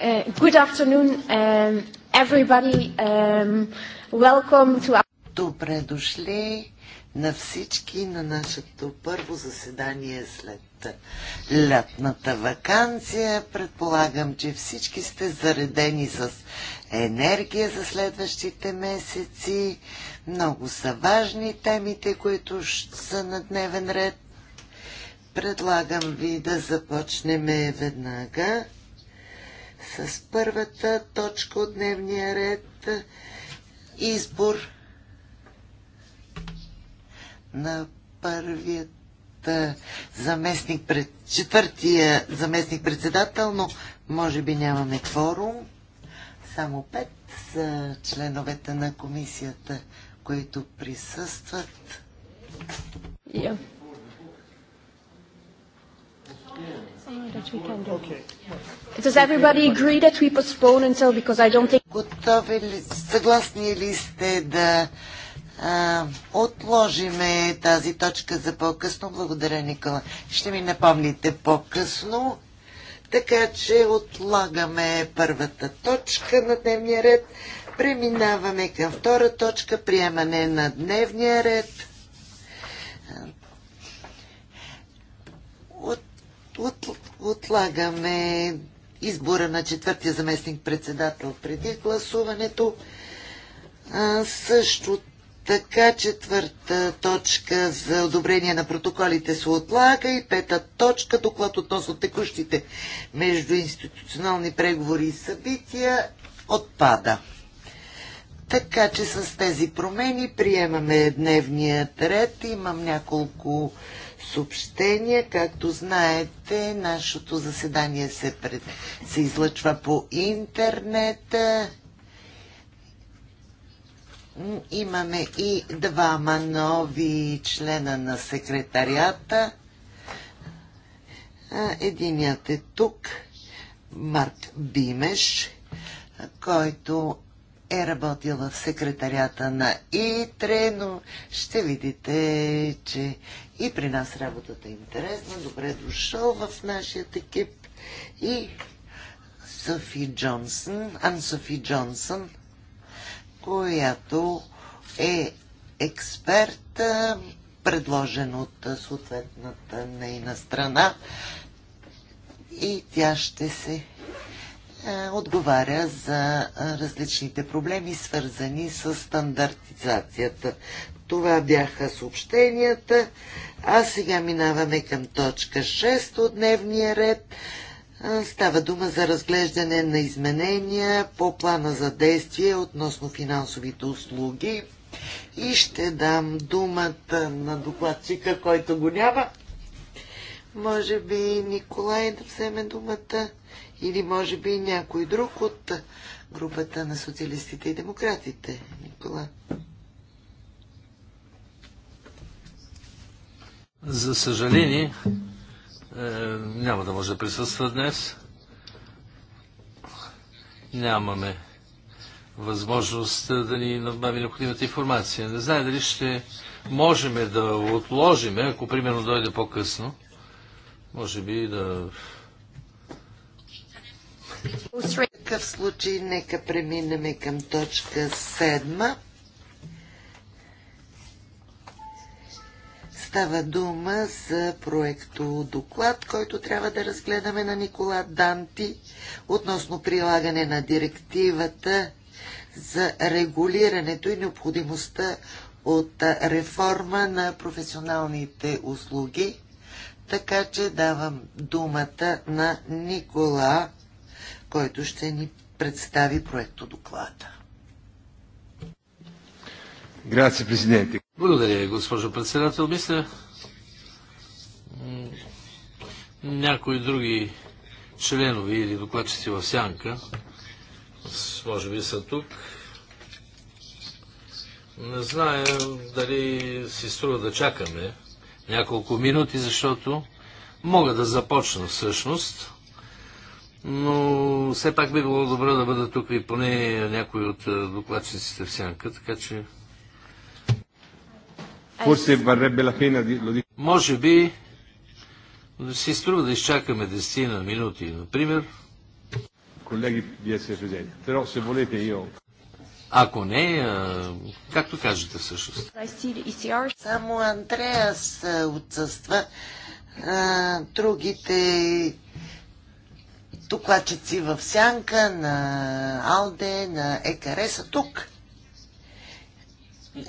Uh, good afternoon, um, everybody. Um, welcome to... Добре дошли на всички на нашето първо заседание след лятната вакансия. Предполагам, че всички сте заредени с енергия за следващите месеци. Много са важни темите, които са на дневен ред. Предлагам ви да започнем веднага с първата точка от дневния ред избор на първият заместник пред четвъртия заместник председател, но може би нямаме кворум. Само пет са членовете на комисията, които присъстват. Yeah. Does everybody agree that we postpone until because I don't think... Готови ли, съгласни ли сте да а, отложиме тази точка за по-късно? Благодаря, Никола. Ще ми напомните по-късно. Така че отлагаме първата точка на дневния ред. Преминаваме към втора точка, приемане на дневния ред. от, отлагаме избора на четвъртия заместник председател преди гласуването. А, също така четвърта точка за одобрение на протоколите се отлага и пета точка доклад относно текущите междуинституционални преговори и събития отпада. Така че с тези промени приемаме дневният ред. Имам няколко съобщения. Както знаете, нашето заседание се, пред... се излъчва по интернет. Имаме и двама нови члена на секретарията. Единият е тук, Марк Бимеш, който е работил в секретарията на ИТРЕ, но ще видите, че и при нас работата е интересна. Добре е дошъл в нашия екип. И Софи Джонсън, Ан Софи Джонсън, която е експерт, предложен от съответната нейна страна и тя ще се е, отговаря за различните проблеми, свързани с стандартизацията. Това бяха съобщенията. А сега минаваме към точка 6 от дневния ред. Става дума за разглеждане на изменения по плана за действие относно финансовите услуги. И ще дам думата на докладчика, който го няма. Може би Николай да вземе думата или може би някой друг от групата на социалистите и демократите. Николай. За съжаление, е, няма да може да присъства днес. Нямаме възможност е, да ни набави необходимата информация. Не знае дали ще можем да отложим, е, ако примерно дойде по-късно. Може би да в такъв случай нека преминем към точка 7. Става дума за проекто доклад, който трябва да разгледаме на Никола Данти относно прилагане на директивата за регулирането и необходимостта от реформа на професионалните услуги. Така че давам думата на Никола, който ще ни представи проекто доклада. Благодаря ви, Благодаря, госпожо председател. Мисля, някои други членови или докладчици в сянка, може би са тук. Не зная дали си струва да чакаме няколко минути, защото мога да започна всъщност, но все пак би било добре да бъдат тук и поне някои от е, докладчиците в сянка, така че Forse varrebbe la pena di, lo dico. Може би си струва да изчакаме 10 на минути, например. Колеги, вие е се президент. Però se volete io... Ако не, а, както кажете всъщност. Само Андреас отсъства. А, другите докладчици в сянка на Алде, на Екареса са тук.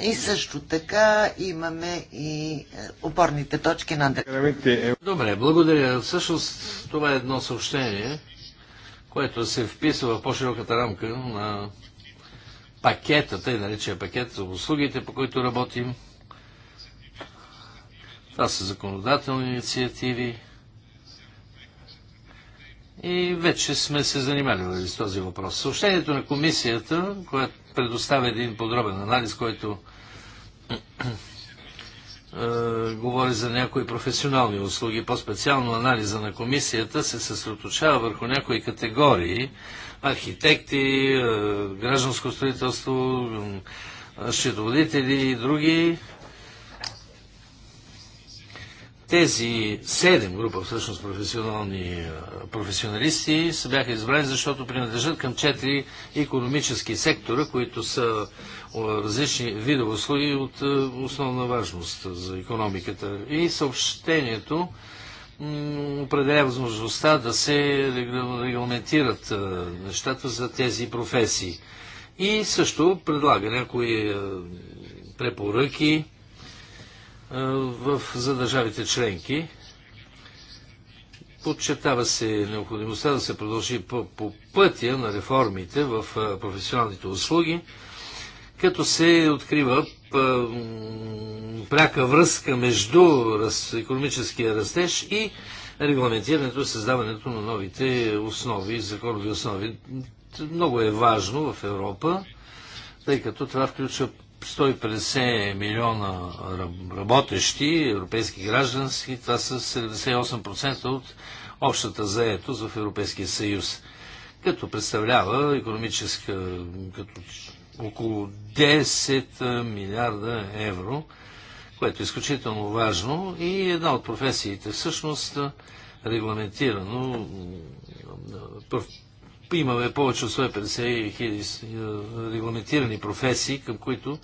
И също така имаме и е, опорните точки на Добре, благодаря. Всъщност това е едно съобщение, което се вписва в по-широката рамка на пакета, тъй наречия пакет за услугите, по които работим. Това са законодателни инициативи. И вече сме се занимали с този въпрос. Съобщението на комисията, което предоставя един подробен анализ, който е, говори за някои професионални услуги, по-специално анализа на комисията се съсредоточава върху някои категории архитекти, е, гражданско строителство, е, счетоводители и други, тези седем група, всъщност професионални е, професионалисти, са бяха избрани, защото принадлежат към четири економически сектора, които са е, различни видове услуги от е, основна важност за економиката. И съобщението определя възможността да се регламентират нещата за тези професии. И също предлага някои препоръки в, за държавите членки. Подчертава се необходимостта да се продължи по, по пътя на реформите в професионалните услуги, като се открива пряка връзка между раз, економическия растеж и регламентирането и създаването на новите основи, законови основи. Много е важно в Европа, тъй като това включва 150 милиона работещи, европейски граждански, това са 78% от общата заетост в Европейския съюз, като представлява економическа, като около 10 милиарда евро, което е изключително важно и една от професиите всъщност регламентирано имаме повече от 150 хиляди регламентирани професии, към които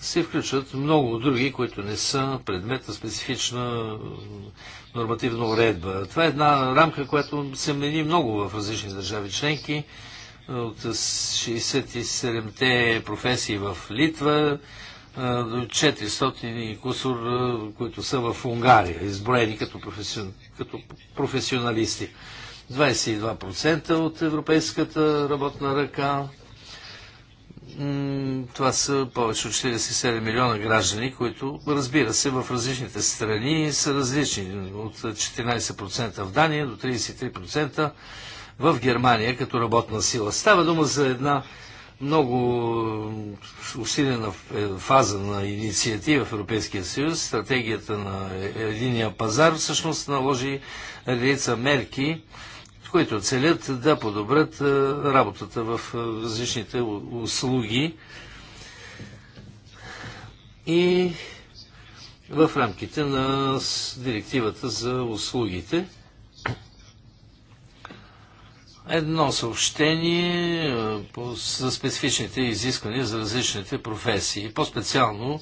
се включват много други, които не са предмет на специфична нормативна уредба. Това е една рамка, която се мени много в различни държави членки. От 67-те професии в Литва до 400 и кусор, които са в Унгария, изброени като, като професионалисти. 22% от европейската работна ръка. Това са повече от 47 милиона граждани, които, разбира се, в различните страни са различни. От 14% в Дания до 33% в Германия като работна сила. Става дума за една много усилена фаза на инициатива в Европейския съюз. Стратегията на единия пазар всъщност наложи редица мерки които целят да подобрят е, работата в е, различните услуги и в рамките на директивата за услугите. Едно съобщение е, за специфичните изисквания за различните професии. По-специално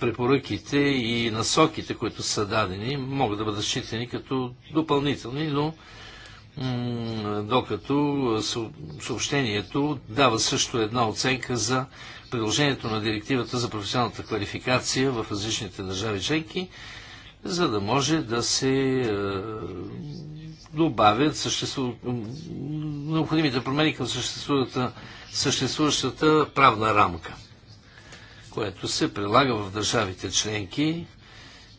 препоръките и насоките, които са дадени, могат да бъдат считани като допълнителни, но докато съобщението дава също една оценка за приложението на директивата за професионалната квалификация в различните държави членки, за да може да се добавят съществу... необходимите промени към съществуващата, съществуващата правна рамка, което се прилага в държавите членки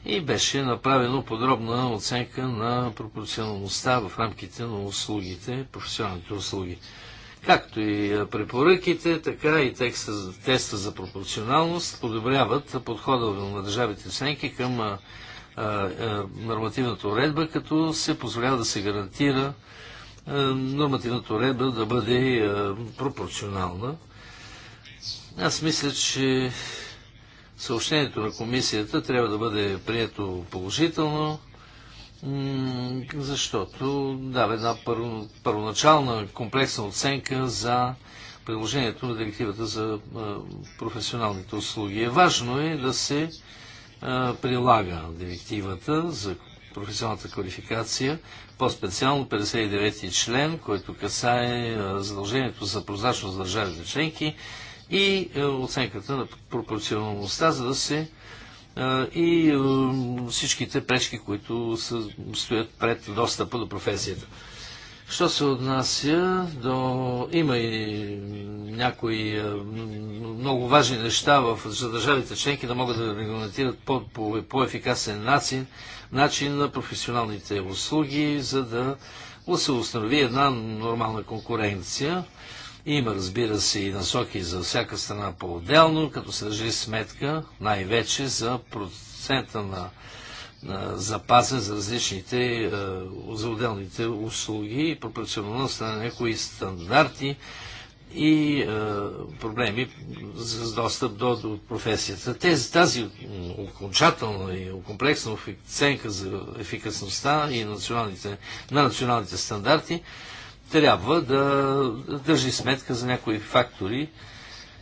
и беше направено подробна оценка на пропорционалността в рамките на услугите, професионалните услуги. Както и препоръките, така и текста, теста за пропорционалност подобряват подхода на държавите членки към а, а, нормативната уредба, като се позволява да се гарантира а, нормативната уредба да бъде пропорционална. Аз мисля, че съобщението на комисията трябва да бъде прието положително, защото дава една първоначална комплексна оценка за приложението на директивата за професионалните услуги. Е важно е да се прилага директивата за професионалната квалификация, по-специално 59 ти член, който касае задължението за прозрачност държавите членки и е, оценката на пропорционалността, за да се е, и е, всичките пречки, които стоят пред достъпа до професията. Що се отнася до... Има и някои много важни неща в, за държавите членки да могат да регламентират по, по, по-ефикасен начин, начин на професионалните услуги, за да се установи една нормална конкуренция. Има, разбира се, и насоки за всяка страна по-отделно, като се държи сметка най-вече за процента на, на запаса за различните, е, за отделните услуги и пропорционалността на някои стандарти и е, проблеми с достъп до, до професията. Тези, тази окончателна и комплексна оценка за ефикасността и националните, на националните стандарти трябва да държи сметка за някои фактори,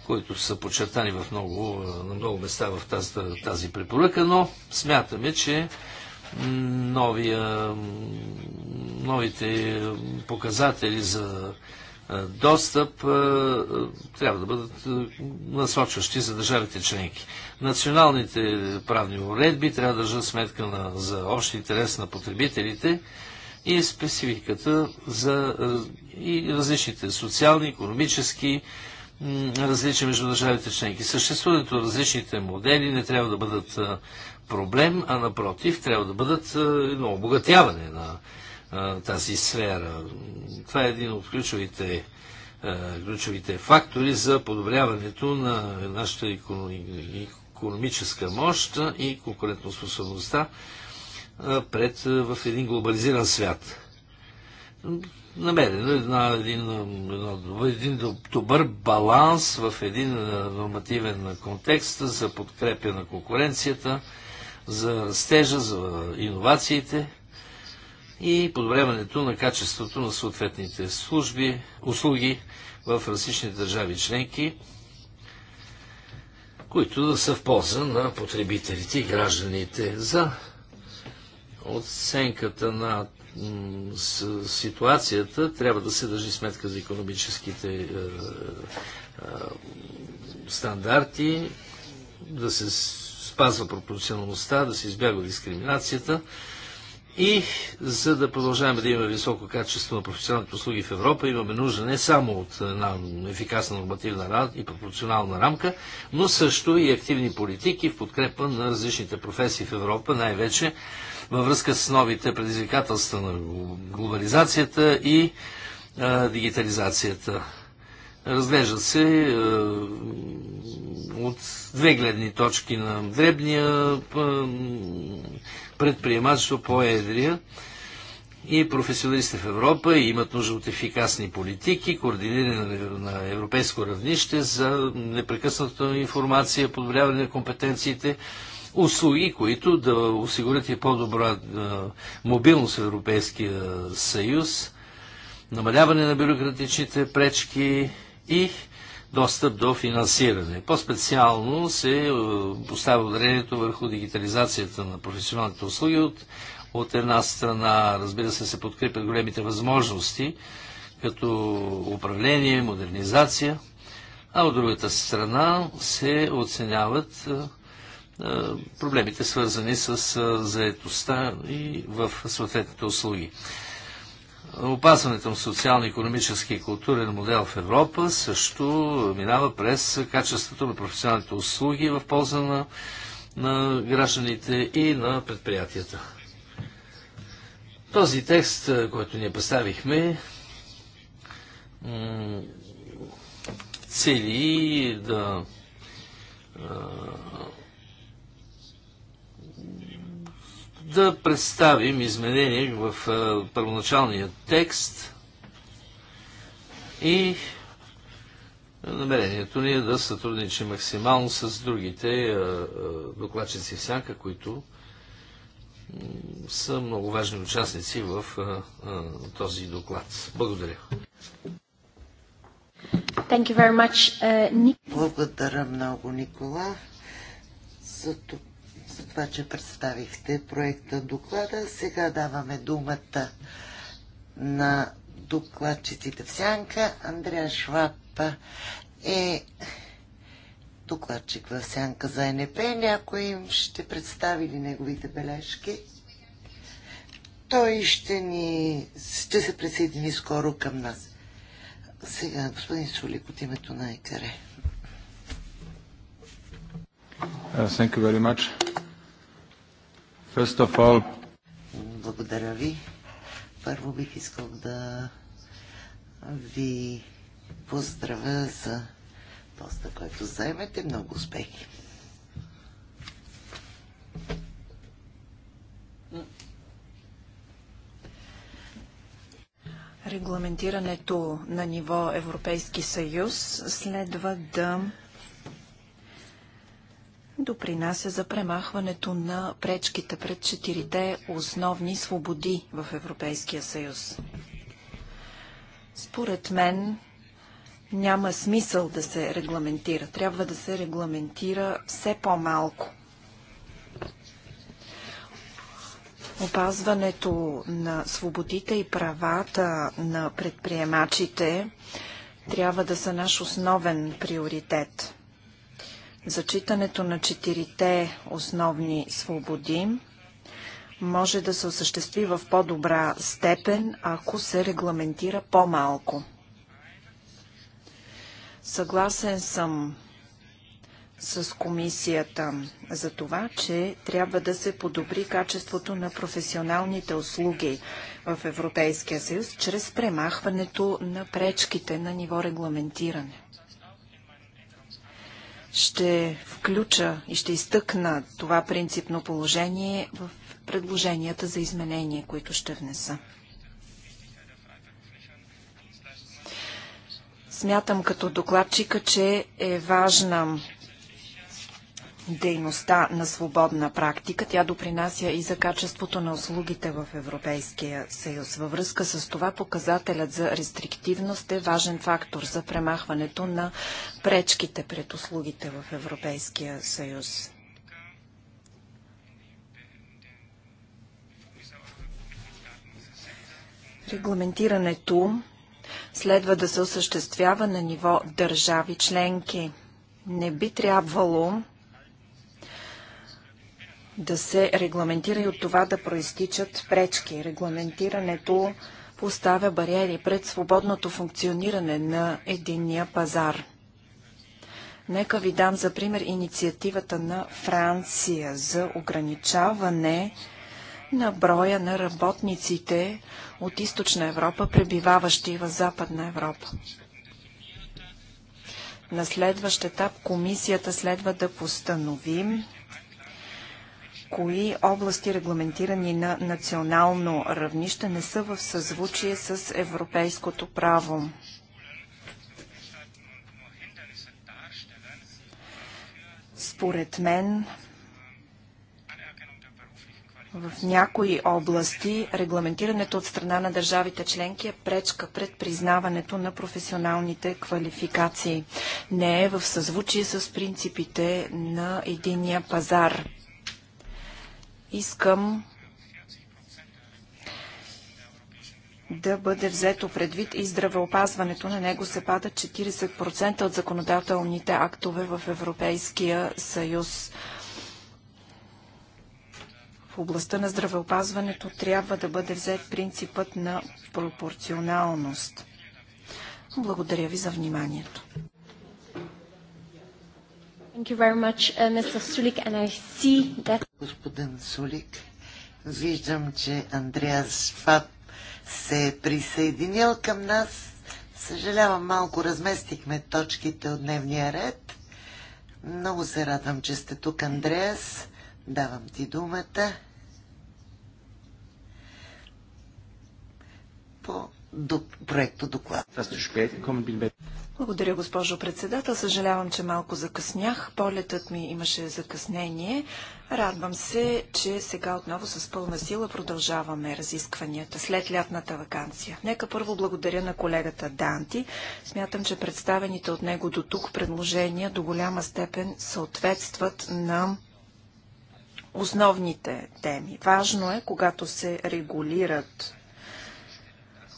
които са подчертани в много, на много места в тази, тази препоръка, но смятаме, че новия, новите показатели за достъп трябва да бъдат насочващи за държавите членки. Националните правни уредби трябва да държат сметка на, за общ интерес на потребителите, и спецификата за е, и различните социални, економически различия между държавите членки. Съществуването на различните модели не трябва да бъдат е, проблем, а напротив, трябва да бъдат е, едно обогатяване на тази сфера. Това е един от ключовите, ключовите фактори за подобряването на нашата економическа мощ и конкурентоспособността пред в един глобализиран свят. Намерено е една, един, една, един добър баланс в един нормативен контекст за подкрепя на конкуренцията, за растежа, за иновациите и подобряването на качеството на съответните служби, услуги в различни държави членки, които да са в полза на потребителите и гражданите за оценката на ситуацията трябва да се държи сметка за економическите е, е, стандарти, да се спазва пропорционалността, да се избягва дискриминацията и за да продължаваме да имаме високо качество на професионалните услуги в Европа, имаме нужда не само от една ефикасна нормативна и пропорционална рамка, но също и активни политики в подкрепа на различните професии в Европа, най-вече във връзка с новите предизвикателства на глобализацията и а, дигитализацията. Разглеждат се а, от две гледни точки на дребния предприемач по-едрия и професионалисти в Европа и имат нужда от ефикасни политики, координиране на европейско равнище за непрекъсната информация, подобряване на компетенциите услуги, които да осигурят и по-добра е, мобилност в Европейския съюз, намаляване на бюрократичните пречки и достъп до финансиране. По-специално се е, поставя ударението върху дигитализацията на професионалните услуги от, от една страна, разбира се, се подкрепят големите възможности, като управление, модернизация, а от другата страна се оценяват е, проблемите свързани с заетостта и в съответните услуги. Опазването на социално-економически и културен модел в Европа също минава през качеството на професионалните услуги в полза на, на гражданите и на предприятията. Този текст, който ние представихме, цели да да представим изменения в първоначалния текст и намерението ни е да сътрудничим максимално с другите докладчици всяка, сянка, които са много важни участници в този доклад. Благодаря. Thank you very much, uh, Благодаря много, Никола, за тук за това, че представихте проекта доклада. Сега даваме думата на докладчиците в сянка. Андрея Шваб е докладчик в сянка за НП. Някой им ще представи ли неговите бележки? Той ще ни... ще се присъедини скоро към нас. Сега, господин Сулик, от името на Екаре. Uh, thank you very much all... Благодаря ви. Първо бих искал да ви поздравя за поста, който заемете. Много успехи! Регламентирането на ниво Европейски съюз следва да допринася за премахването на пречките пред четирите основни свободи в Европейския съюз. Според мен няма смисъл да се регламентира. Трябва да се регламентира все по-малко. Опазването на свободите и правата на предприемачите трябва да са наш основен приоритет – Зачитането на четирите основни свободи може да се осъществи в по-добра степен, ако се регламентира по-малко. Съгласен съм с комисията за това, че трябва да се подобри качеството на професионалните услуги в Европейския съюз чрез премахването на пречките на ниво регламентиране. Ще включа и ще изтъкна това принципно положение в предложенията за изменения, които ще внеса. Смятам като докладчика, че е важна дейността на свободна практика. Тя допринася и за качеството на услугите в Европейския съюз. Във връзка с това показателят за рестриктивност е важен фактор за премахването на пречките пред услугите в Европейския съюз. Регламентирането следва да се осъществява на ниво държави членки. Не би трябвало да се регламентира и от това да проистичат пречки. Регламентирането поставя бариери пред свободното функциониране на единния пазар. Нека ви дам за пример инициативата на Франция за ограничаване на броя на работниците от източна Европа, пребиваващи в западна Европа. На следващ етап комисията следва да постановим кои области, регламентирани на национално равнище, не са в съзвучие с европейското право. Според мен, в някои области регламентирането от страна на държавите членки е пречка пред признаването на професионалните квалификации. Не е в съзвучие с принципите на единия пазар искам да бъде взето предвид и здравеопазването. На него се падат 40% от законодателните актове в Европейския съюз. В областта на здравеопазването трябва да бъде взет принципът на пропорционалност. Благодаря ви за вниманието. Thank you very much, uh, Mr. Sulik, and I see that... Господин Сулик, виждам, че Андреас Фаб се е присъединил към нас. Съжалявам, малко разместихме точките от дневния ред. Много се радвам, че сте тук, Андреас. Давам ти думата. По проекто доклад. Благодаря, госпожо председател. Съжалявам, че малко закъснях. Полетът ми имаше закъснение. Радвам се, че сега отново с пълна сила продължаваме разискванията след лятната вакансия. Нека първо благодаря на колегата Данти. Смятам, че представените от него до тук предложения до голяма степен съответстват на основните теми. Важно е, когато се регулират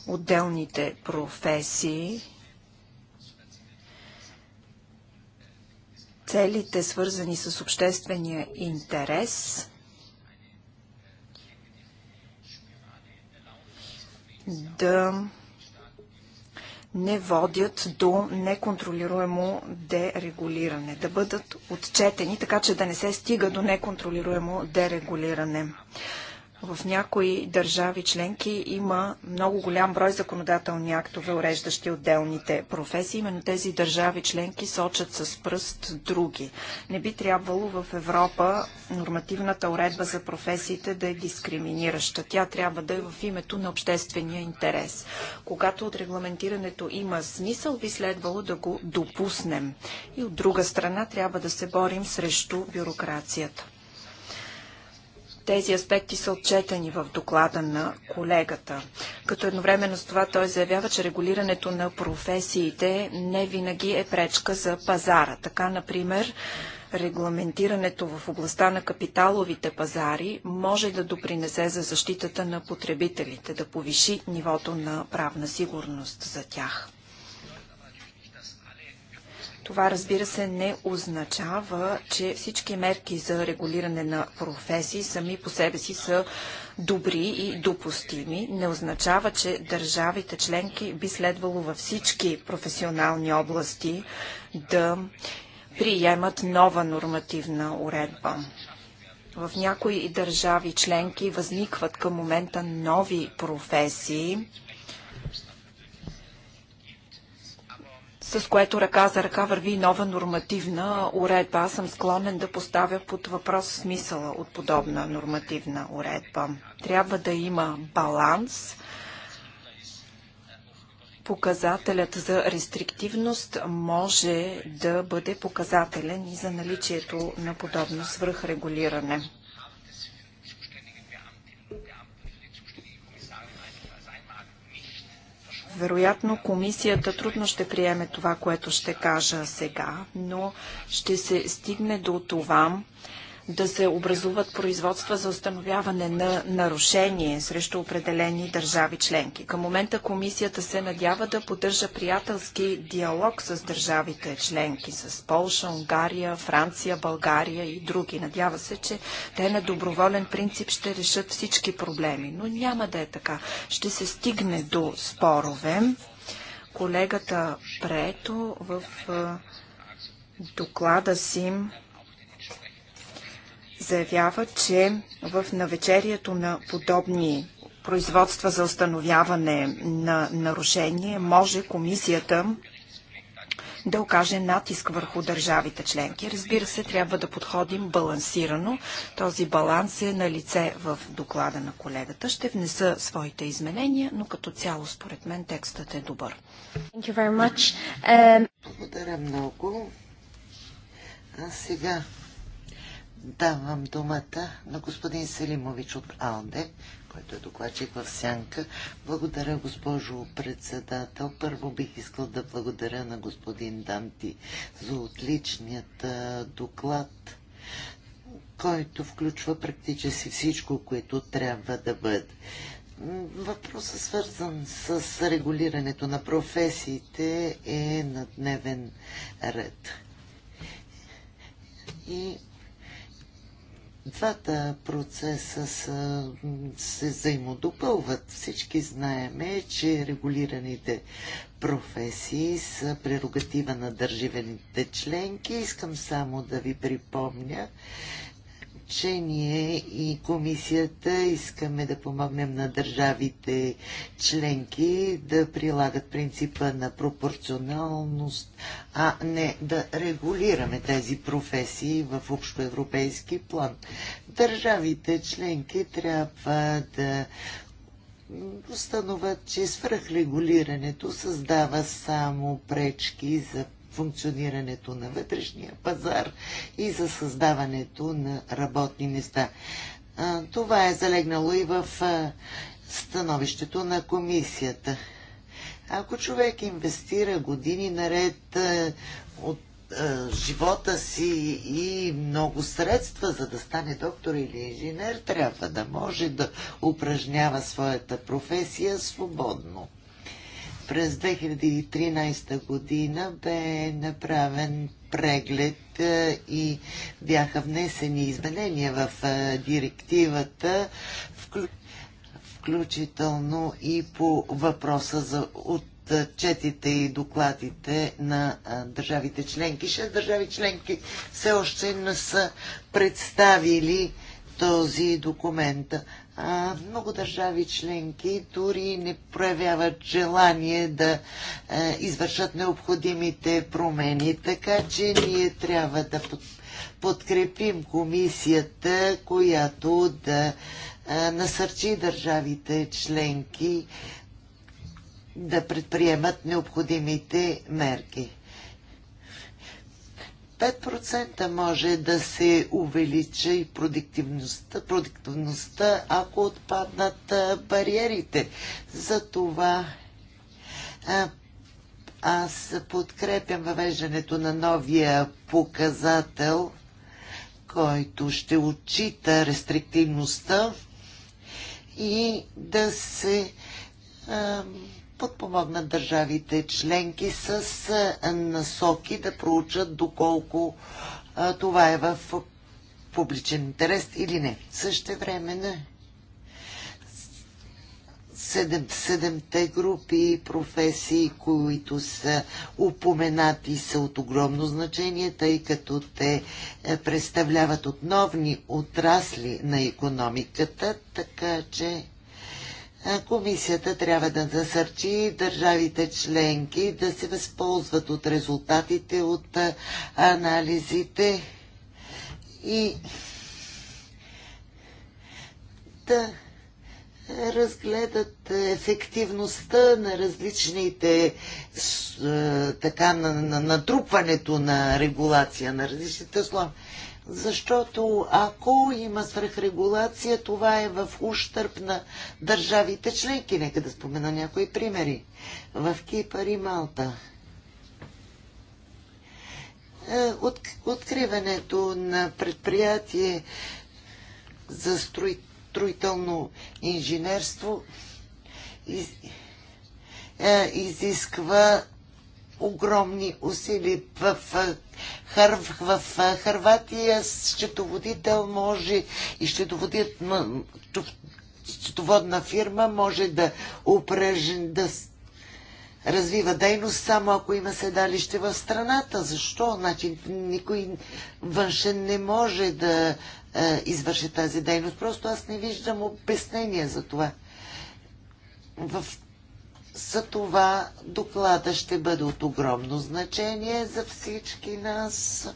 отделните професии целите, свързани с обществения интерес, да не водят до неконтролируемо дерегулиране, да бъдат отчетени, така че да не се стига до неконтролируемо дерегулиране. В някои държави членки има много голям брой законодателни актове, уреждащи отделните професии. Именно тези държави членки сочат с пръст други. Не би трябвало в Европа нормативната уредба за професиите да е дискриминираща. Тя трябва да е в името на обществения интерес. Когато от регламентирането има смисъл, би следвало да го допуснем. И от друга страна трябва да се борим срещу бюрокрацията. Тези аспекти са отчетени в доклада на колегата. Като едновременно с това той заявява, че регулирането на професиите не винаги е пречка за пазара. Така, например, регламентирането в областта на капиталовите пазари може да допринесе за защитата на потребителите, да повиши нивото на правна сигурност за тях. Това, разбира се, не означава, че всички мерки за регулиране на професии сами по себе си са добри и допустими. Не означава, че държавите членки би следвало във всички професионални области да приемат нова нормативна уредба. В някои държави членки възникват към момента нови професии, с което ръка за ръка върви нова нормативна уредба. Аз съм склонен да поставя под въпрос смисъла от подобна нормативна уредба. Трябва да има баланс. Показателят за рестриктивност може да бъде показателен и за наличието на подобно свръхрегулиране. Вероятно комисията трудно ще приеме това, което ще кажа сега, но ще се стигне до това да се образуват производства за установяване на нарушение срещу определени държави членки. Към момента комисията се надява да поддържа приятелски диалог с държавите членки, с Полша, Унгария, Франция, България и други. Надява се, че те на доброволен принцип ще решат всички проблеми, но няма да е така. Ще се стигне до спорове. Колегата Прето в доклада си заявява, че в навечерието на подобни производства за установяване на нарушение може комисията да окаже натиск върху държавите членки. Разбира се, трябва да подходим балансирано. Този баланс е на лице в доклада на колегата. Ще внеса своите изменения, но като цяло според мен текстът е добър. Um... Благодаря много. А сега Давам думата на господин Селимович от АЛДЕ, който е докладчик в Сянка. Благодаря, госпожо председател. Първо бих искал да благодаря на господин Данти за отличният доклад, който включва практически всичко, което трябва да бъде. Въпросът свързан с регулирането на професиите е на дневен ред. И Двата процеса са, се взаимодопълват. Всички знаеме, че регулираните професии са прерогатива на държивените членки. Искам само да ви припомня, че ние и комисията искаме да помогнем на държавите членки да прилагат принципа на пропорционалност, а не да регулираме тези професии в общоевропейски план. Държавите членки трябва да установят, че свръхрегулирането създава само пречки за функционирането на вътрешния пазар и за създаването на работни места. Това е залегнало и в становището на комисията. Ако човек инвестира години наред от живота си и много средства, за да стане доктор или инженер, трябва да може да упражнява своята професия свободно. През 2013 година бе направен преглед е, и бяха внесени изменения в е, директивата, включително и по въпроса за отчетите е, и докладите на държавите членки. Шест държави членки все още не са представили този документ а, много държави членки дори не проявяват желание да а, е, извършат необходимите промени. Така че ние трябва да под, подкрепим комисията, която да а, е, насърчи държавите членки да предприемат необходимите мерки. 5% може да се увеличи и продуктивността, продуктивността ако отпаднат бариерите. Затова аз подкрепям въвеждането на новия показател, който ще отчита рестриктивността и да се подпомогнат държавите членки с насоки да проучат доколко това е в публичен интерес или не. Също време не. Седем, седемте групи и професии, които са упоменати, са от огромно значение, тъй като те е, представляват отновни отрасли на економиката, така че Комисията трябва да насърчи държавите членки да се възползват от резултатите от анализите и да разгледат ефективността на различните така на, на натрупването на регулация на различните условия защото ако има свръхрегулация, това е в ущърп на държавите членки. Нека да спомена някои примери. В Кипър и Малта. Е, от, откриването на предприятие за строително инженерство из, е, изисква огромни усилия в, Хър, в Харватия. Счетоводител може и счетоводит, счетоводна фирма може да упражни, да развива дейност само ако има седалище в страната. Защо? Значи никой външен не може да е, извърши тази дейност. Просто аз не виждам обяснение за това. В за това доклада ще бъде от огромно значение за всички нас.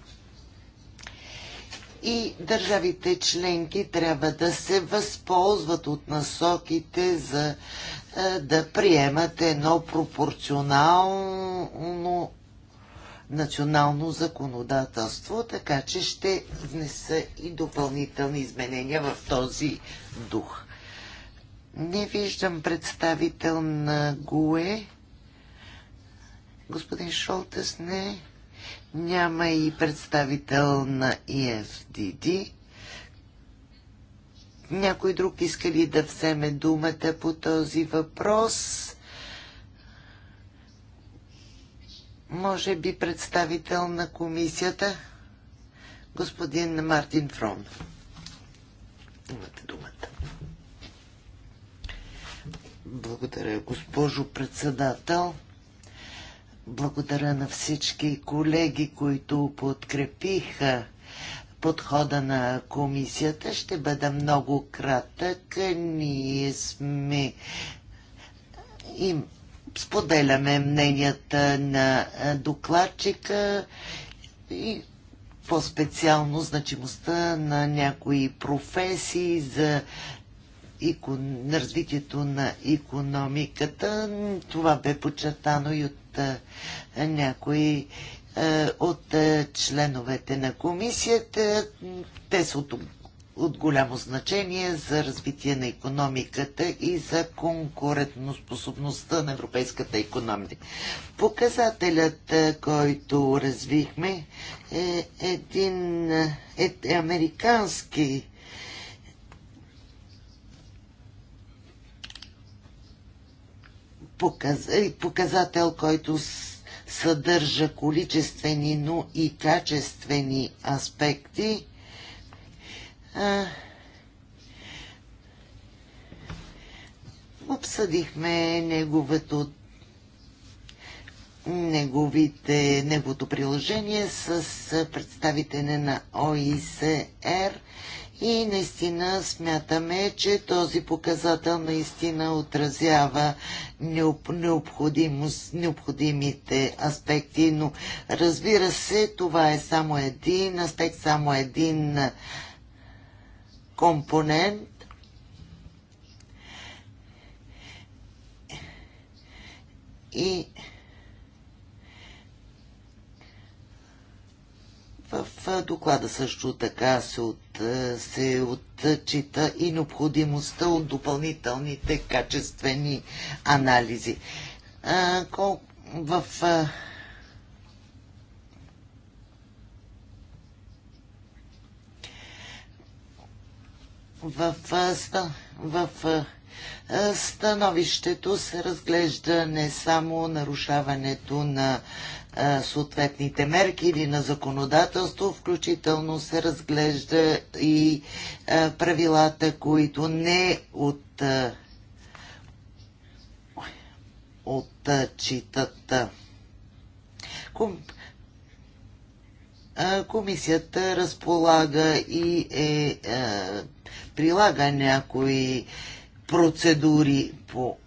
И държавите членки трябва да се възползват от насоките за е, да приемат едно пропорционално национално законодателство, така че ще внеса и допълнителни изменения в този дух. Не виждам представител на ГУЕ. Господин Шолтес не. Няма и представител на ИФДД. Е Някой друг иска ли да вземе думата по този въпрос? Може би представител на комисията, господин Мартин Фрон. Имате думата. Благодаря, госпожо председател. Благодаря на всички колеги, които подкрепиха подхода на комисията. Ще бъда много кратък. Ние сме и споделяме мненията на докладчика и по-специално значимостта на някои професии за на развитието на економиката. Това бе подчертано и от някои от членовете на комисията. Те са от, от голямо значение за развитие на економиката и за конкурентоспособността на европейската економика. Показателят, който развихме, е един е, е американски показател, който съдържа количествени, но и качествени аспекти. обсъдихме неговото неговите, неговото приложение с представителя на ОИСР и наистина смятаме, че този показател наистина отразява необходимост, необходимите аспекти, но разбира се, това е само един аспект, само един компонент. И В доклада също така се, от, се отчита и необходимостта от допълнителните качествени анализи. А, кол, в а, в, в, в, в становището се разглежда не само нарушаването на съответните мерки или на законодателство, включително се разглежда и правилата, които не от, отчитат. Комисията разполага и е, е, прилага някои процедури по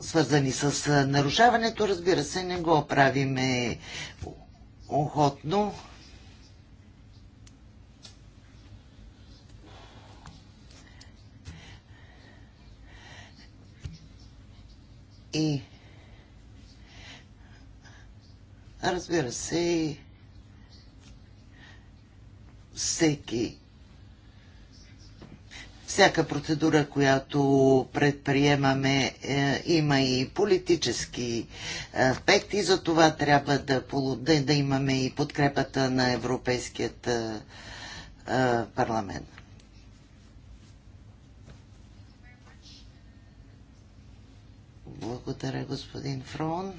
свързани с нарушаването. Разбира се, не го правиме охотно. И разбира се, всеки всяка процедура, която предприемаме, е, има и политически е, аспекти, и за това трябва да, да, да имаме и подкрепата на Европейският е, е парламент. Благодаря, господин Фрон.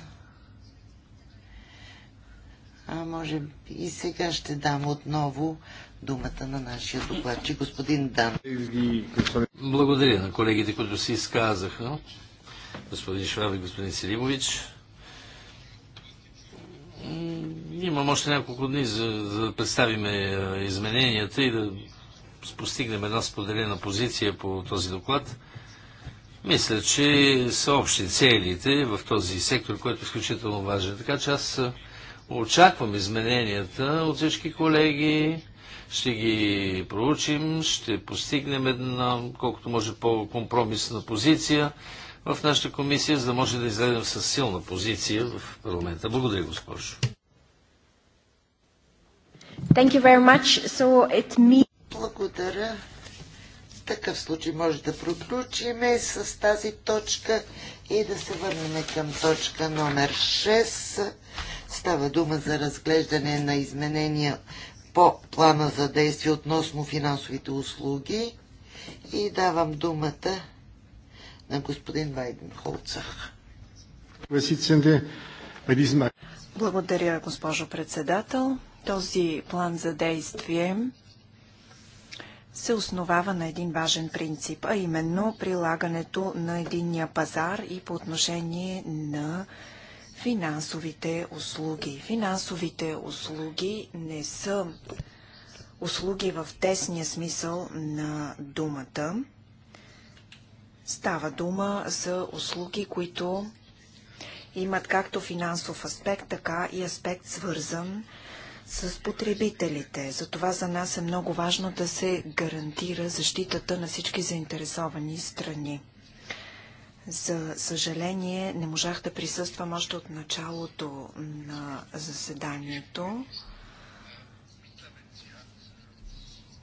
А може и сега ще дам отново думата на нашия докладчик, господин Дан. Благодаря на колегите, които си изказаха. Господин Шваб и господин Селимович. Имам още няколко дни за, за да представиме измененията и да постигнем една споделена позиция по този доклад. Мисля, че са общи целите в този сектор, който е изключително важен. Така че аз е, очаквам измененията от всички колеги ще ги проучим, ще постигнем една, колкото може по-компромисна позиция в нашата комисия, за да може да излезем с силна позиция в парламента. Благодаря, госпожо. Thank you very much. So it me... Благодаря. В такъв случай може да проключиме с тази точка и да се върнем към точка номер 6. Става дума за разглеждане на изменения по плана за действие относно финансовите услуги и давам думата на господин Вайден Холцах. Благодаря, госпожо председател. Този план за действие се основава на един важен принцип, а именно прилагането на единния пазар и по отношение на финансовите услуги. Финансовите услуги не са услуги в тесния смисъл на думата. Става дума за услуги, които имат както финансов аспект, така и аспект свързан с потребителите. Затова за нас е много важно да се гарантира защитата на всички заинтересовани страни. За съжаление, не можах да присъствам още от началото на заседанието.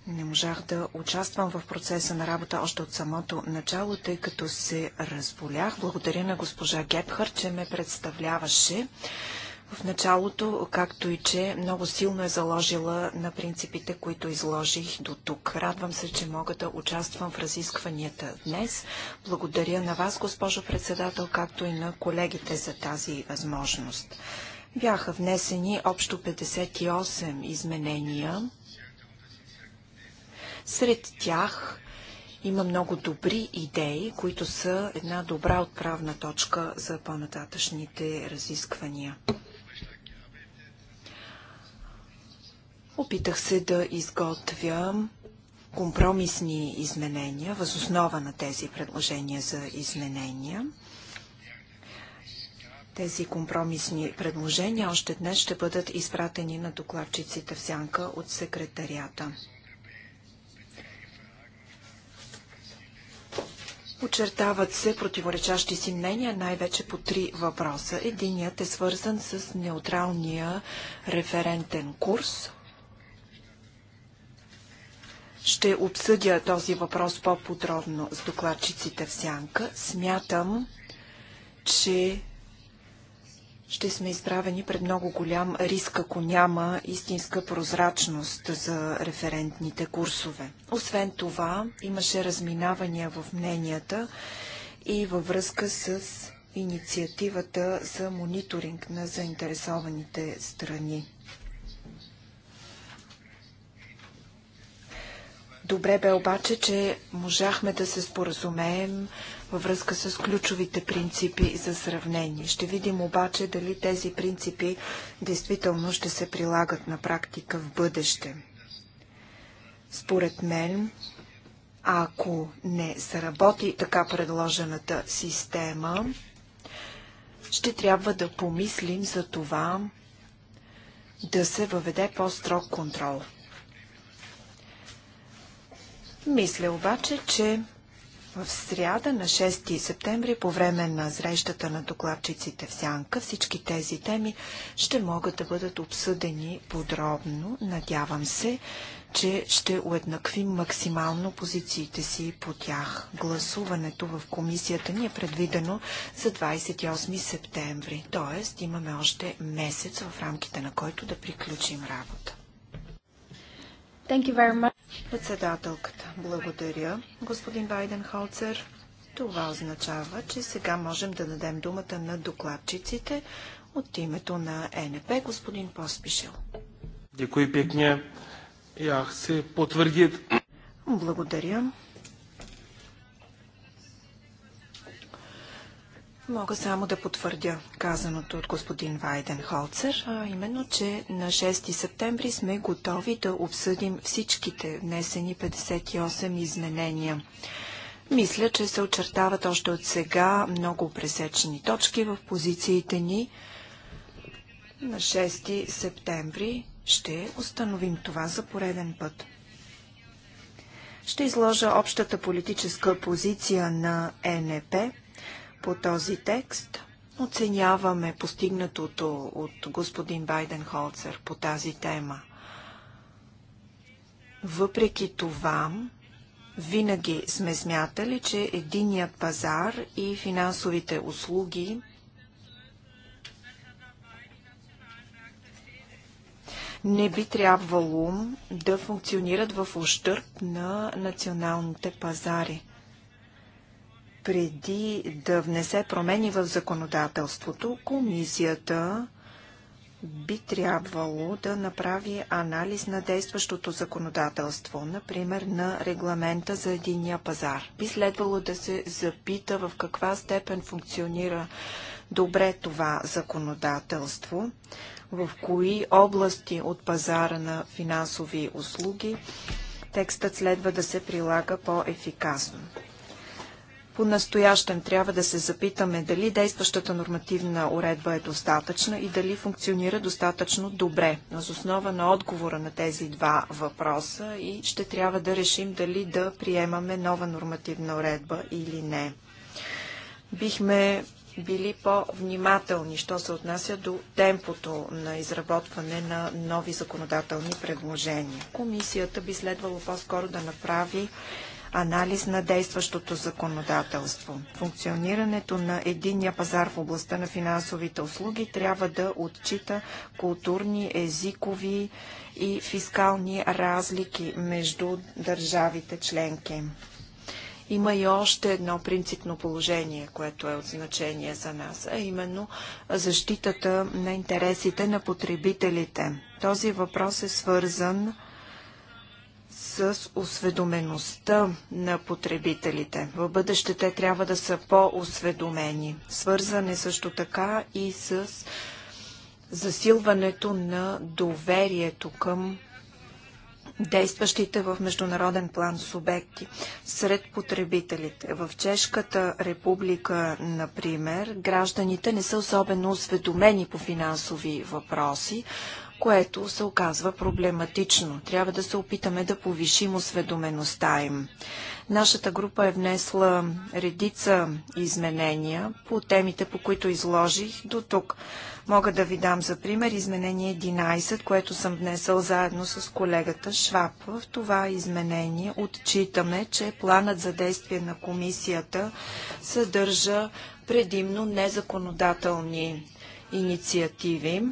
Не можах да участвам в процеса на работа още от самото начало, тъй като се разболях. Благодаря на госпожа Гепхър, че ме представляваше в началото, както и че много силно е заложила на принципите, които изложих до тук. Радвам се, че мога да участвам в разискванията днес. Благодаря на вас, госпожо председател, както и на колегите за тази възможност. Бяха внесени общо 58 изменения. Сред тях има много добри идеи, които са една добра отправна точка за по-нататъчните разисквания. Опитах се да изготвя компромисни изменения, възоснова на тези предложения за изменения. Тези компромисни предложения още днес ще бъдат изпратени на докладчиците в сянка от секретарията. Очертават се противоречащи си мнения най-вече по три въпроса. Единият е свързан с неутралния референтен курс, ще обсъдя този въпрос по-подробно с докладчиците в сянка. Смятам, че ще сме изправени пред много голям риск, ако няма истинска прозрачност за референтните курсове. Освен това, имаше разминавания в мненията и във връзка с инициативата за мониторинг на заинтересованите страни. Добре бе обаче, че можахме да се споразумеем във връзка с ключовите принципи за сравнение. Ще видим обаче дали тези принципи действително ще се прилагат на практика в бъдеще. Според мен, ако не заработи така предложената система, ще трябва да помислим за това да се въведе по-строг контрол мисля обаче, че в сряда на 6 септември по време на срещата на докладчиците в Сянка всички тези теми ще могат да бъдат обсъдени подробно. Надявам се, че ще уеднаквим максимално позициите си по тях. Гласуването в комисията ни е предвидено за 28 септември, т.е. имаме още месец в рамките на който да приключим работа. Председателката, благодаря. Господин Байден Холцер, това означава, че сега можем да дадем думата на докладчиците от името на НП, господин Поспишел. Děkuji pěkně. Já chci potvrdit. Благодаря. Мога само да потвърдя казаното от господин Вайден Холцер, а именно, че на 6 септември сме готови да обсъдим всичките внесени 58 изменения. Мисля, че се очертават още от сега много пресечени точки в позициите ни. На 6 септември ще установим това за пореден път. Ще изложа общата политическа позиция на ЕНП – по този текст. Оценяваме постигнатото от господин Байден Холцер по тази тема. Въпреки това, винаги сме смятали, че единият пазар и финансовите услуги не би трябвало да функционират в ущърп на националните пазари преди да внесе промени в законодателството, комисията би трябвало да направи анализ на действащото законодателство, например на регламента за единия пазар. Би следвало да се запита в каква степен функционира добре това законодателство, в кои области от пазара на финансови услуги текстът следва да се прилага по-ефикасно. По-настоящем трябва да се запитаме дали действащата нормативна уредба е достатъчна и дали функционира достатъчно добре. Въз основа на отговора на тези два въпроса и ще трябва да решим дали да приемаме нова нормативна уредба или не. Бихме били по-внимателни, що се отнася до темпото на изработване на нови законодателни предложения. Комисията би следвало по-скоро да направи анализ на действащото законодателство. Функционирането на единния пазар в областта на финансовите услуги трябва да отчита културни, езикови и фискални разлики между държавите членки. Има и още едно принципно положение, което е от значение за нас, а именно защитата на интересите на потребителите. Този въпрос е свързан с осведомеността на потребителите. В бъдеще те трябва да са по-осведомени. Свързане също така и с засилването на доверието към действащите в международен план субекти сред потребителите. В Чешката република, например, гражданите не са особено осведомени по финансови въпроси, което се оказва проблематично. Трябва да се опитаме да повишим осведомеността им. Нашата група е внесла редица изменения по темите, по които изложих до тук. Мога да ви дам за пример изменение 11, което съм внесъл заедно с колегата Шваб. В това изменение отчитаме, че планът за действие на комисията съдържа предимно незаконодателни инициативи.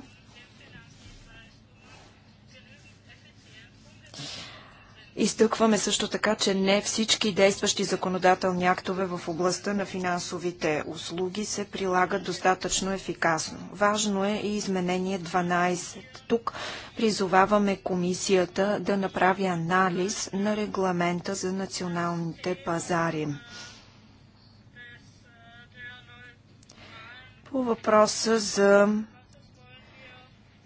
Изтъкваме също така, че не всички действащи законодателни актове в областта на финансовите услуги се прилагат достатъчно ефикасно. Важно е и изменение 12. Тук призоваваме комисията да направи анализ на регламента за националните пазари. По въпроса за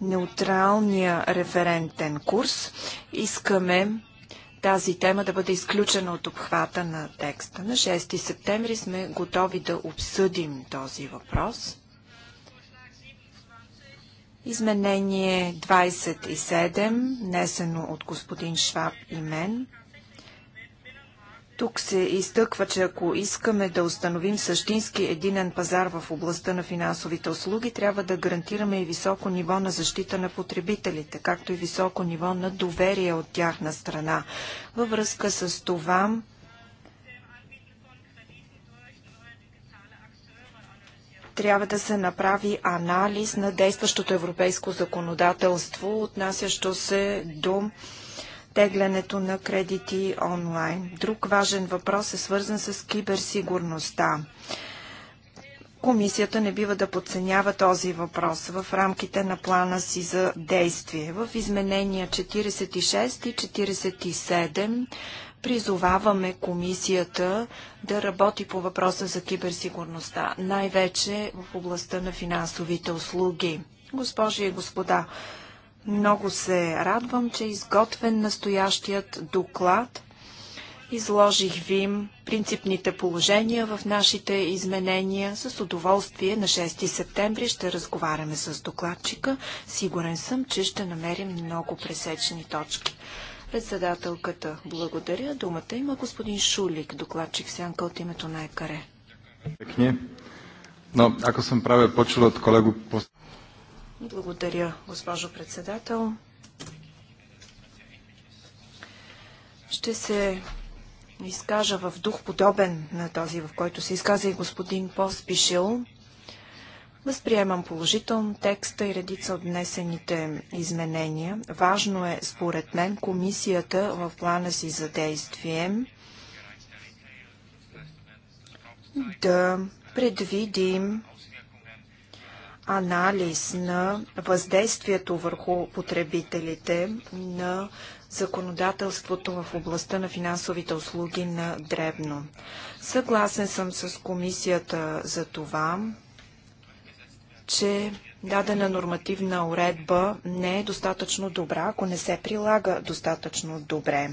неутралния референтен курс искаме тази тема да бъде изключена от обхвата на текста. На 6 септември сме готови да обсъдим този въпрос. Изменение 27, внесено от господин Шваб и мен, тук се изтъква, че ако искаме да установим същински единен пазар в областта на финансовите услуги, трябва да гарантираме и високо ниво на защита на потребителите, както и високо ниво на доверие от тяхна страна. Във връзка с това, трябва да се направи анализ на действащото европейско законодателство, отнасящо се до изтеглянето на кредити онлайн. Друг важен въпрос е свързан с киберсигурността. Комисията не бива да подценява този въпрос в рамките на плана си за действие. В изменения 46 и 47 призоваваме комисията да работи по въпроса за киберсигурността, най-вече в областта на финансовите услуги. Госпожи и господа, много се радвам, че е изготвен настоящият доклад. Изложих ви принципните положения в нашите изменения. С удоволствие на 6 септември ще разговаряме с докладчика. Сигурен съм, че ще намерим много пресечни точки. Председателката, благодаря. Думата има господин Шулик, докладчик сянка от името на ЕКАРЕ. Но ако съм правил práve от колего kolegu... Благодаря, госпожо председател. Ще се изкажа в дух подобен на този, в който се изказа и господин Поспишил. Възприемам положително текста и редица от внесените изменения. Важно е, според мен, комисията в плана си за действие да предвидим анализ на въздействието върху потребителите на законодателството в областта на финансовите услуги на Дребно. Съгласен съм с комисията за това, че дадена нормативна уредба не е достатъчно добра, ако не се прилага достатъчно добре.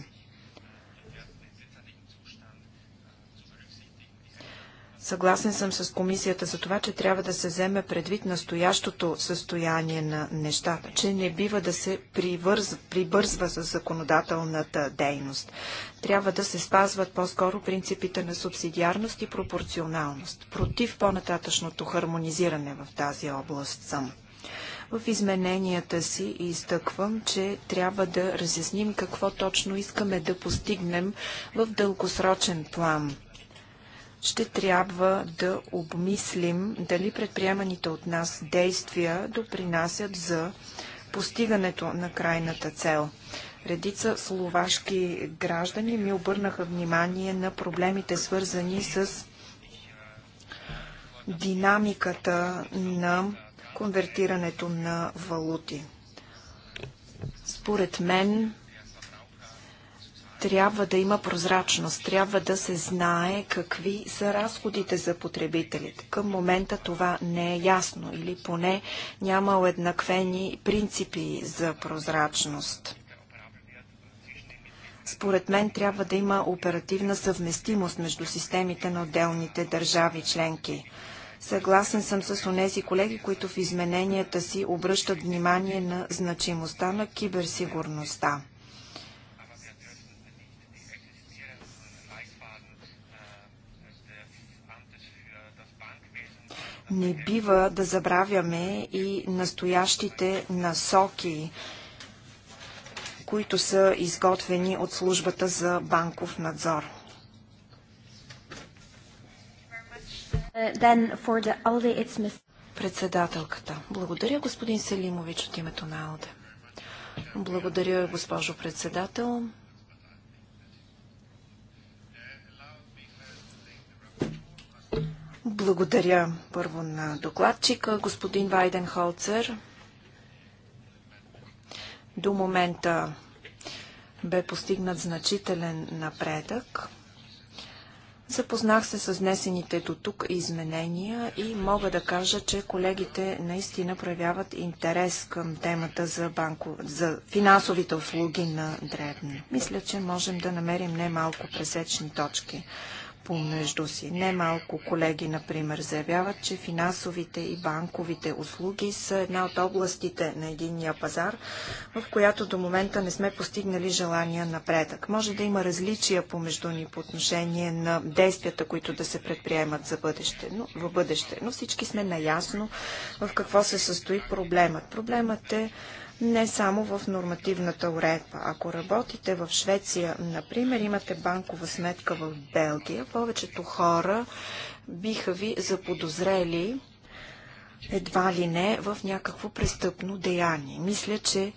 Съгласен съм с комисията за това, че трябва да се вземе предвид настоящото състояние на нещата, че не бива да се привърз, прибързва с законодателната дейност. Трябва да се спазват по-скоро принципите на субсидиарност и пропорционалност. Против по-нататъчното хармонизиране в тази област съм. В измененията си изтъквам, че трябва да разясним какво точно искаме да постигнем в дългосрочен план ще трябва да обмислим дали предприеманите от нас действия допринасят за постигането на крайната цел. Редица словашки граждани ми обърнаха внимание на проблемите, свързани с динамиката на конвертирането на валути. Според мен трябва да има прозрачност, трябва да се знае какви са разходите за потребителите. Към момента това не е ясно или поне няма уеднаквени принципи за прозрачност. Според мен трябва да има оперативна съвместимост между системите на отделните държави членки. Съгласен съм с онези колеги, които в измененията си обръщат внимание на значимостта на киберсигурността. Не бива да забравяме и настоящите насоки, които са изготвени от службата за банков надзор. Председателката. Благодаря, господин Селимович, от името на АЛДЕ. Благодаря, госпожо председател. Благодаря първо на докладчика, господин Вайден Холцер. До момента бе постигнат значителен напредък. Запознах се с внесените до тук изменения и мога да кажа, че колегите наистина проявяват интерес към темата за, банко... за финансовите услуги на Древни. Мисля, че можем да намерим немалко пресечни точки помежду си. Немалко колеги, например, заявяват, че финансовите и банковите услуги са една от областите на единния пазар, в която до момента не сме постигнали желания напредък. Може да има различия помежду ни по отношение на действията, които да се предприемат за бъдеще, но, в бъдеще, но всички сме наясно в какво се състои проблемът. Проблемът е не само в нормативната уредба. Ако работите в Швеция, например, имате банкова сметка в Белгия, повечето хора биха ви заподозрели едва ли не в някакво престъпно деяние. Мисля, че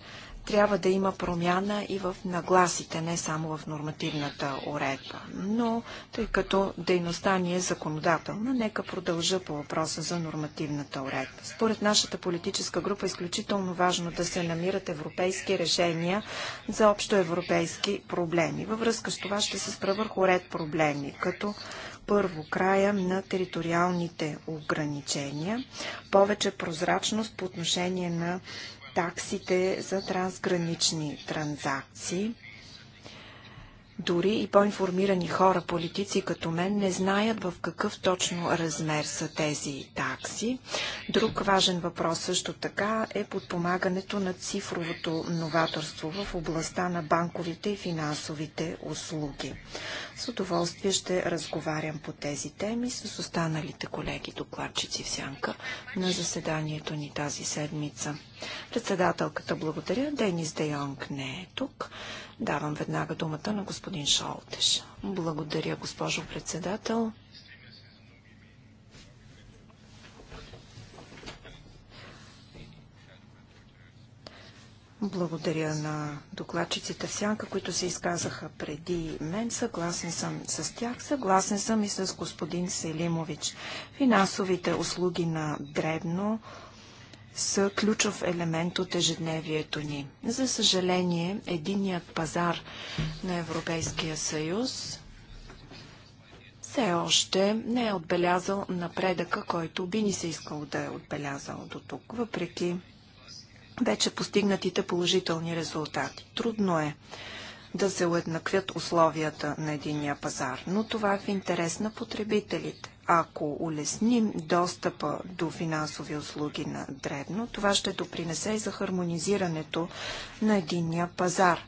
трябва да има промяна и в нагласите, не само в нормативната уредба. Но, тъй като дейността ни е законодателна, нека продължа по въпроса за нормативната уредба. Според нашата политическа група е изключително важно да се намират европейски решения за общо европейски проблеми. Във връзка с това ще се спра върху ред проблеми, като първо края на териториалните ограничения, повече прозрачност по отношение на таксите за трансгранични транзакции. Дори и по-информирани хора, политици като мен, не знаят в какъв точно размер са тези такси. Друг важен въпрос също така е подпомагането на цифровото новаторство в областта на банковите и финансовите услуги. С удоволствие ще разговарям по тези теми с останалите колеги докладчици в Сянка на заседанието ни тази седмица. Председателката благодаря. Денис Де Йонг не е тук. Давам веднага думата на господин Шолтеш. Благодаря, госпожо председател. Благодаря на докладчиците в сянка, които се изказаха преди мен. Съгласен съм с тях. Съгласен съм и с господин Селимович. Финансовите услуги на Дребно са ключов елемент от ежедневието ни. За съжаление, единият пазар на Европейския съюз все още не е отбелязал напредъка, който би ни се искал да е отбелязал до тук, въпреки вече постигнатите положителни резултати. Трудно е да се уеднаквят условията на единия пазар, но това е в интерес на потребителите. Ако улесним достъпа до финансови услуги на дребно, това ще допринесе и за хармонизирането на единия пазар.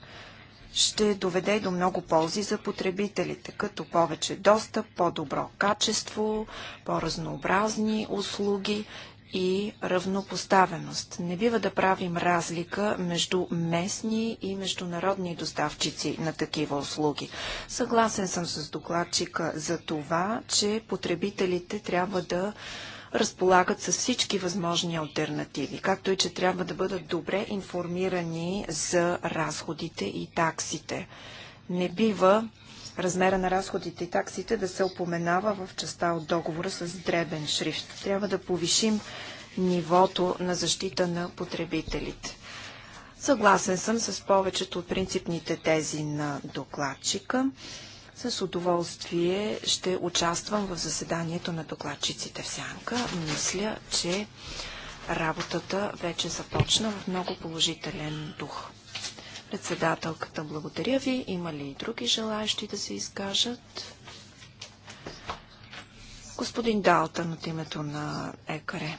Ще доведе до много ползи за потребителите, като повече достъп, по-добро качество, по-разнообразни услуги и равнопоставеност. Не бива да правим разлика между местни и международни доставчици на такива услуги. Съгласен съм с докладчика за това, че потребителите трябва да разполагат с всички възможни альтернативи, както и че трябва да бъдат добре информирани за разходите и таксите. Не бива размера на разходите и таксите да се опоменава в частта от договора с дребен шрифт. Трябва да повишим нивото на защита на потребителите. Съгласен съм с повечето от принципните тези на докладчика. С удоволствие ще участвам в заседанието на докладчиците в Сянка. Мисля, че работата вече започна в много положителен дух. Председателката, благодаря ви. Има ли и други желаящи да се изкажат? Господин Далтън от името на ЕКАРЕ.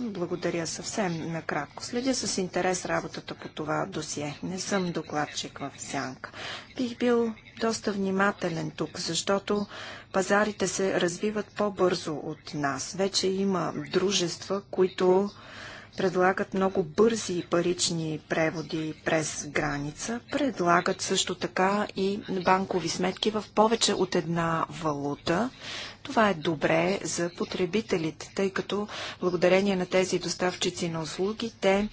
Благодаря съвсем накратко. Следя с интерес работата по това досие. Не съм докладчик в сянка. Бих бил доста внимателен тук, защото пазарите се развиват по-бързо от нас. Вече има дружества, които предлагат много бързи парични преводи през граница, предлагат също така и банкови сметки в повече от една валута. Това е добре за потребителите, тъй като благодарение на тези доставчици на услуги те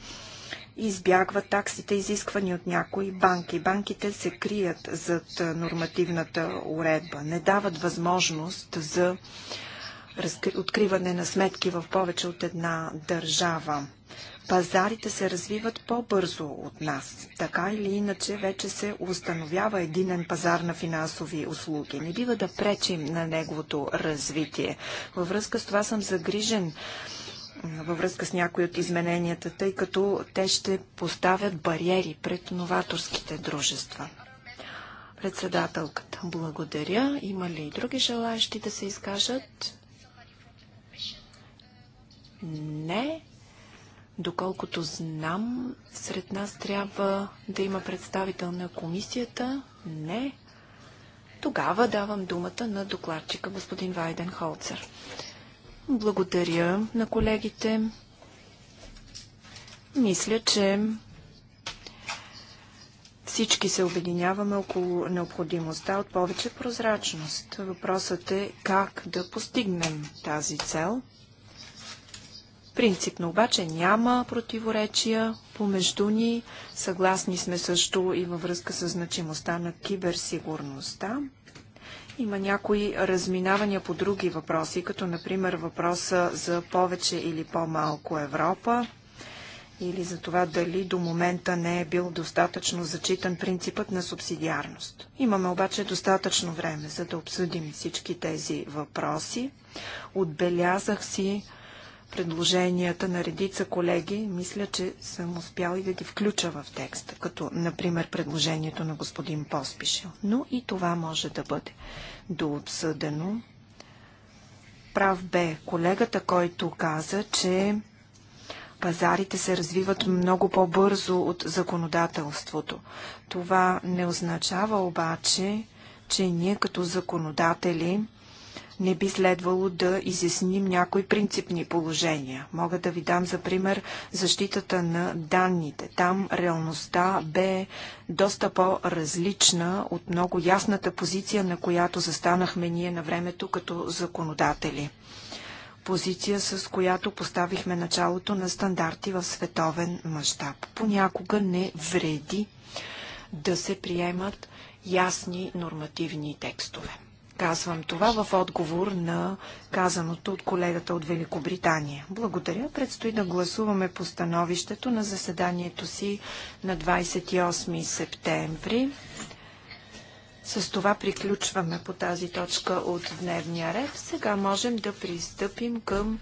избягват таксите, изисквани от някои банки. Банките се крият зад нормативната уредба, не дават възможност за откриване на сметки в повече от една държава. Пазарите се развиват по-бързо от нас. Така или иначе вече се установява единен пазар на финансови услуги. Не бива да пречим на неговото развитие. Във връзка с това съм загрижен във връзка с някои от измененията, тъй като те ще поставят бариери пред новаторските дружества. Председателката, благодаря. Има ли и други желаящи да се изкажат? Не. Доколкото знам, сред нас трябва да има представител на комисията. Не. Тогава давам думата на докладчика господин Вайден Холцер. Благодаря на колегите. Мисля, че всички се обединяваме около необходимостта от повече прозрачност. Въпросът е как да постигнем тази цел – Принципно обаче няма противоречия помежду ни. Съгласни сме също и във връзка с значимостта на киберсигурността. Има някои разминавания по други въпроси, като например въпроса за повече или по-малко Европа или за това дали до момента не е бил достатъчно зачитан принципът на субсидиарност. Имаме обаче достатъчно време, за да обсъдим всички тези въпроси. Отбелязах си предложенията на редица колеги, мисля, че съм успял и да ги включа в текста, като, например, предложението на господин Поспишел. Но и това може да бъде дообсъдено. Прав бе колегата, който каза, че пазарите се развиват много по-бързо от законодателството. Това не означава обаче, че ние като законодатели не би следвало да изясним някои принципни положения. Мога да ви дам за пример защитата на данните. Там реалността бе доста по-различна от много ясната позиция, на която застанахме ние на времето като законодатели. Позиция, с която поставихме началото на стандарти в световен мащаб. Понякога не вреди да се приемат ясни нормативни текстове. Казвам това в отговор на казаното от колегата от Великобритания. Благодаря. Предстои да гласуваме по становището на заседанието си на 28 септември. С това приключваме по тази точка от дневния ред. Сега можем да пристъпим към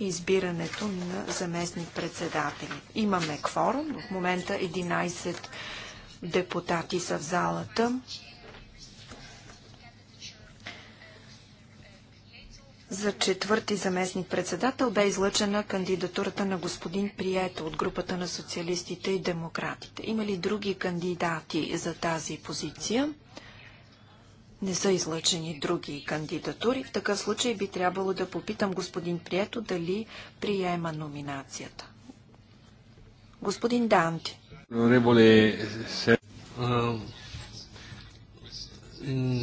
избирането на заместник-председатели. Имаме кворум. В момента 11 депутати са в залата. За четвърти заместник председател бе излъчена кандидатурата на господин Прието от групата на социалистите и демократите. Има ли други кандидати за тази позиция? Не са излъчени други кандидатури. В такъв случай би трябвало да попитам господин Прието дали приема номинацията. Господин Данти.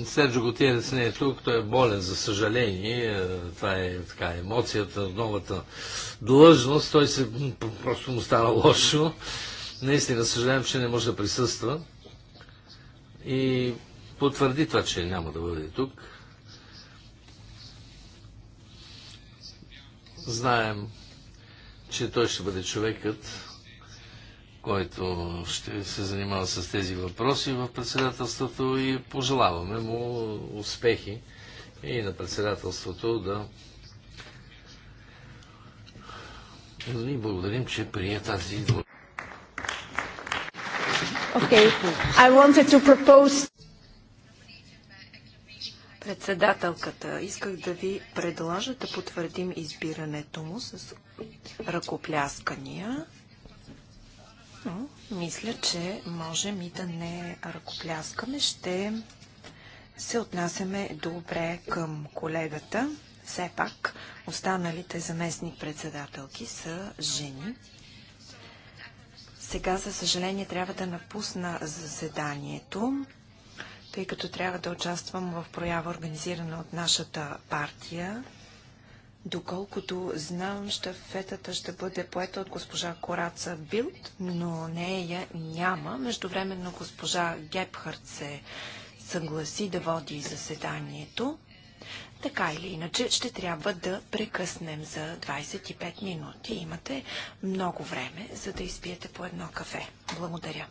Седжо Готиерец не е тук, той е болен, за съжаление. Е, това е така емоцията, новата длъжност. Той се просто му стана лошо. Наистина съжалявам, че не може да присъства. И потвърди това, че няма да бъде тук. Знаем, че той ще бъде човекът, който ще се занимава с тези въпроси в председателството и пожелаваме му успехи и на председателството да и благодарим, че прие тази okay. I wanted to propose... Председателката, исках да ви предложа да потвърдим избирането му с ръкопляскания. Но мисля, че можем и да не ръкопляскаме. Ще се отнасяме добре към колегата. Все пак останалите заместни председателки са жени. Сега, за съжаление, трябва да напусна заседанието, тъй като трябва да участвам в проява, организирана от нашата партия Доколкото знам, щафетата ще бъде поета от госпожа Кораца Билт, но нея няма. Междувременно госпожа Гепхард се съгласи да води заседанието. Така или иначе, ще трябва да прекъснем за 25 минути. Имате много време, за да изпиете по едно кафе. Благодаря.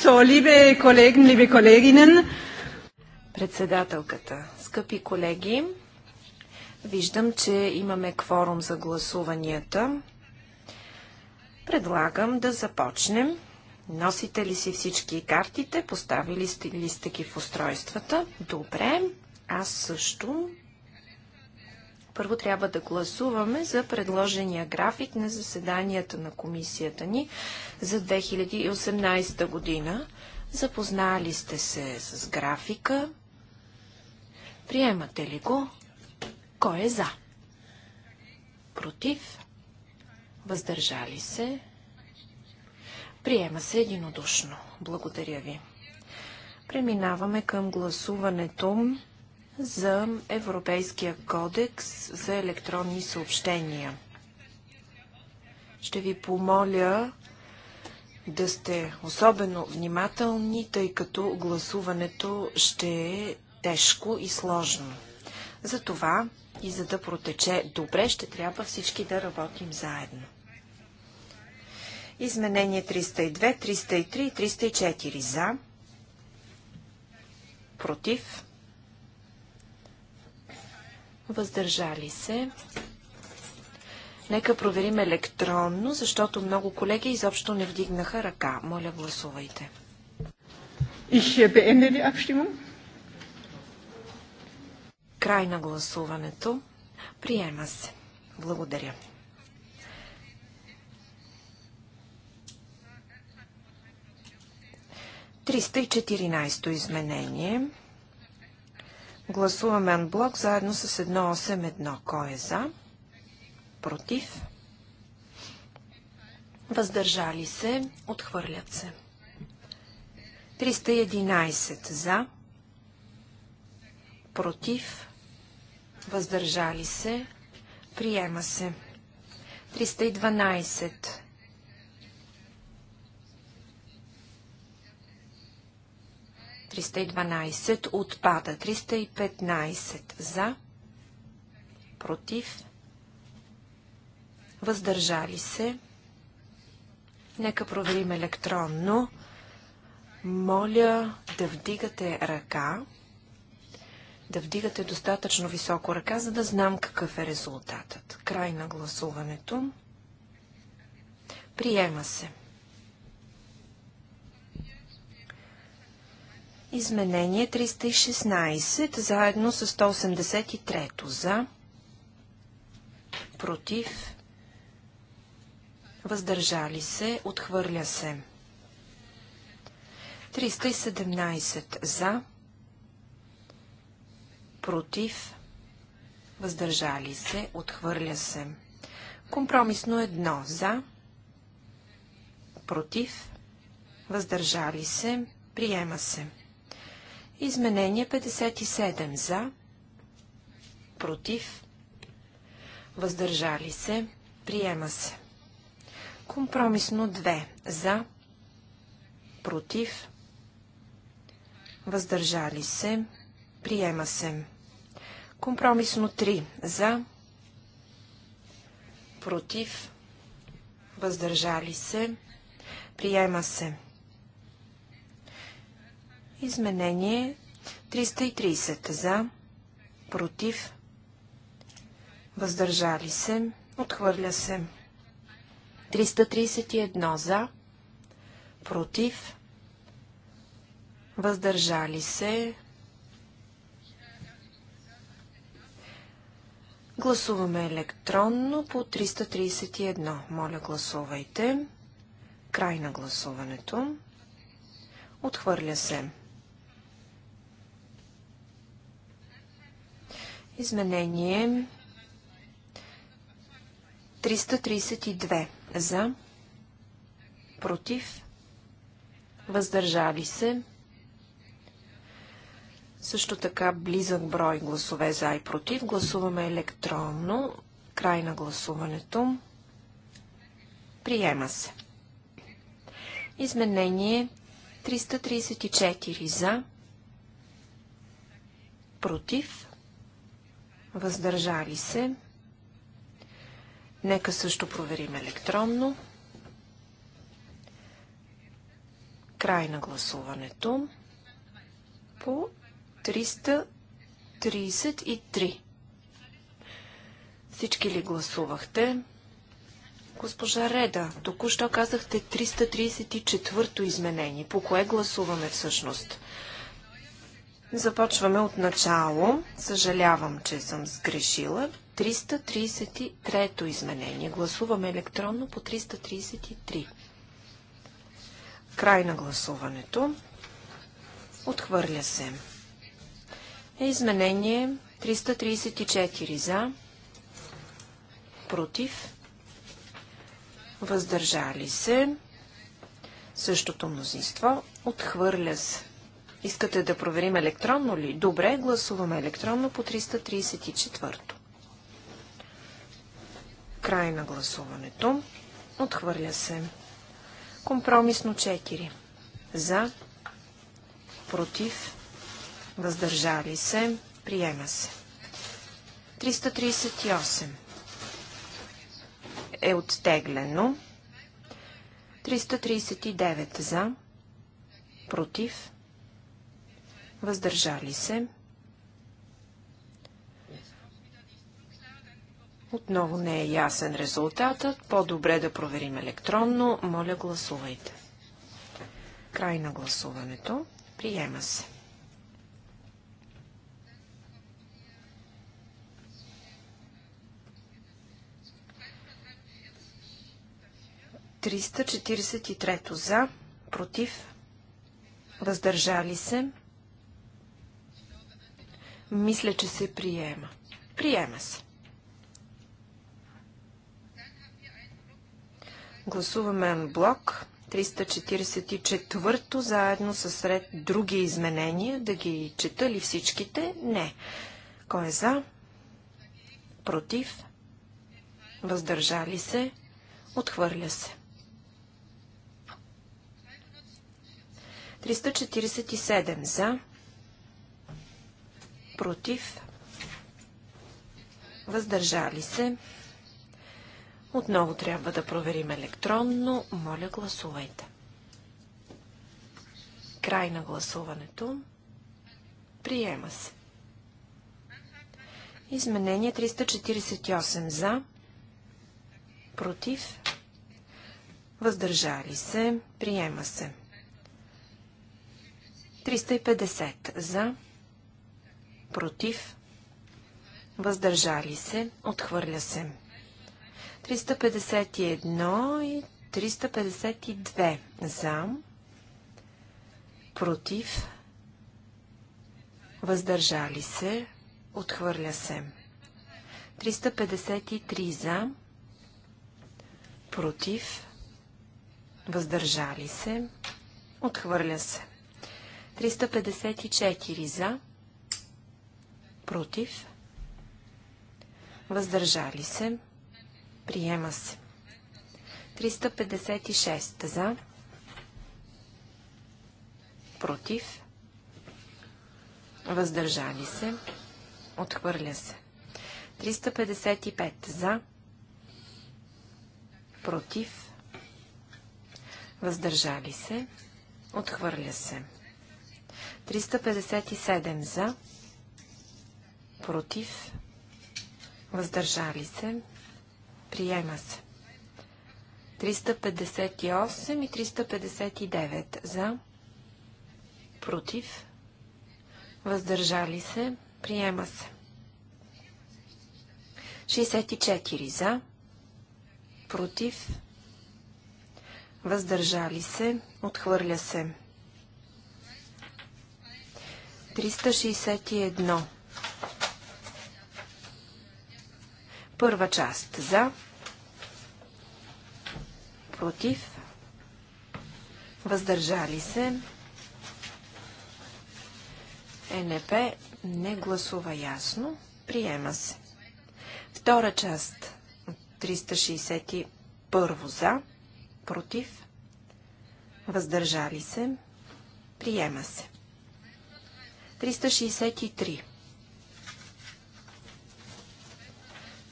So, liebe Kollegen, liebe Kolleginnen. Председателката, скъпи колеги, виждам, че имаме кворум за гласуванията. Предлагам да започнем. Носите ли си всички картите? Поставили сте ли сте ги в устройствата? Добре. Аз също първо трябва да гласуваме за предложения график на заседанията на комисията ни за 2018 година. Запознали сте се с графика. Приемате ли го? Кой е за? Против? Въздържали се? Приема се единодушно. Благодаря ви. Преминаваме към гласуването за Европейския кодекс за електронни съобщения. Ще ви помоля да сте особено внимателни, тъй като гласуването ще е тежко и сложно. Затова и за да протече добре, ще трябва всички да работим заедно. Изменение 302, 303 и 304 за, против, въздържали се. Нека проверим електронно, защото много колеги изобщо не вдигнаха ръка. Моля, гласувайте. Ich äh, beende die Abstimmung. Край на гласуването. Приема се. Благодаря. Триста и четиринайсто изменение. Гласуваме анблок заедно с 181. Кой е за? Против? Въздържали се? Отхвърлят се. 311 за. Против? Въздържали се? Приема се. 312 312 отпада. 315 за, против, въздържали се. Нека проверим електронно. Моля да вдигате ръка, да вдигате достатъчно високо ръка, за да знам какъв е резултатът. Край на гласуването. Приема се. Изменение 316, заедно с 183 за, против, въздържали се, отхвърля се. 317 за, против, въздържали се, отхвърля се. Компромисно едно за, против, въздържали се, приема се. Изменение 57 за, против, въздържали се, приема се. Компромисно 2 за, против, въздържали се, приема се. Компромисно 3 за, против, въздържали се, приема се. Изменение 330 за, против, въздържали се, отхвърля се. 331 за, против, въздържали се. Гласуваме електронно по 331. Моля, гласувайте. Край на гласуването. Отхвърля се. Изменение 332 за, против, въздържали се. Също така близък брой гласове за и против. Гласуваме електронно. Край на гласуването. Приема се. Изменение 334 за, против, въздържали се. Нека също проверим електронно. Край на гласуването по 333. Всички ли гласувахте? Госпожа Реда, току-що казахте 334-то изменение. По кое гласуваме всъщност? Започваме от начало. Съжалявам, че съм сгрешила. 333-то изменение. Гласуваме електронно по 333. Край на гласуването. Отхвърля се. Е изменение 334 за, против, въздържали се, същото мнозинство, отхвърля се. Искате да проверим електронно ли? Добре, гласуваме електронно по 334-то. Край на гласуването. Отхвърля се. Компромисно 4. За. Против. Въздържали се. Приема се. 338 е оттеглено. 339 за. Против въздържали се. Отново не е ясен резултатът. По-добре да проверим електронно. Моля, гласувайте. Край на гласуването. Приема се. Триста четиридесет и трето за, против, въздържали се. Мисля, че се приема. Приема се. Гласуваме блок 344 заедно с ред други изменения. Да ги чета ли всичките? Не. Кой е за? Против? Въздържали се? Отхвърля се. 347 за, против, въздържали се. Отново трябва да проверим електронно. Моля, гласувайте. Край на гласуването. Приема се. Изменение 348 за, против, въздържали се, приема се. 350 за, се против, въздържали се, отхвърля се. 351 и 352 за, против, въздържали се, отхвърля се. 353 за, против, въздържали се, отхвърля се. 354 за, против, въздържали се, приема се. 356 за, против, въздържали се, отхвърля се. 355 за, против, въздържали се, отхвърля се. 357 за, против, против, въздържали се, приема се. 358 и 359 за, против, въздържали се, приема се. 64 за, против, въздържали се, отхвърля се. 361 Първа част за, против, въздържали се. Е НП не гласува ясно. Приема се. Втора част от 361 за, против, въздържали се. Приема се. 363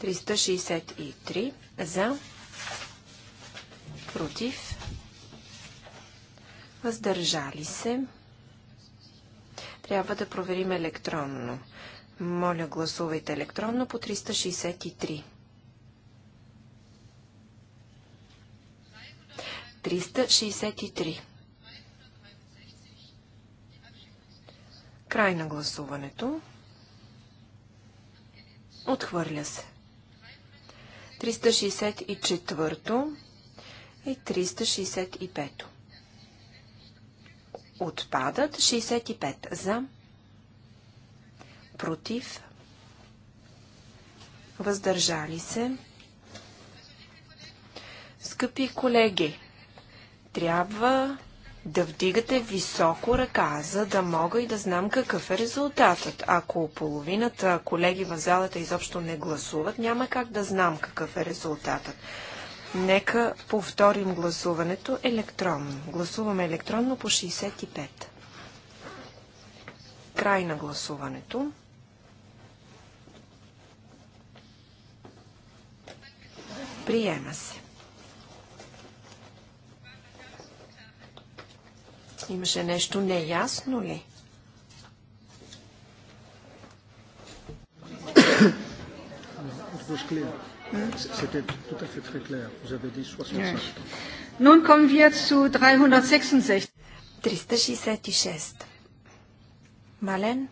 363 за, против, въздържали се. Трябва да проверим електронно. Моля, гласувайте електронно по 363. 363. Край на гласуването. Отхвърля се. 364 и 365. Отпадат 65 за, против, въздържали се. Скъпи колеги, трябва да вдигате високо ръка, за да мога и да знам какъв е резултатът. Ако половината колеги в залата изобщо не гласуват, няма как да знам какъв е резултатът. Нека повторим гласуването електронно. Гласуваме електронно по 65. Край на гласуването. Приема се. Имаше нещо неясно ли? C'était tout à fait très clair. Vous avez dit 65. Nun kommen wir zu 366. 366. Malène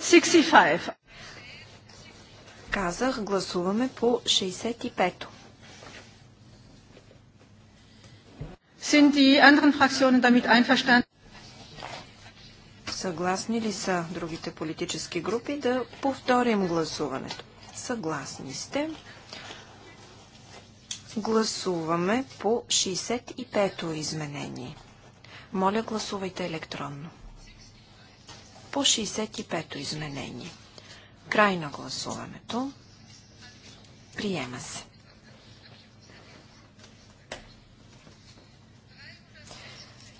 65. Казах, гласуваме по 65-то. Sind die anderen Fraktionen damit einverstanden? Съгласни ли са другите политически групи да повторим гласуването? Съгласни сте. Гласуваме по 65-то изменение. Моля, гласувайте електронно. По 65-то изменение. Край на гласуването. Приема се.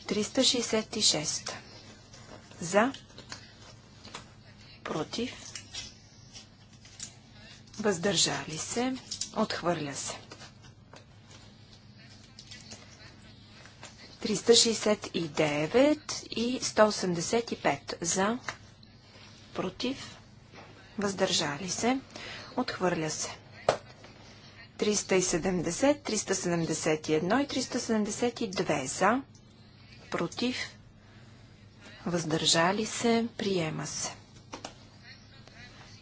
366. За. Против. Въздържали се. Отхвърля се. 369 и 185 за, против, въздържали се, отхвърля се. 370, 371 и 372 за, против, въздържали се, приема се.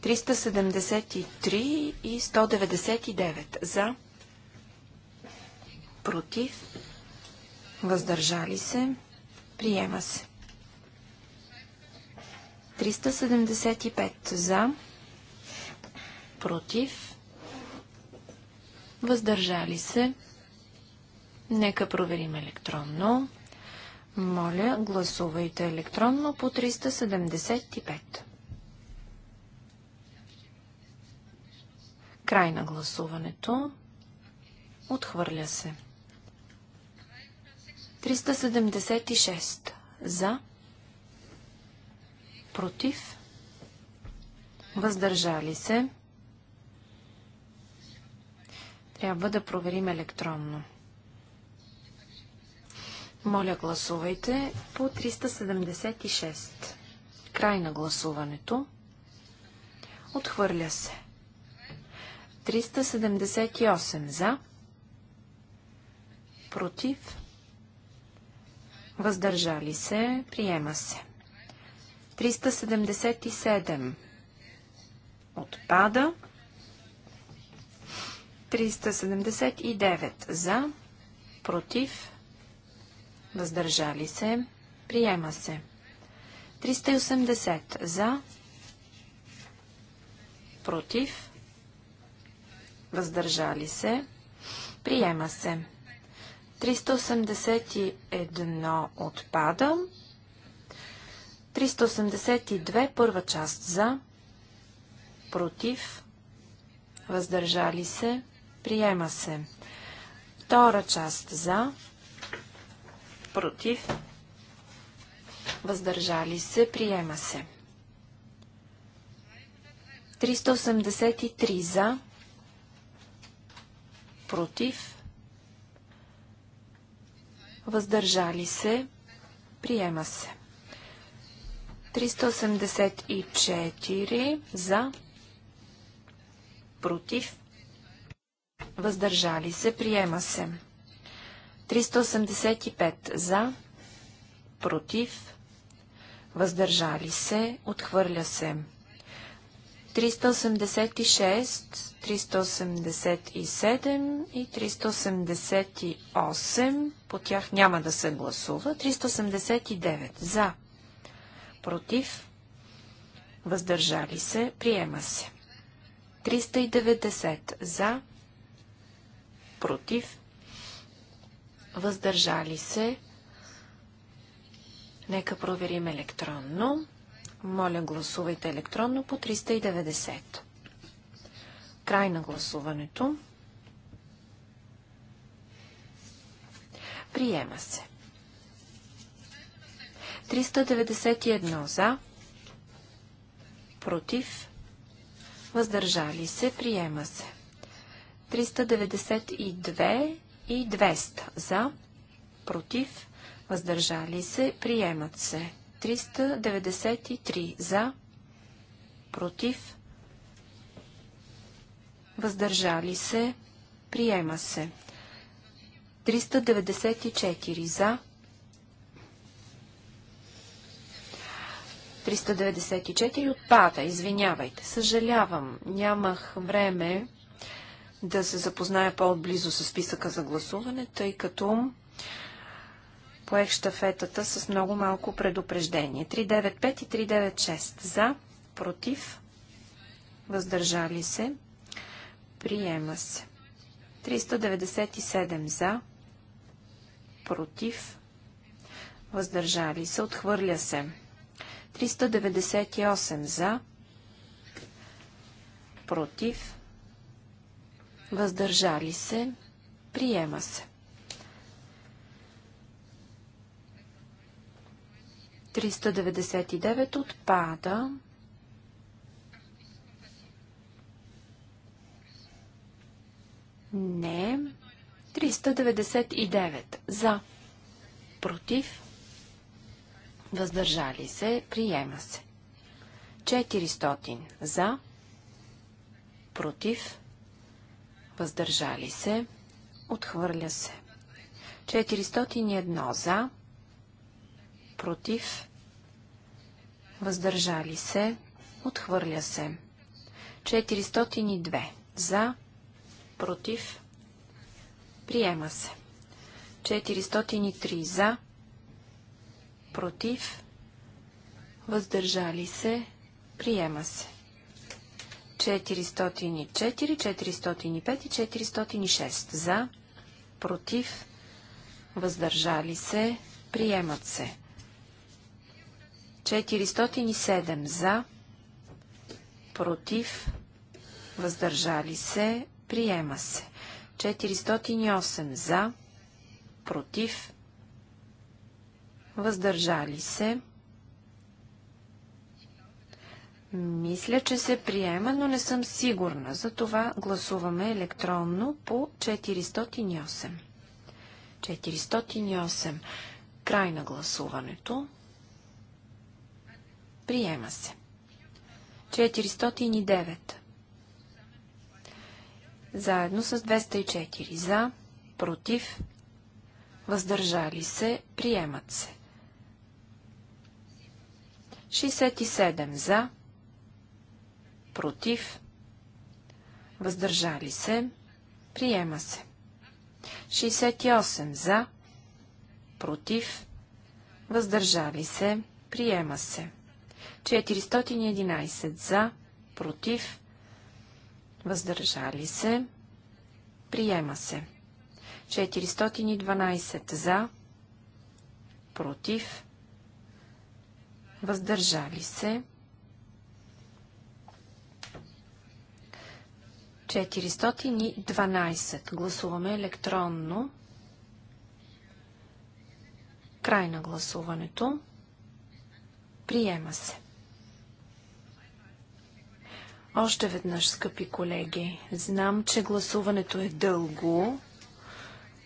373 и 199 за, против, въздържали се, приема се. 375 за, против, въздържали се. Нека проверим електронно. Моля, гласувайте електронно по 375. Край на гласуването. Отхвърля се. 376. За. Против. Въздържали се. Трябва да проверим електронно. 376. Моля, гласувайте по 376. Край на гласуването. Отхвърля се. 378 за. Против. Въздържали се. Приема се. 377. Отпада. 379 за. Против въздържали се, приема се. 380 за, против, въздържали се, приема се. 381 отпада. 382 първа част за, против, въздържали се, приема се. Втора част за, против, против, въздържали се, приема се. 383 за, против, въздържали се, приема се. 384 за, против, въздържали се, приема се. 385 за, против, въздържали се, отхвърля се. 386, 387 и 388, по тях няма да се гласува. 389 за, против, въздържали се, приема се. 390 за, против, въздържали се. Нека проверим електронно. Моля, гласувайте електронно по 390. Край на гласуването. Приема се. 391 за, против, въздържали се, приема се. 392 и 200 за, против, въздържали се, приемат се. 393 за, против, въздържали се, приема се. 394 за, 394 отпада, извинявайте, съжалявам, нямах време да се запозная по-отблизо с списъка за гласуване, тъй като поех щафетата с много малко предупреждение. 395 и 396 за, против, въздържали се, приема се. 397 за, против, въздържали се, отхвърля се. 398 за, против, въздържали се, приема се. 399 отпада. Не. 399 за. Против. Въздържали се. Приема се. 400 за. Против въздържали се, отхвърля се. 401 за, против, въздържали се, отхвърля се. 402 за, против, приема се. 403 за, против, въздържали се, приема се. 404, 405 и 406. За, против, въздържали се, приемат се. 407 за, против, въздържали се, приема се. 408 за, против, въздържали се, приема се мисля, че се приема, но не съм сигурна. Затова гласуваме електронно по 408. 408. Край на гласуването. Приема се. 409. Заедно с 204. За, против, въздържали се, приемат се. 67 за, против, въздържали се, приема се. 68 за, против, въздържали се, приема се. 411 за, против, въздържали се, приема се. 412 за, против, въздържали се, 412. Гласуваме електронно. Край на гласуването. Приема се. Още веднъж, скъпи колеги, знам, че гласуването е дълго,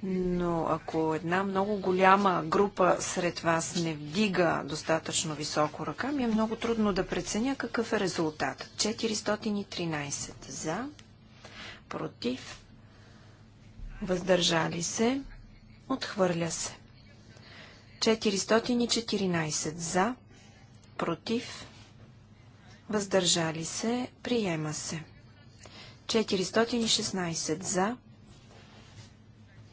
но ако една много голяма група сред вас не вдига достатъчно високо ръка, ми е много трудно да преценя какъв е резултат. 413 за, против, въздържали се, отхвърля се. 414 за, против, въздържали се, приема се. 416 за,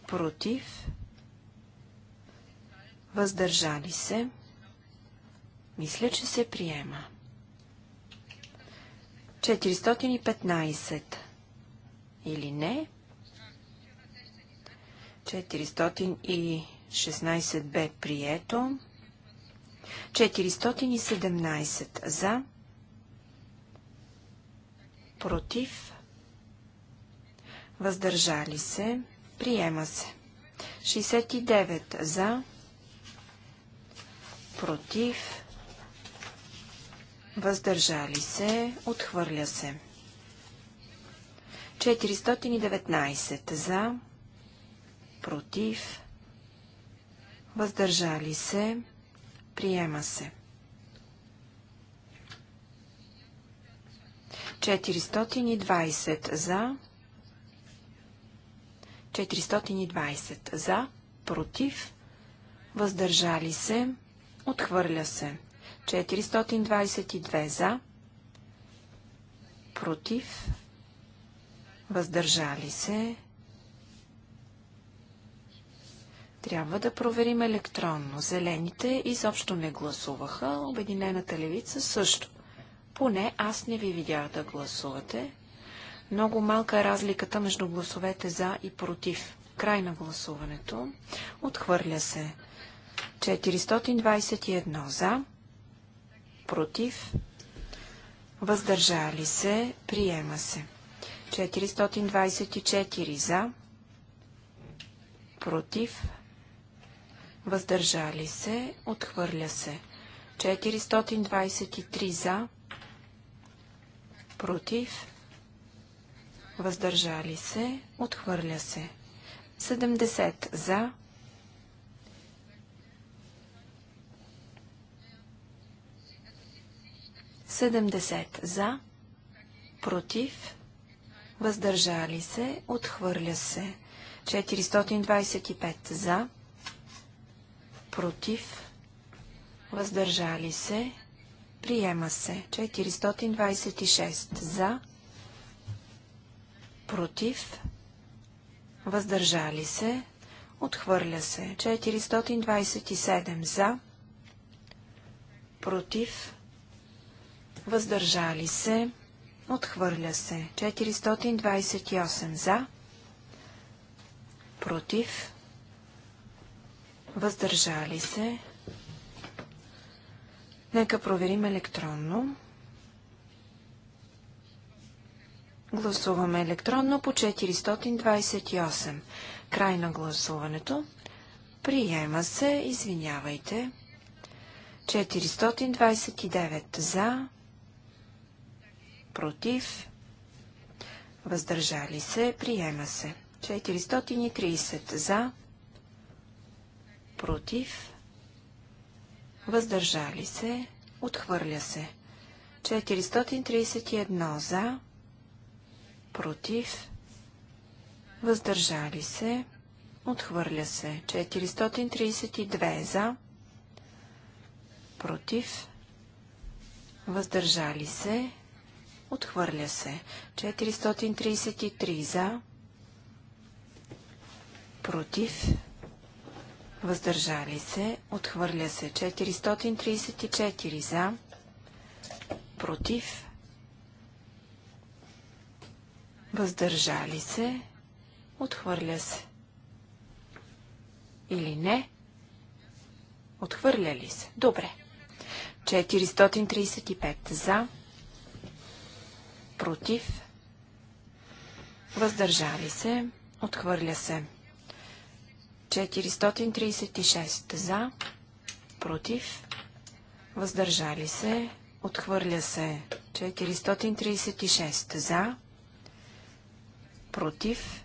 против, въздържали се, мисля, че се приема. 415 или не. 416 бе прието. 417 за. Против. Въздържали се. Приема се. 69 за. Против. Въздържали се. Отхвърля се. 419 за, против, въздържали се, приема се. 420 за, 420 за, против, въздържали се, отхвърля се. 422 за, против, въздържали се. Трябва да проверим електронно. Зелените изобщо не гласуваха, Обединената левица също. Поне аз не ви видях да гласувате. Много малка е разликата между гласовете за и против. Край на гласуването. Отхвърля се. 421 за, против, въздържали се, приема се. 424 за, против, въздържали се, отхвърля се. 423 за, против, въздържали се, отхвърля се. 70 за, Седемдесет за, против, въздържали се, отхвърля се. 425 за, против, въздържали се, приема се. 426 за, против, въздържали се, отхвърля се. 427 за, против, въздържали се, се Отхвърля се. 428 за. Против. Въздържали се. Нека проверим електронно. Гласуваме електронно по 428. Край на гласуването. Приема се. Извинявайте. 429 за против, въздържали се, приема се. 430 за, против, въздържали се, отхвърля се. 431 за, против, въздържали се, отхвърля се. 432 за, против, въздържали се, Отхвърля се. 433 за. Против. Въздържали се. Отхвърля се. 434 за. Против. Въздържали се. Отхвърля се. Или не? Отхвърля ли се? Добре. 435 за против, въздържали се, отхвърля се. 436 за, против, въздържали се, отхвърля се. 436 за, против,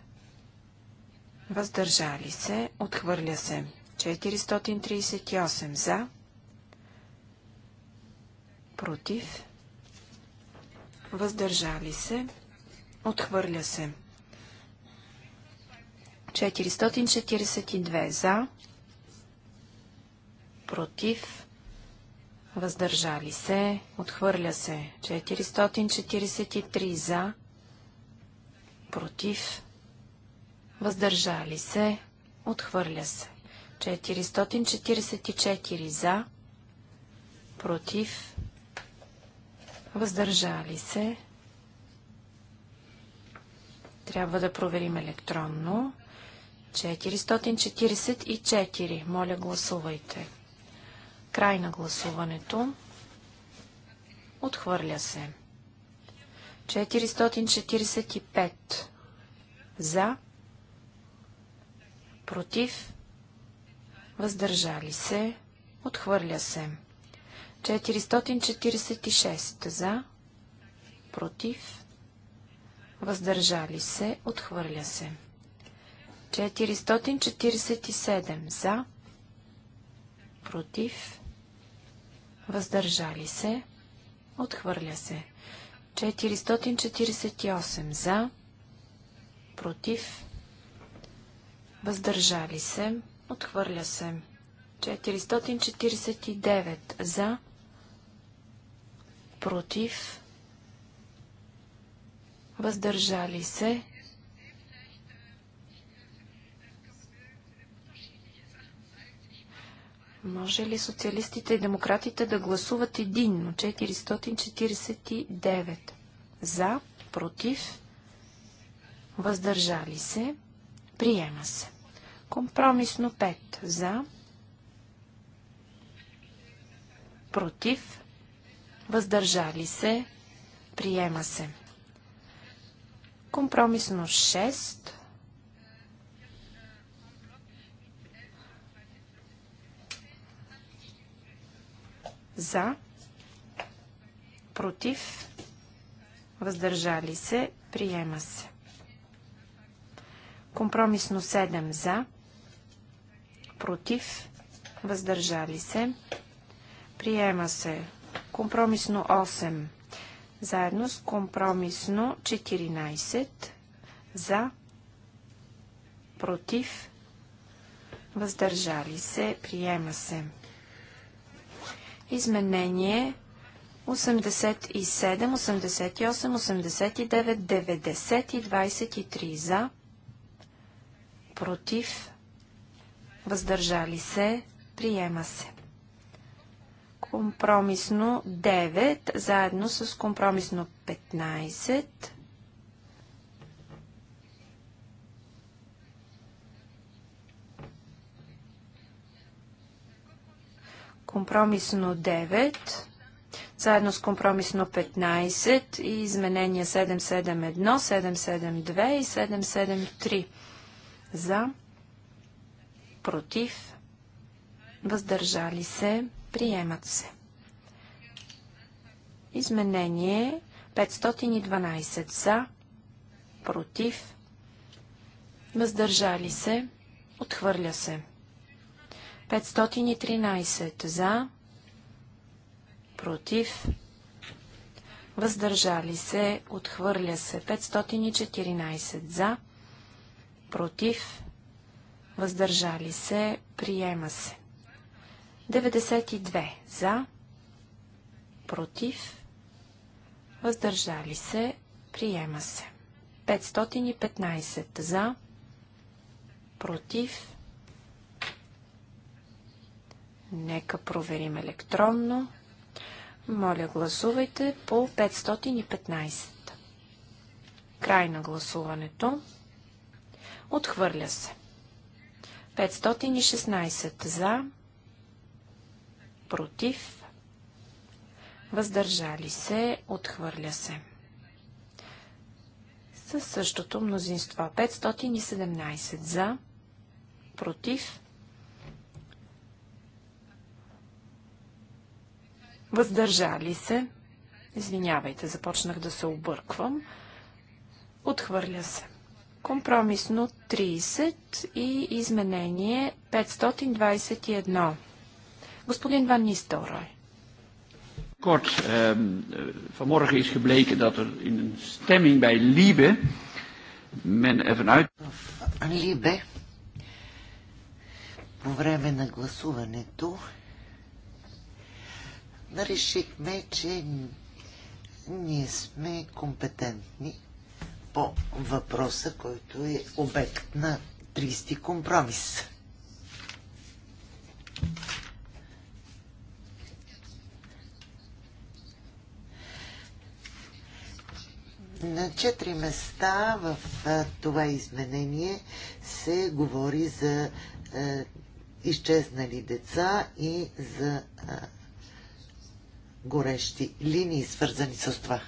въздържали се, отхвърля се. 438 за, против, въздържали се, отхвърля се. 442 за, против, въздържали се, отхвърля се. 443 за, против, въздържали се, отхвърля се. 444 за, против, въздържали се. Трябва да проверим електронно. 444. Моля, гласувайте. Край на гласуването. Отхвърля се. 445. За. Против. Въздържали се. Отхвърля се. 446 за, против, въздържали се, отхвърля се. 447 за, против, въздържали се, отхвърля се. 448 за, против, въздържали се, отхвърля се. 449 за, против, против, въздържали се. Може ли социалистите и демократите да гласуват единно? 449 за, против, въздържали се, приема се. Компромисно 5 за, против, въздържали се, приема се. Компромисно 6. За, против, въздържали се, приема се. Компромисно 7 за, против, въздържали се, приема се. Компромисно 8. Заедно с компромисно 14. За. Против. Въздържали се. Приема се. Изменение 87, 88, 89, 90 и 23 за, против, въздържали се, приема се. Компромисно 9, заедно с компромисно 15. Компромисно 9, заедно с компромисно 15 и изменения 771, 772 и 773. За, против, въздържали се, Приемат се. Изменение 512 за, против, въздържали се, отхвърля се. 513 за, против, въздържали се, отхвърля се. 514 за, против, въздържали се, приема се. 92 за, против, въздържали се, приема се. 515 за, против. Нека проверим електронно. Моля, гласувайте по 515. Край на гласуването. Отхвърля се. 516 за, против, въздържали се, отхвърля се. Със същото мнозинство 517 за, против, въздържали се, извинявайте, започнах да се обърквам, отхвърля се. Компромисно 30 и изменение 521 Господин Ван Нисторой. Kort, eh, vanmorgen is gebleken dat er in een stemming bij Liebe men ervan uit... Liebe, по време на гласуването решихме, че ние сме компетентни по въпроса, който е обект на 30 компромис. На четири места в това изменение се говори за изчезнали деца и за горещи линии, свързани с това.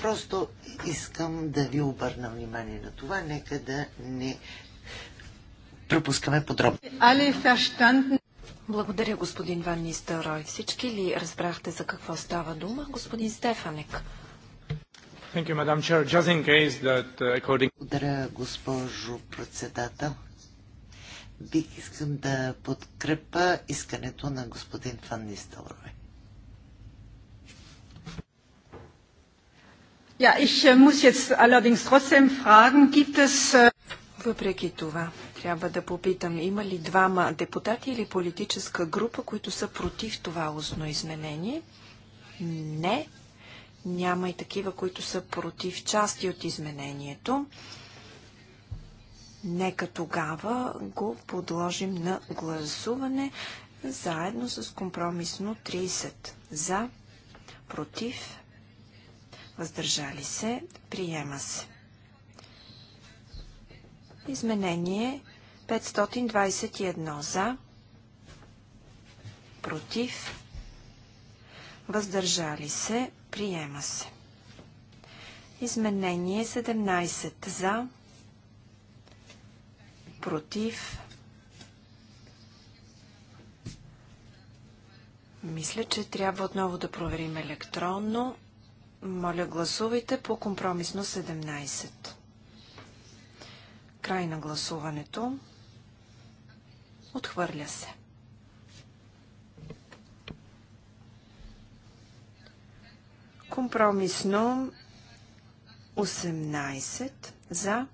Просто искам да ви обърна внимание на това. Нека да не пропускаме подробно. Благодаря, господин Ван Нистелрой. Всички ли разбрахте за какво става дума? Господин Стефанек. Uh, Благодаря, госпожо председател. Бих искам да подкрепа искането на господин Ван Нистелрой. Ja, ich äh, muss jetzt allerdings trotzdem fragen, gibt es... Äh- Въпреки това, трябва да попитам, има ли двама депутати или политическа група, които са против това устно изменение? Не. Няма и такива, които са против части от изменението. Нека тогава го подложим на гласуване заедно с компромисно 30. За, против, въздържали се, приема се. Изменение 521 за, против, въздържали се, приема се. Изменение 17 за, против, мисля, че трябва отново да проверим електронно. Моля, гласувайте по компромисно 17. Край на гласуването. Отхвърля се. Компромисно 18 за,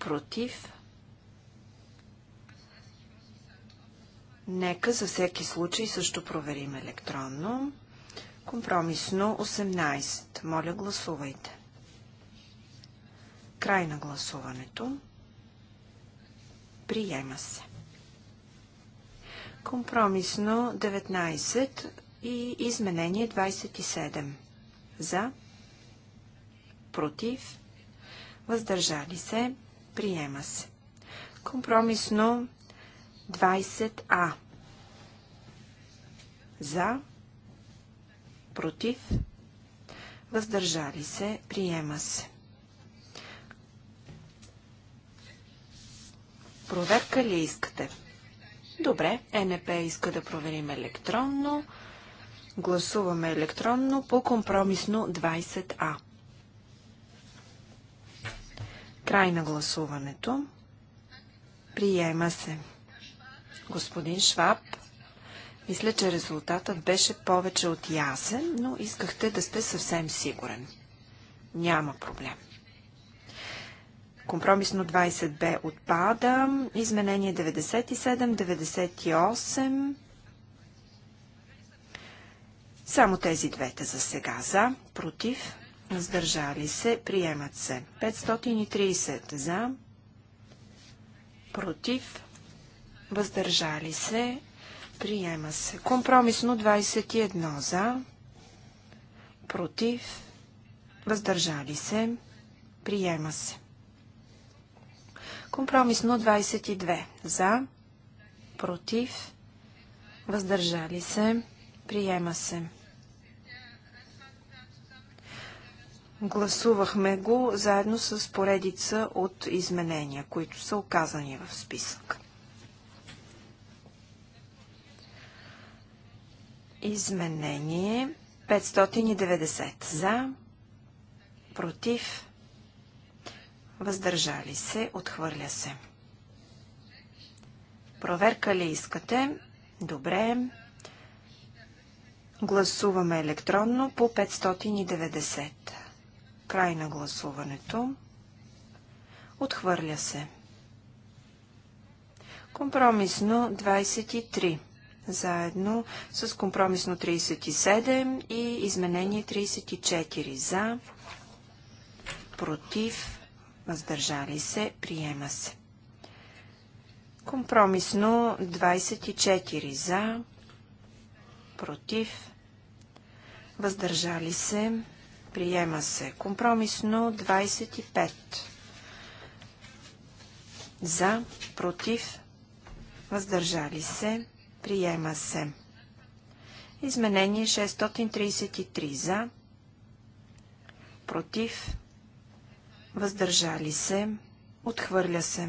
против. Нека за всеки случай също проверим електронно. Компромисно 18. Моля гласувайте. Край на гласуването. Приема се. Компромисно 19 и изменение 27. За. Против. Въздържали се. Приема се. Компромисно 20А. За. Против. Въздържали се. Приема се. Проверка ли искате? Добре, НП иска да проверим електронно. Гласуваме електронно по компромисно 20А. Край на гласуването. Приема се. Господин Шваб, мисля, че резултатът беше повече от ясен, но искахте да сте съвсем сигурен. Няма проблем. Компромисно 20Б отпада. Изменение 97, 98. Само тези двете за сега. За, против, въздържали се, приемат се. 530 за, против, въздържали се, приема се. Компромисно 21 за, против, въздържали се, приема се. Компромисно 22. За, против, въздържали се, приема се. Гласувахме го заедно с поредица от изменения, които са оказани в списък. Изменение 590 за, против, въздържали се, отхвърля се. Проверка ли искате? Добре. Гласуваме електронно по 590. Край на гласуването. Отхвърля се. Компромисно 23 заедно с компромисно 37 и изменение 34 за, против, въздържали се, приема се. Компромисно 24 за, против, въздържали се, приема се. Компромисно 25 за, против, въздържали се, приема се. Изменение 633 за, против, въздържали се, отхвърля се.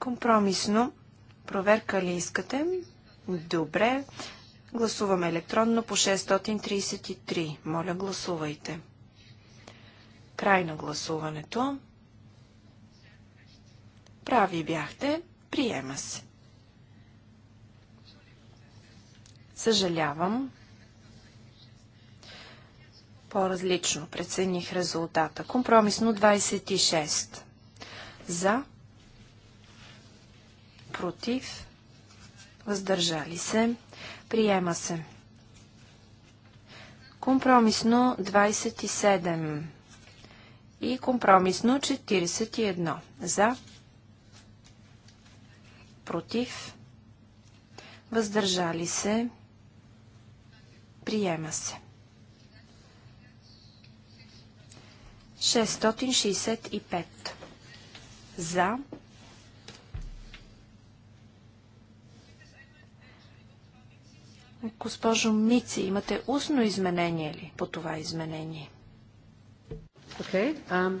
Компромисно, проверка ли искате? Добре. Гласуваме електронно по 633. Моля, гласувайте. Край на гласуването. Прави бяхте. Приема се. Съжалявам. По-различно прецених резултата. Компромисно 26. За. Против. Въздържали се. Приема се. Компромисно 27. И компромисно 41. За. Против. Въздържали се. Приема се. 665 за Госпожо Мици, имате устно изменение ли по това изменение? Okay. Um,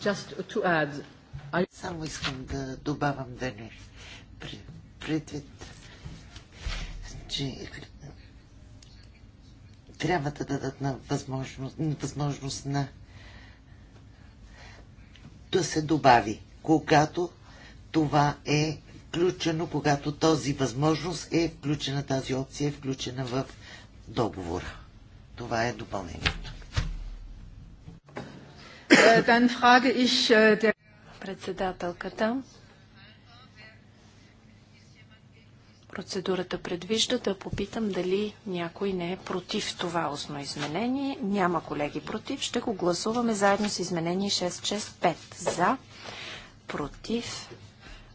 just to add, I... Само искам да добавям да не предвид, че трябва да дадат на възможност, възможност на да се добави, когато това е включено, когато този възможност е включена, тази опция е включена в договора. Това е допълнението. Е, е, Председателката. Процедурата предвижда да попитам дали някой не е против това устно изменение. Няма колеги против. Ще го гласуваме заедно с изменение 665. За, против,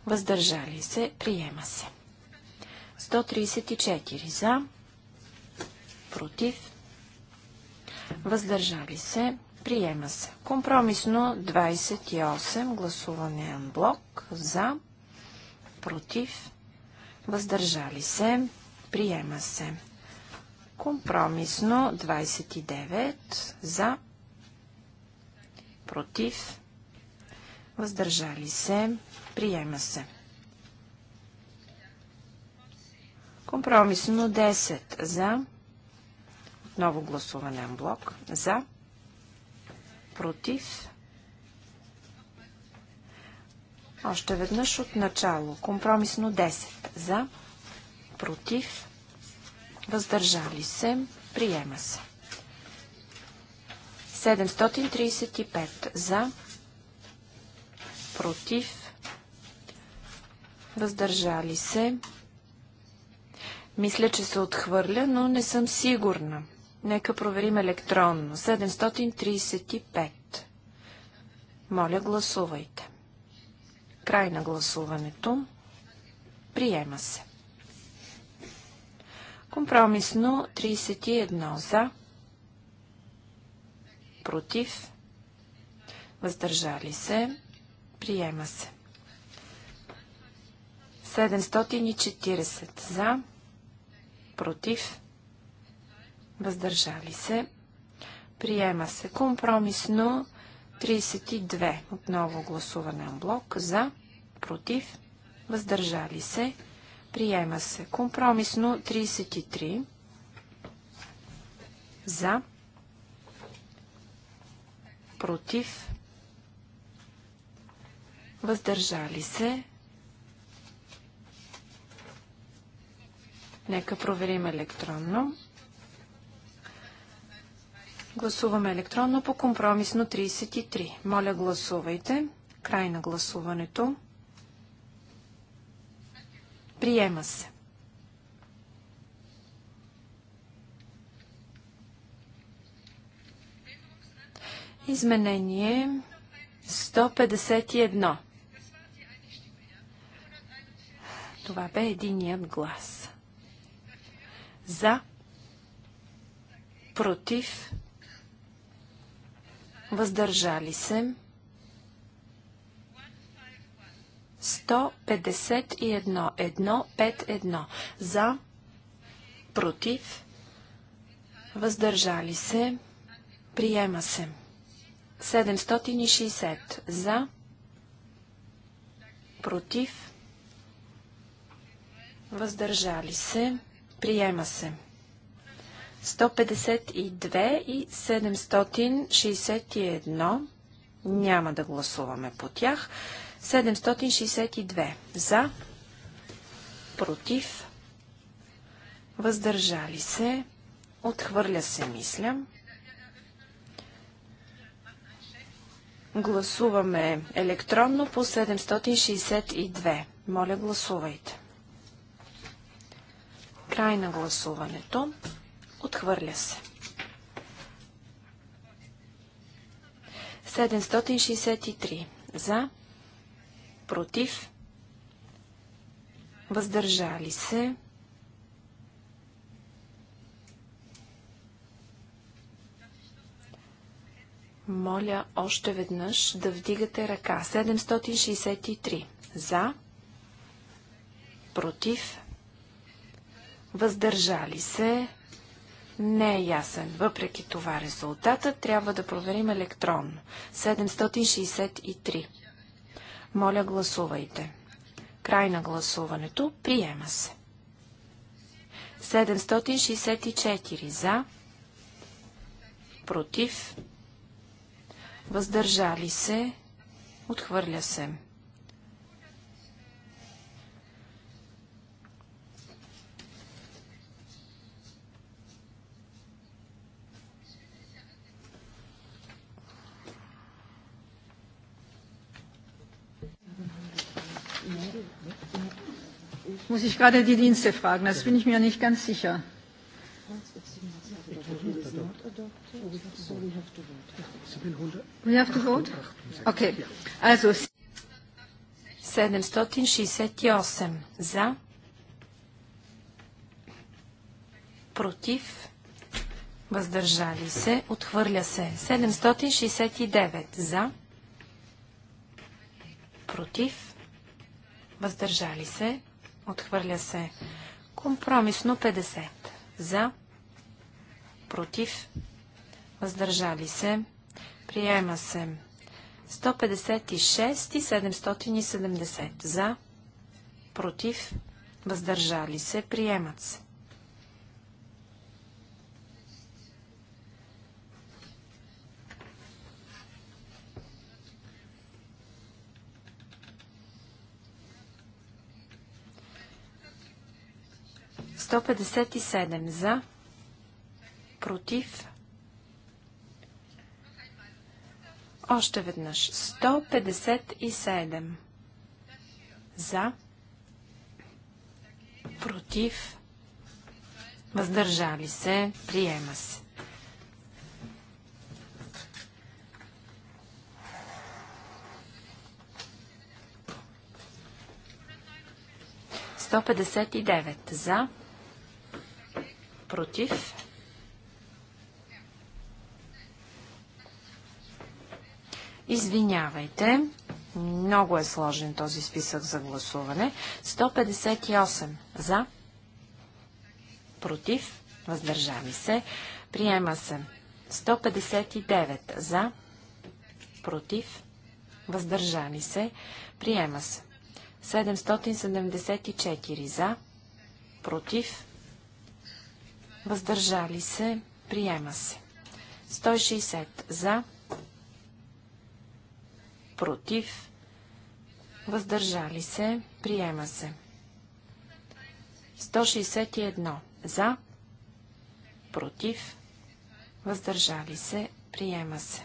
въздържали се, приема се. 134 за, против, въздържали се, приема се. Компромисно 28, гласуване анблок, за, против, въздържали се, приема се. Компромисно 29 за, против, въздържали се, приема се. Компромисно 10 за, отново гласуване блок, за, против, Още веднъж от начало. Компромисно 10. За, против, въздържали се, приема се. 735. За, против, въздържали се. Мисля, че се отхвърля, но не съм сигурна. Нека проверим електронно. 735. Моля, гласувайте. Край на гласуването. Приема се. Компромисно 31 за, против, въздържали се, приема се. 740 за, против, въздържали се, приема се. Компромисно 32. Отново гласуване на блок. За, против, въздържали се. Приема се. Компромисно 33. За, против, въздържали се. Нека проверим електронно. Гласуваме електронно по компромисно 33. Моля, гласувайте. Край на гласуването. Приема се. Изменение 151. Това бе единият глас. За, против, против, въздържали се. 151 151 за против въздържали се приема се 760 за против въздържали се приема се 152 и 761 няма да гласуваме по тях. 762 за, против, въздържали се, отхвърля се, мисля. Гласуваме електронно по 762. Моля, гласувайте. Край на гласуването. Отхвърля се. 763 за, против, въздържали се. Моля още веднъж да вдигате ръка. 763 за, против, въздържали се не е ясен. Въпреки това резултата трябва да проверим електронно. 763. Моля, гласувайте. Край на гласуването. Приема се. 764 за, против, въздържали се, отхвърля се. Muss ich gerade die Dienste fragen, das bin ich mir nicht ganz sicher. We have to vote? Okay. Also 768 за, против, въздържали се, отхвърля се. 769 за, против, въздържали се, Отхвърля се. Компромисно 50. За. Против. Въздържали се. Приема се. 156 и 770. За. Против. Въздържали се. Приемат се. 157 за, против. Още веднъж. 157 за, против, въздържали се, приема се. Сто и девет за. Против. Извинявайте. Много е сложен този списък за гласуване. 158 за. Против. Въздържали се. Приема се. 159 за. Против. Въздържали се. Приема се. 774 за. Против въздържали се, приема се. 160 за, против, въздържали се, приема се. 161 за, против, въздържали се, приема се.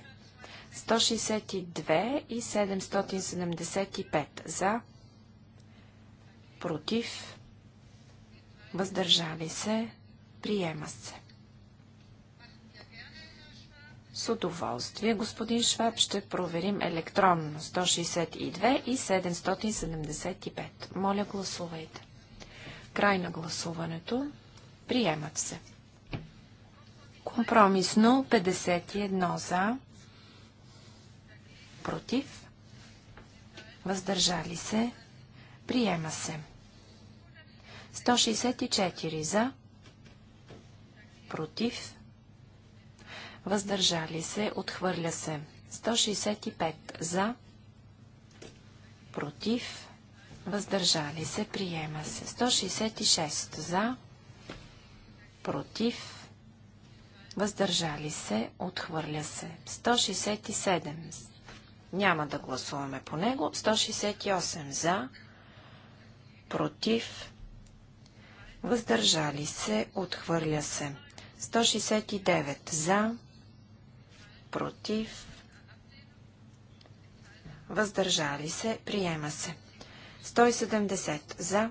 162 и 775 за, против, въздържали се, Приема се. С удоволствие, господин Шваб, ще проверим електронно 162 и 775. Моля, гласувайте. Край на гласуването. Приемат се. Компромисно 51 за, против, въздържали се, приема се. 164 за, против, въздържали се, отхвърля се. 165 за, против, въздържали се, приема се. 166 за, против, въздържали се, отхвърля се. 167 няма да гласуваме по него. 168 за, против, въздържали се, отхвърля се. 169 за, против, въздържали се, приема се. 170 за,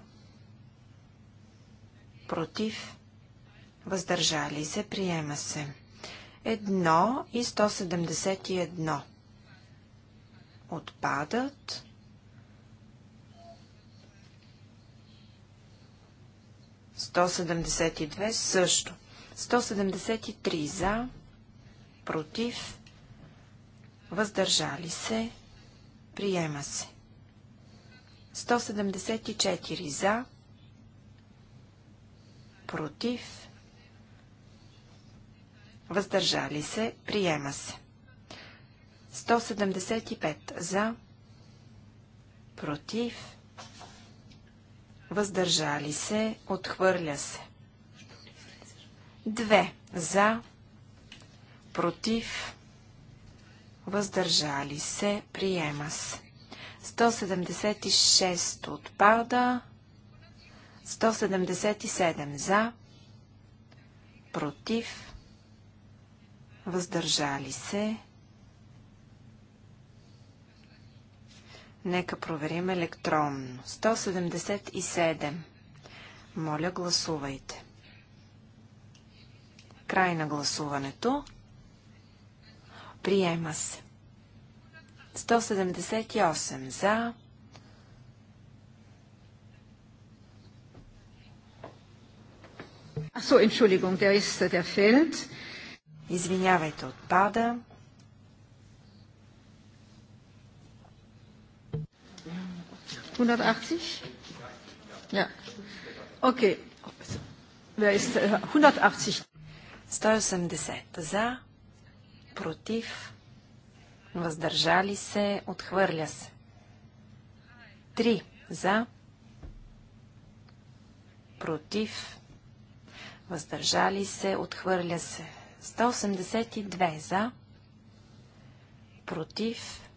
против, въздържали се, приема се. 1 и 171 отпадат. Сто също. 173 за, против, въздържали се, приема се. 174 за, против, въздържали се, приема се. 175 за, против, въздържали се, отхвърля се. Две За, против, въздържали се, приема се. 176 отпада, 177 за, против, въздържали се. Нека проверим електронно. 177. Моля, гласувайте. 177 край на гласуването. Приема се. 178 за. 178 Извинявайте, отпада. Ja. Okay. Wer ist 180? Äh, 180 за, против, въздържали се, отхвърля се. 3 за, против, въздържали се, отхвърля се. 182 за, против,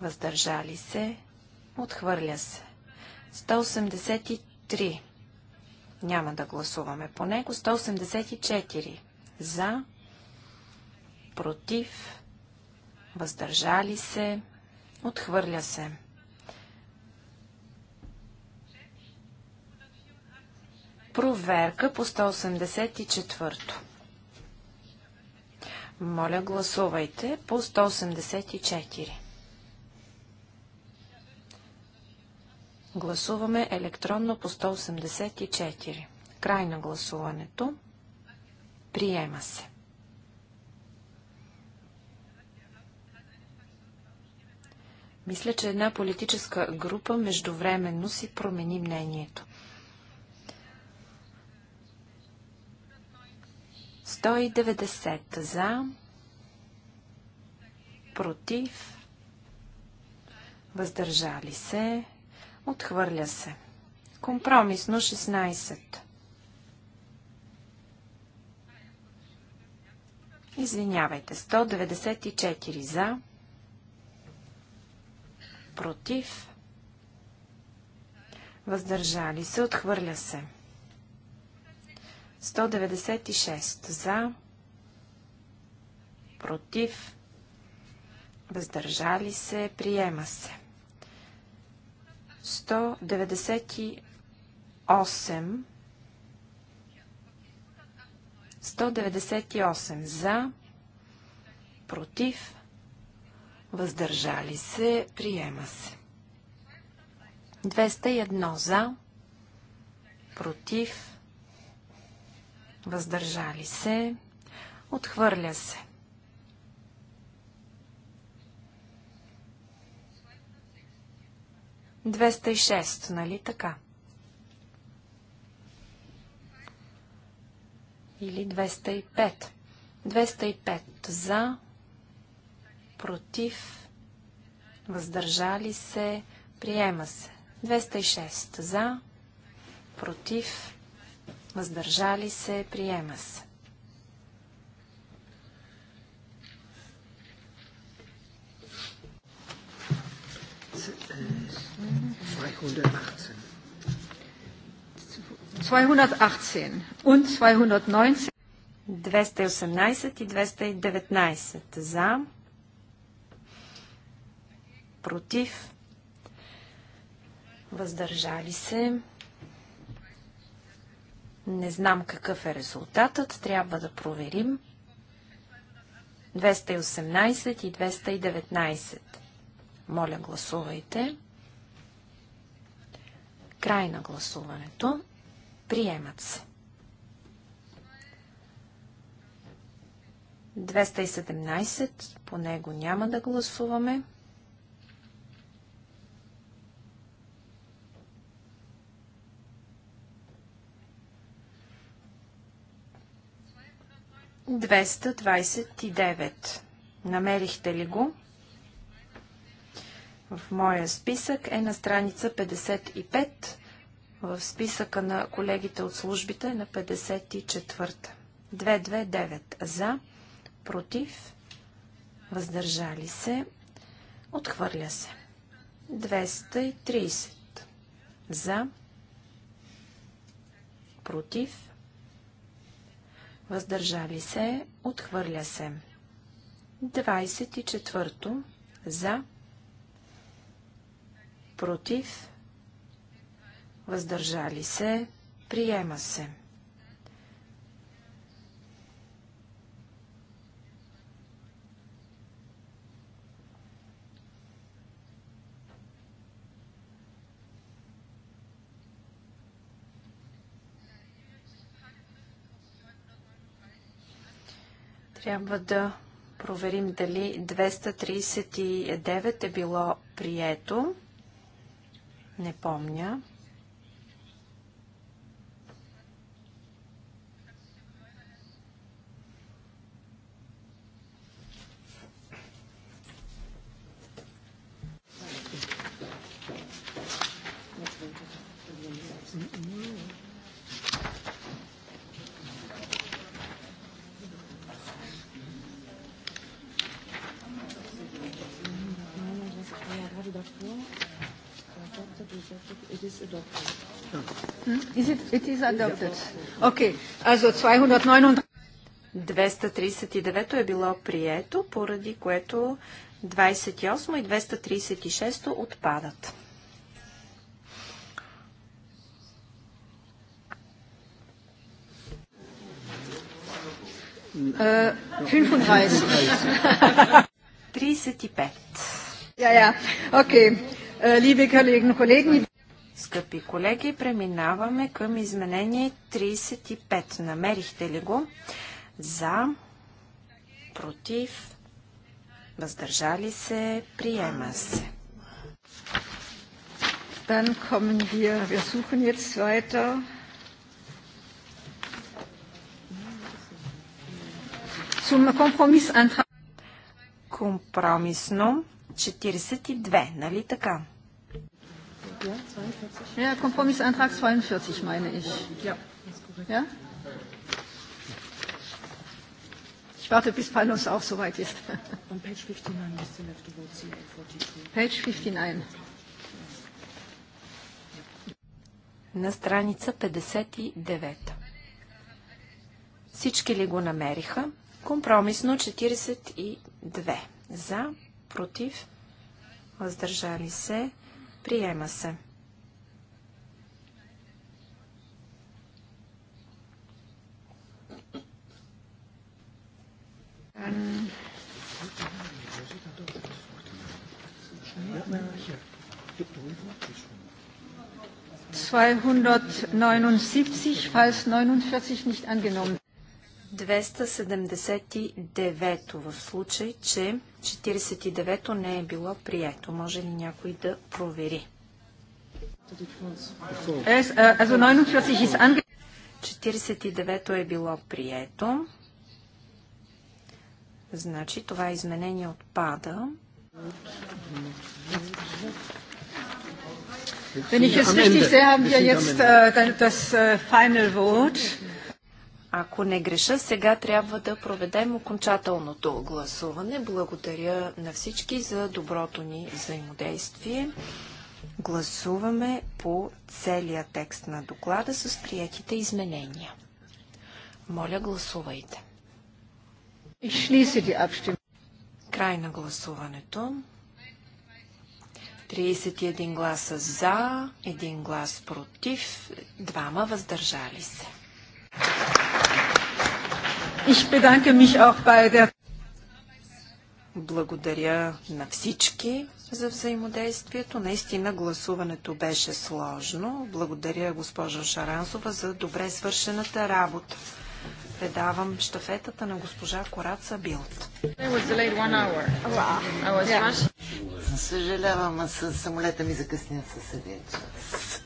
въздържали се, отхвърля се. 183 няма да гласуваме по него. 184 за, против, въздържали се, отхвърля се. Проверка по 184. Моля, гласувайте по 184. Гласуваме електронно по 184. Край на гласуването. Приема се. Мисля, че една политическа група междувременно си промени мнението. 190 за, против, въздържали се, Отхвърля се. Компромисно 16. Извинявайте, 194 за, против, въздържали се, отхвърля се. 196 за, против, въздържали се, приема се. 198 198 за, против, въздържали се, приема се. 201 за, против, въздържали се, отхвърля се. 206, нали така? Или 205. 205 за, против, въздържали се, приема се. 206 за, против, въздържали се, приема се. 218. и 219 за, против, въздържали се. Не знам какъв е резултатът, трябва да проверим. 218 и 219. Моля, гласувайте. Край на гласуването. Приемат се. 217. По него няма да гласуваме. Двеста двадесет и девет. Намерихте ли го? в моя списък е на страница 55, в списъка на колегите от службите е на 54. 229 за, против, въздържали се, отхвърля се. 230 за, против, въздържали се, отхвърля се. 24 за, против, против, въздържали се, приема се. Трябва да проверим дали 239 е било прието. Не помня. 239. е било прието, поради което 28 и 236 отпадат. Uh, 35. 35. Ja, ja, okay. Uh, Liebe Kolleginnen und Kollegen, Скъпи колеги, преминаваме към изменение 35. Намерихте ли го? За, против, въздържали се, приема се. Dann kommen wir, wir suchen jetzt weiter. Компромисно 42, нали така? Ja, 42. Ja, Kompromissantrag 42 meine ich. Ja. ja? Ich warte, bis Panos auch soweit ist. Und page 59 you still have to vote CA42. Page 59. На страница 59. Всички ли го намериха? Компромисно 42. За, против, въздържали се, Приема се. Zweihundertneunundsiebzig, falls neunundvierzig nicht angenommen. 279 в случай, че 49-то не е било прието. Може ли някой да провери? 49-то е, е било прието. Значи това изменение отпада. Wenn ich es richtig sehe, haben wir jetzt äh, das äh, Final Vote. Ако не греша, сега трябва да проведем окончателното гласуване. Благодаря на всички за доброто ни взаимодействие. Гласуваме по целия текст на доклада с приятите изменения. Моля, гласувайте. Край на гласуването. 31 гласа за, 1 глас против, 2 въздържали се. Благодаря на всички за взаимодействието. Наистина гласуването беше сложно. Благодаря госпожа Шарансова за добре свършената работа. Предавам штафетата на госпожа Кораца Билт. Съжалявам, а с самолета ми закъсня със един час.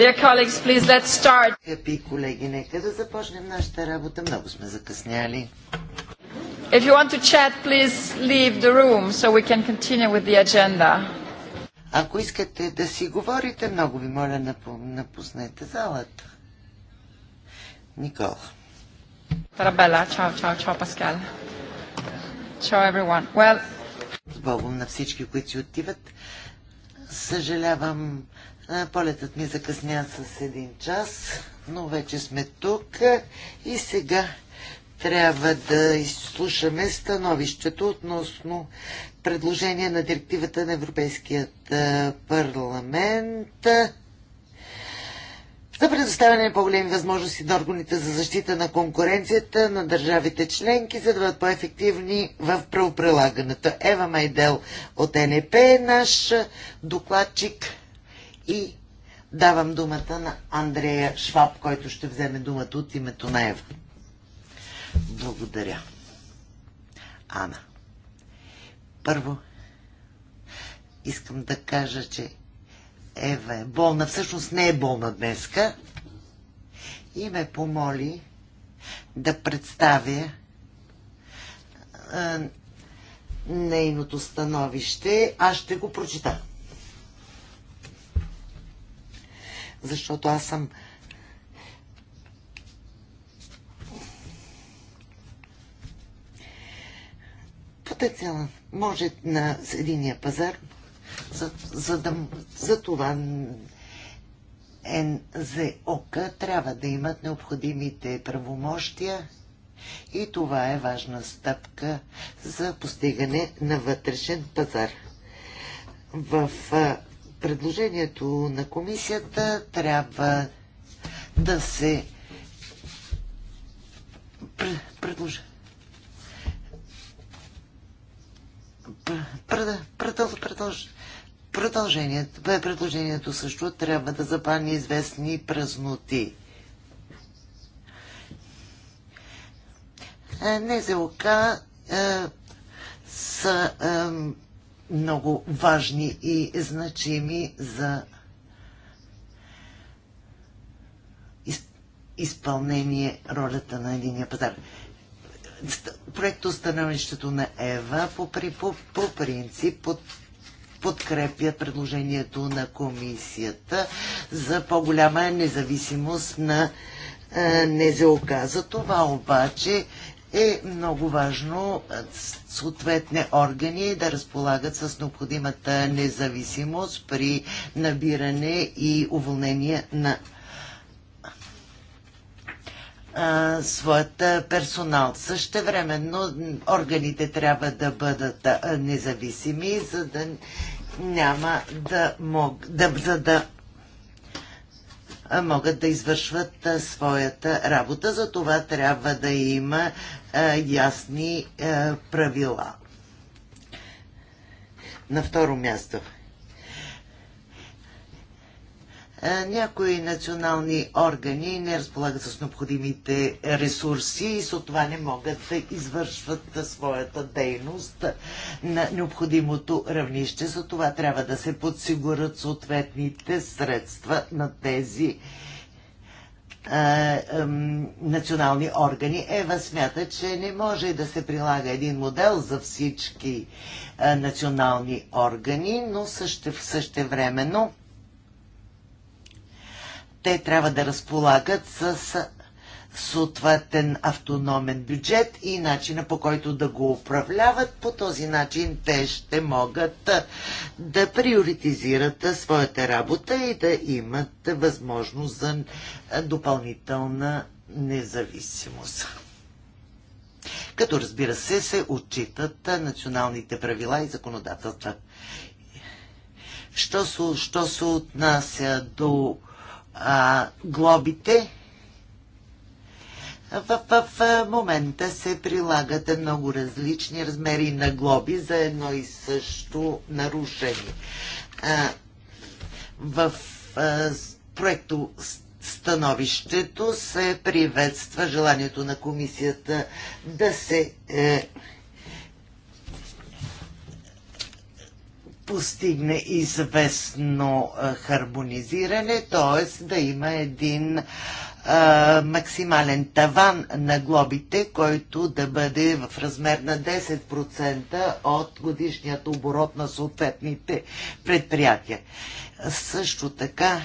Dear colleagues, please, let's start. Скъпи колеги, нека да започнем нашата работа. Много сме закъсняли. If you want to chat, please leave the room so we can continue with the agenda. Ако искате да си говорите, много ви моля, напуснете залата. Никола. Тарабела, чао, чао, чао, Паскал. Чао, everyone. Well... С Богом на всички, които си отиват. Съжалявам Полетът ми закъсня с един час, но вече сме тук и сега трябва да изслушаме становището относно предложение на директивата на Европейският парламент за предоставяне на по-големи възможности на органите за защита на конкуренцията на държавите членки, за да бъдат по-ефективни в правоприлагането. Ева Майдел от НП е наш докладчик. И давам думата на Андрея Шваб, който ще вземе думата от името на Ева. Благодаря. Ана. Първо, искам да кажа, че Ева е болна. Всъщност не е болна днеска. И ме помоли да представя нейното становище, аз ще го прочита. защото аз съм потенциална. Може на единия пазар, за, за, да, за това НЗОК трябва да имат необходимите правомощия и това е важна стъпка за постигане на вътрешен пазар. В предложението на комисията трябва да се предложи. Продължението, предложението също трябва да запани известни празноти. Е, НЗОК е, са е, много важни и значими за изпълнение ролята на единия пазар. Проектостановището на ЕВА по, по, по принцип под, подкрепя предложението на комисията за по-голяма независимост на е, НЗОК. За Това обаче е много важно е, съответни органи да разполагат с необходимата независимост при набиране и уволнение на своята персонал. Същевременно органите трябва да бъдат независими, за да няма да мог, да, за да могат да извършват своята работа. За това трябва да има ясни правила. На второ място – е, някои национални органи не разполагат с необходимите ресурси и с това не могат да извършват своята дейност на необходимото равнище. За това трябва да се подсигурят съответните средства на тези е, национални органи. Ева смята, че не може да се прилага един модел за всички е, национални органи, но също, същевременно те трябва да разполагат с съответен автономен бюджет и начина по който да го управляват. По този начин те ще могат да приоритизират своята работа и да имат възможност за допълнителна независимост. Като разбира се, се отчитат националните правила и законодателства. Що се, отнася до а, глобите. В, в, в момента се прилагат много различни размери на глоби за едно и също нарушение. А, в а, проекто становището се приветства желанието на комисията да се е, постигне известно хармонизиране, т.е. да има един а, максимален таван на глобите, който да бъде в размер на 10% от годишният оборот на съответните предприятия. Също така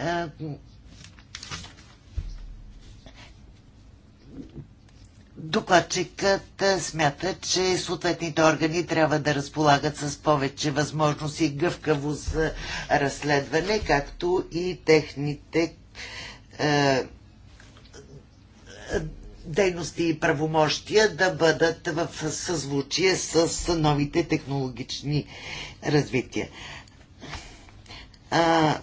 а, Докладчикът смята, че съответните органи трябва да разполагат с повече възможности и гъвкаво за разследване, както и техните е, дейности и правомощия да бъдат в съзвучие с новите технологични развития. А,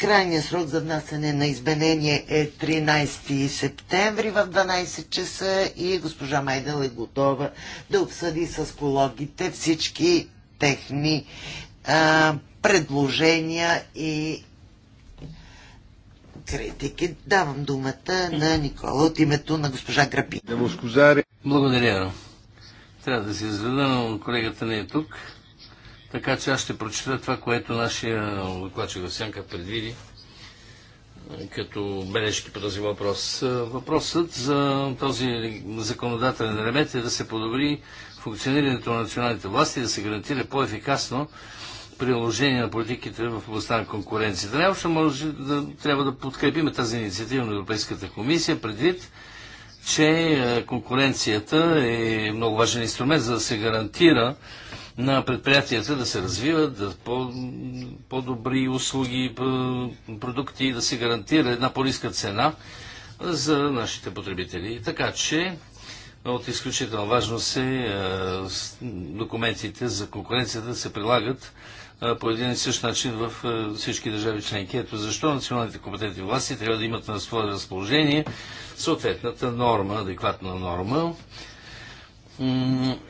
Крайният срок за внасяне на изменение е 13 септември в 12 часа и госпожа Майдел е готова да обсъди с кологите всички техни а, предложения и критики. Давам думата на Никола от името на госпожа Грапи. Благодаря. Трябва да се изведа, но колегата не е тук. Така че аз ще прочета това, което нашия докладчик Сянка предвиди като бележки по този въпрос. Въпросът за този законодателен елемент е да се подобри функционирането на националните власти и да се гарантира по-ефикасно приложение на политиките в областта на конкуренцията. Най-общо може да трябва да подкрепим тази инициатива на Европейската комисия предвид че е, конкуренцията е много важен инструмент, за да се гарантира на предприятията да се развиват, да по, по-добри услуги, продукти, да се гарантира една по-ниска цена за нашите потребители. Така че от изключително важно е, е, се документите за конкуренцията да се прилагат по един и същ начин в всички държави членки. Ето защо националните компетентни власти трябва да имат на свое разположение съответната норма, адекватна норма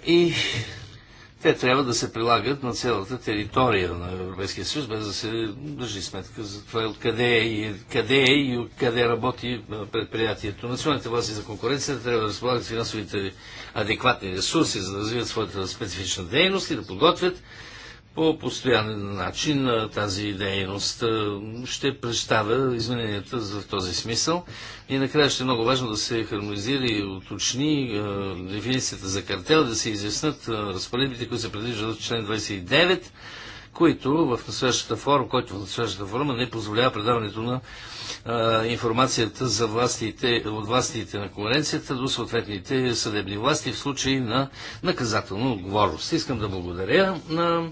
и те трябва да се прилагат на цялата територия на Европейския съюз, без да се държи сметка за това откъде е и къде е и къде работи предприятието. Националните власти за конкуренция трябва да разполагат финансовите адекватни ресурси, за да развият своята специфична дейност и да подготвят по постоянен начин тази дейност. Ще представя измененията в този смисъл. И накрая ще е много важно да се хармонизира и уточни дефиницията за картел, да се изяснат разпоредбите, които се предвиждат в член 29, които в настоящата форма, който в настоящата форма не позволява предаването на а, информацията за властите, от властите на конкуренцията до съответните съдебни власти в случай на наказателна отговорност. Искам да благодаря на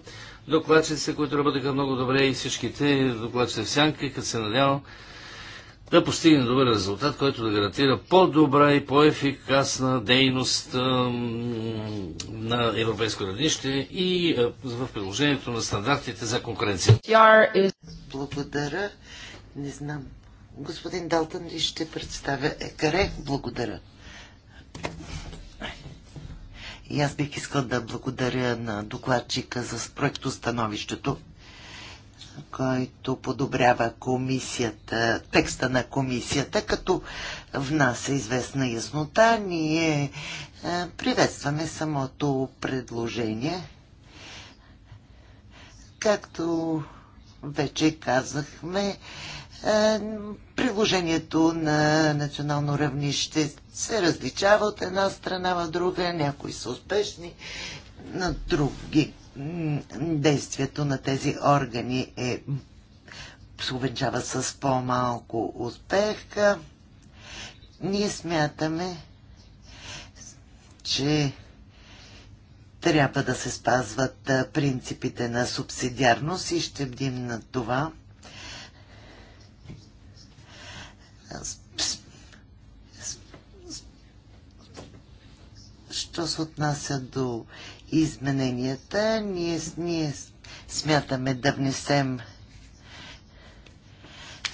докладчиците, които работеха много добре и всичките докладчици в сянка, като се надявам да постигне добър резултат, който да гарантира по-добра и по-ефикасна дейност на европейско равнище и в приложението на стандартите за конкуренция. Е- Благодаря. Не знам. Господин Далтън ли ще представя екаре? Благодаря. И аз бих искал да благодаря на докладчика за проектостановището, който подобрява комисията, текста на комисията, като внася известна яснота. Ние е, приветстваме самото предложение. Както вече казахме, е, приложението на национално равнище се различава от една страна в друга, някои са успешни, на други. Действието на тези органи е се с по-малко успех. Ние смятаме, че трябва да се спазват принципите на субсидиарност и ще бдим на това Що се отнася до измененията, ние, ние смятаме да внесем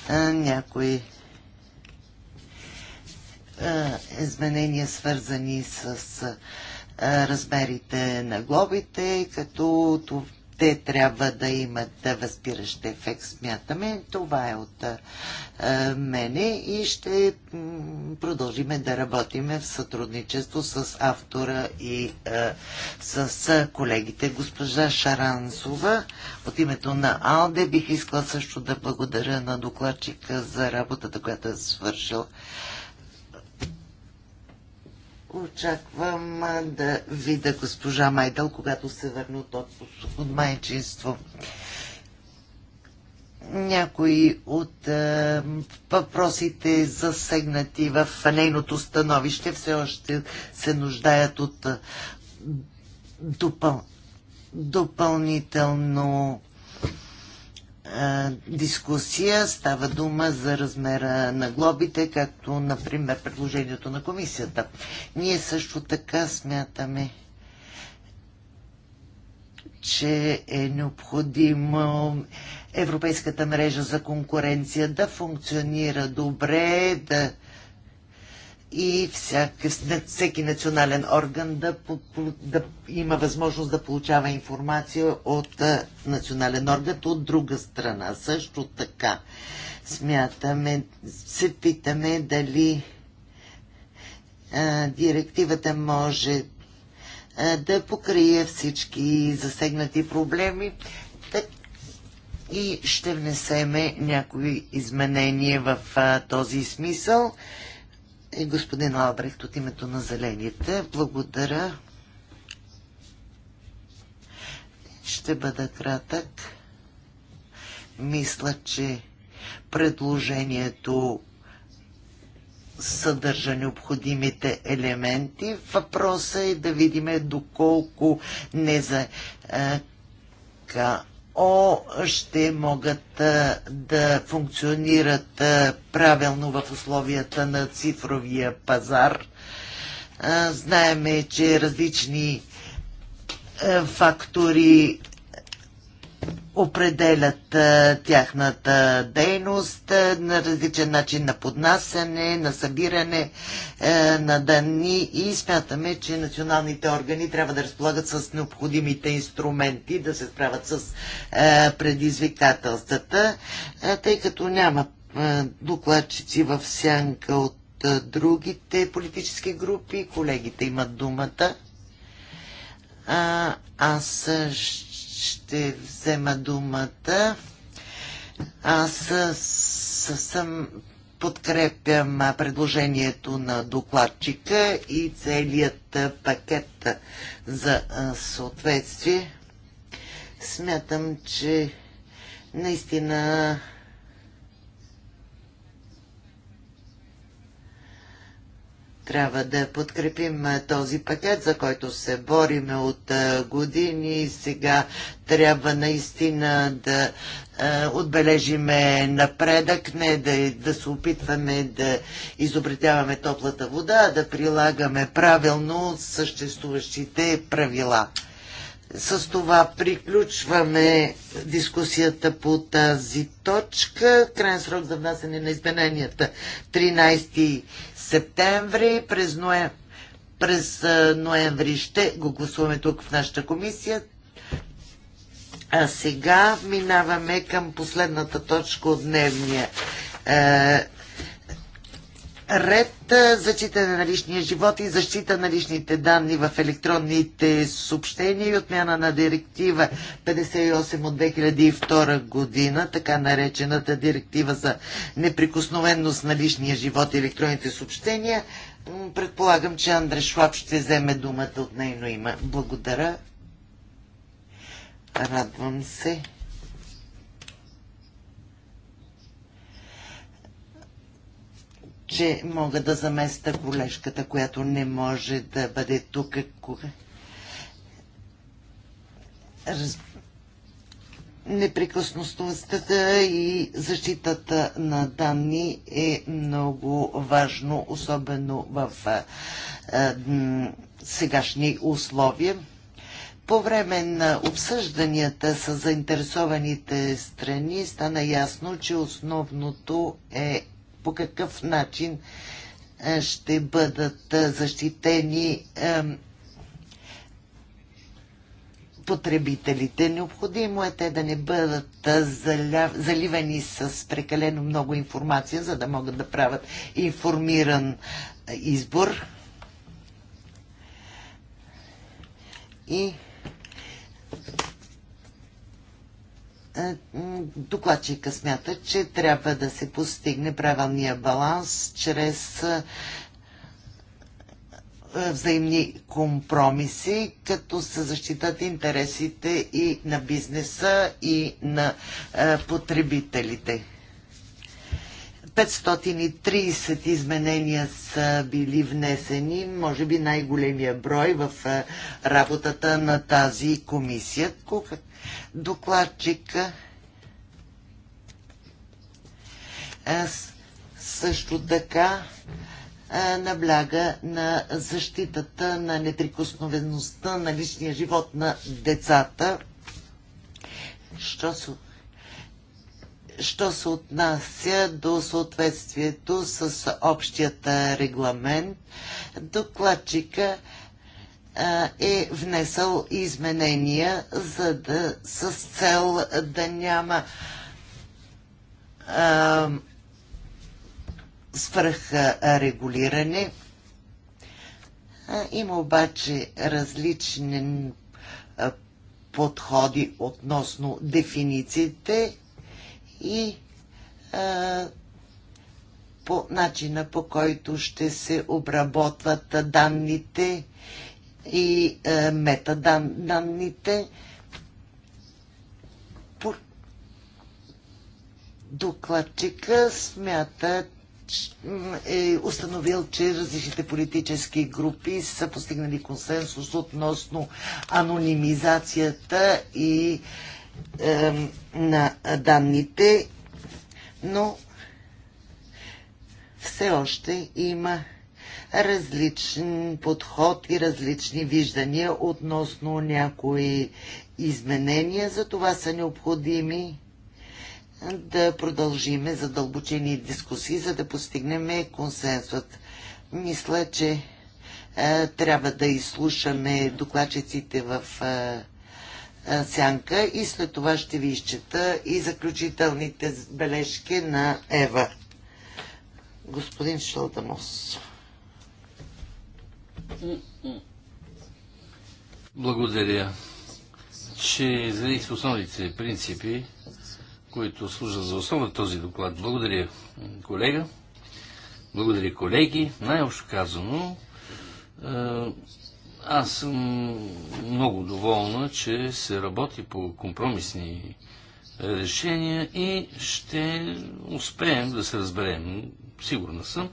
а, някои а, изменения, свързани с а, размерите на глобите, като те трябва да имат възпиращ ефект, смятаме. Това е от а, мене и ще продължиме да работиме в сътрудничество с автора и а, с колегите. Госпожа Шаранцова, от името на АЛДЕ бих искала също да благодаря на докладчика за работата, която е свършил. Очаквам да видя госпожа Майдъл, когато се върне от отпуск от майчинство. Някои от е, въпросите засегнати в нейното становище все още се нуждаят от допъл... допълнително дискусия. Става дума за размера на глобите, както, например, предложението на комисията. Ние също така смятаме, че е необходимо Европейската мрежа за конкуренция да функционира добре, да и всяка, всеки национален орган да, да има възможност да получава информация от национален орган от друга страна. Също така смятаме, се питаме дали а, директивата може а, да покрие всички засегнати проблеми так, и ще внесеме някои изменения в а, този смисъл. И господин Албрехт от името на Зелените. Благодаря. Ще бъда кратък. Мисля, че предложението съдържа необходимите елементи. Въпросът е да видим доколко не за е, а, О, ще могат да функционират правилно в условията на цифровия пазар. Знаеме, че различни фактори определят а, тяхната дейност а, на различен начин на поднасяне, на събиране а, на данни и смятаме, че националните органи трябва да разполагат с необходимите инструменти да се справят с а, предизвикателствата, а, тъй като няма а, докладчици в сянка от а, другите политически групи. Колегите имат думата. А, аз ще ще взема думата. Аз съвсем подкрепям предложението на докладчика и целият пакет за съответствие. Смятам, че наистина Трябва да подкрепим този пакет, за който се бориме от години. Сега трябва наистина да отбележиме напредък, не да, да се опитваме да изобретяваме топлата вода, да прилагаме правилно съществуващите правила. С това приключваме дискусията по тази точка. Крайен срок за внасяне на измененията 13 септември, през, ноем... през ноември ще го гласуваме тук в нашата комисия. А сега минаваме към последната точка от дневния е, ред, зачитане на личния живот и защита на личните данни в електронните съобщения и отмяна на директива 58 от 2002 година, така наречената директива за неприкосновенност на личния живот и електронните съобщения. Предполагам, че Андре Шваб ще вземе думата от нейно име. Благодаря. Радвам се че мога да заместа колежката, която не може да бъде тук. Раз... Неприкъсностността и защитата на данни е много важно, особено в сегашни условия. По време на обсъжданията с заинтересованите страни стана ясно, че основното е по какъв начин е, ще бъдат е, защитени е, потребителите. Необходимо е те да не бъдат заливани с прекалено много информация, за да могат да правят информиран избор. И е, докладчика смята, че трябва да се постигне правилния баланс чрез е, е, взаимни компромиси, като се защитат интересите и на бизнеса, и на потребителите. 530 изменения са били внесени, може би най-големия брой в е, работата на тази комисия. Докладчик е, също така е, набляга на защитата на неприкосновеността на личния живот на децата. Що се що се отнася до съответствието с общият регламент, докладчика е внесъл изменения за да, с цел да няма свръхрегулиране. Има обаче различни подходи относно дефинициите и а, по начина по който ще се обработват данните и а, метаданните. Докладчика смята, е установил, че различните политически групи са постигнали консенсус относно анонимизацията и е, на данните, но все още има различен подход и различни виждания относно някои изменения. За това са необходими да продължиме задълбочени дискусии, за да постигнем консенсът. Мисля, че е, трябва да изслушаме докладчиците в е, сянка и след това ще ви изчета и заключителните бележки на Ева. Господин Шалдамос. Благодаря, че изредихте основните принципи, които служат за основа този доклад. Благодаря, колега. Благодаря, колеги. Най-общо казано, аз съм много доволна, че се работи по компромисни решения и ще успеем да се разберем. Сигурна съм.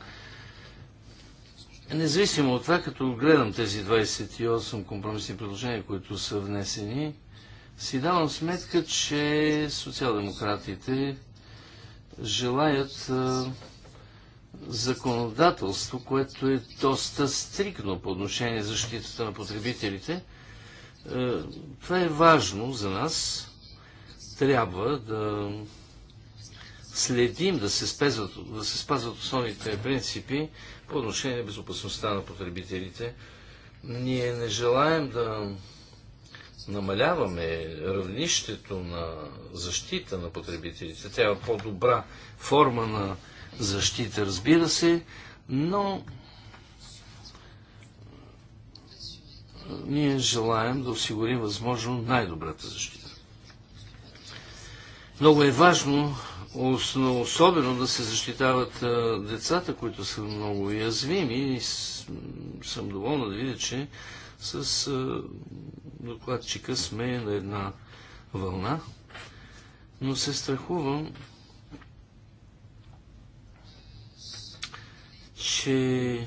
Независимо от това, като гледам тези 28 компромисни предложения, които са внесени, си давам сметка, че социал-демократите желаят законодателство, което е доста стрикно по отношение защитата на потребителите. Е, това е важно за нас. Трябва да следим да се, спазват, да се спазват основните принципи по отношение на безопасността на потребителите. Ние не желаем да намаляваме равнището на защита на потребителите. Трябва е по-добра форма на защита, разбира се, но ние желаем да осигурим възможно най-добрата защита. Много е важно, особено да се защитават децата, които са много уязвими и съм доволна да видя, че с докладчика сме на една вълна, но се страхувам, че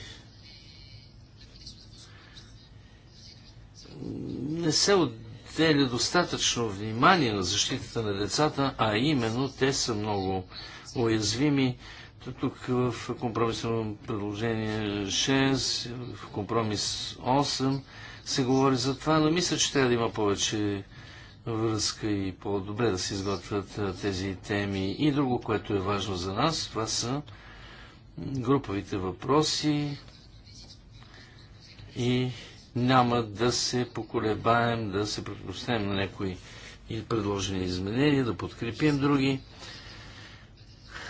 не се отделя достатъчно внимание на защитата на децата, а именно те са много уязвими. Тук в компромисно предложение 6, в компромис 8 се говори за това, но мисля, че трябва да има повече връзка и по-добре да се изготвят тези теми. И друго, което е важно за нас, това са груповите въпроси и няма да се поколебаем, да се предпоставим на някои предложени изменения, да подкрепим други.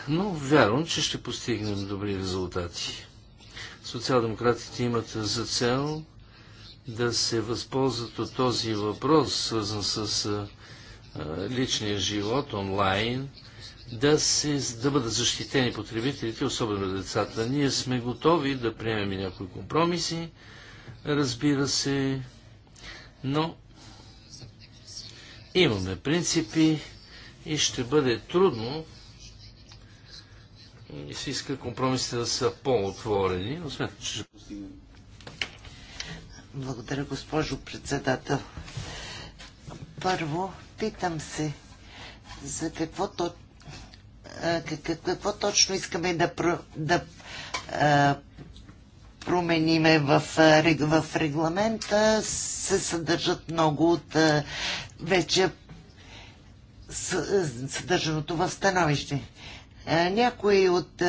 Но вярвам, че ще постигнем добри резултати. Социал-демократите имат за цел да се възползват от този въпрос, свързан с личния живот онлайн, да, се, да бъдат защитени потребителите, особено децата. Ние сме готови да приемем някои компромиси, разбира се, но имаме принципи и ще бъде трудно и се иска компромисите да са по-отворени, но смятам, че ще постигнем. Благодаря, госпожо председател. Първо, питам се, за какво то, какво точно искаме да, да промениме в, в регламента, се съдържат много от вече съдържаното в становище. Някои от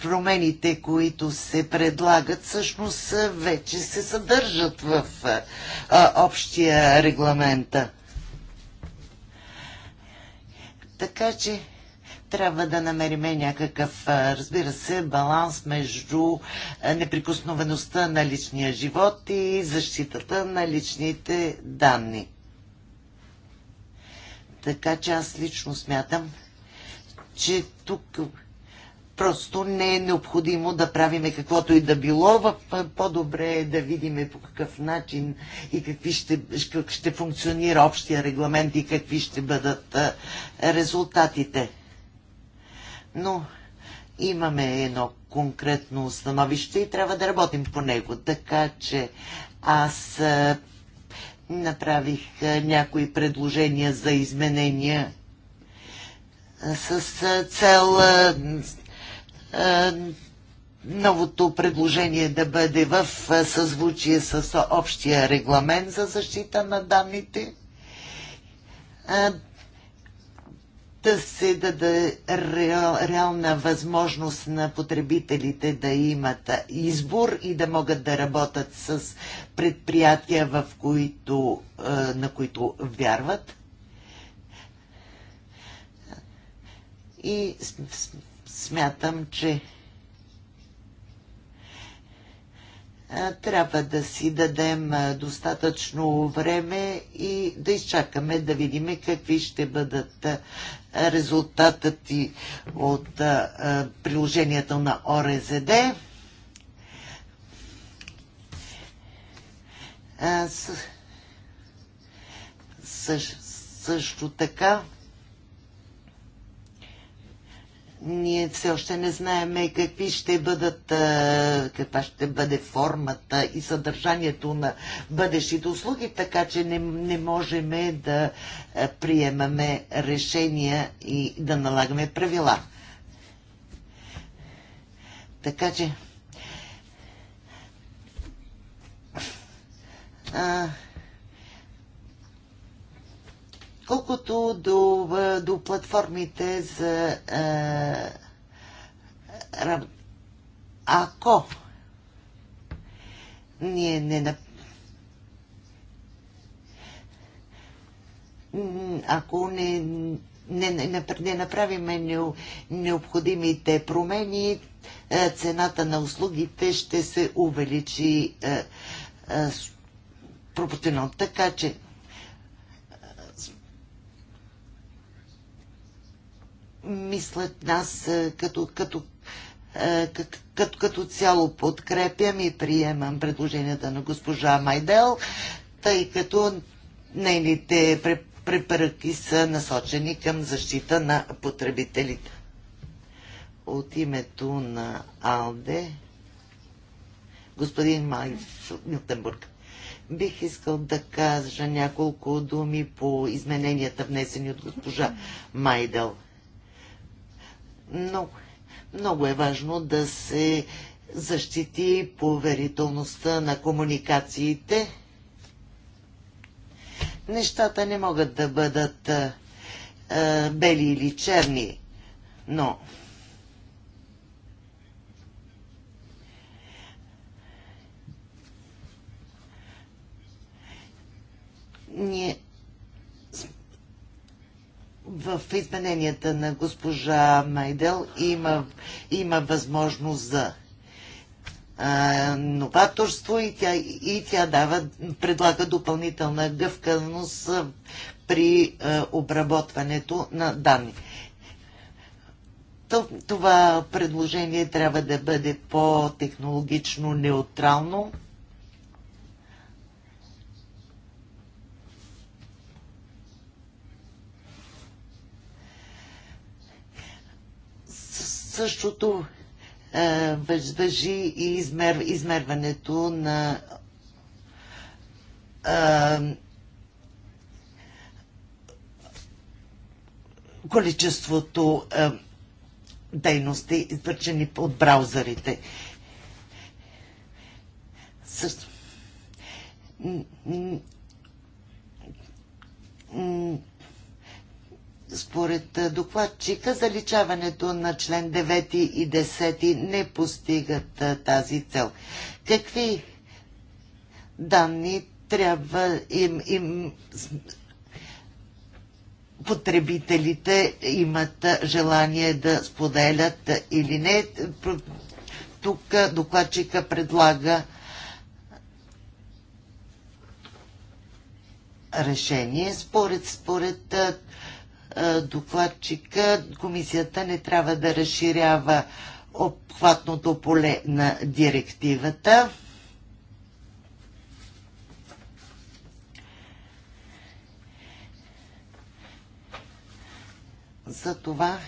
промените, които се предлагат, всъщност вече се съдържат в общия регламента. Така че трябва да намериме някакъв, разбира се, баланс между неприкосновеността на личния живот и защитата на личните данни. Така че аз лично смятам, че тук просто не е необходимо да правиме каквото и да било. По-добре е да видиме по какъв начин и какви ще, как ще функционира общия регламент и какви ще бъдат резултатите. Но имаме едно конкретно становище и трябва да работим по него. Така че аз направих някои предложения за изменения с цел е, новото предложение да бъде в е, съзвучие с общия регламент за защита на данните, е, да се даде реал, реална възможност на потребителите да имат избор и да могат да работят с предприятия, в които, на които вярват. И смятам, че трябва да си дадем достатъчно време и да изчакаме да видим какви ще бъдат резултатът и от приложението на ОРЗД. Също, също така ние все още не знаеме какви ще бъдат, каква ще бъде формата и съдържанието на бъдещите услуги, така че не, не можем да приемаме решения и да налагаме правила. Така че... А, Колкото до, до платформите за а, ако ние не ако не, не, не, не направиме необходимите промени, цената на услугите ще се увеличи пропорционално. Така че мислят нас е, като, като, е, като, като, като цяло подкрепям и приемам предложенията на госпожа Майдел, тъй като нейните препоръки са насочени към защита на потребителите. От името на Алде, господин Майс от Милтенбург. Бих искал да кажа няколко думи по измененията, внесени от госпожа Майдел много, много е важно да се защити поверителността на комуникациите. Нещата не могат да бъдат а, бели или черни, но ние в измененията на госпожа Майдел има, има възможност за а, новаторство и тя, и тя дава, предлага допълнителна гъвканост при а, обработването на данни. Това предложение трябва да бъде по-технологично неутрално Същото е, въжи и измер, измерването на е, количеството е, дейности, извършени от браузърите. Също според докладчика, заличаването на член 9 и 10 не постигат тази цел. Какви данни трябва им, им потребителите имат желание да споделят или не. Тук докладчика предлага решение. Според, според е, докладчика, комисията не трябва да разширява обхватното поле на директивата. За това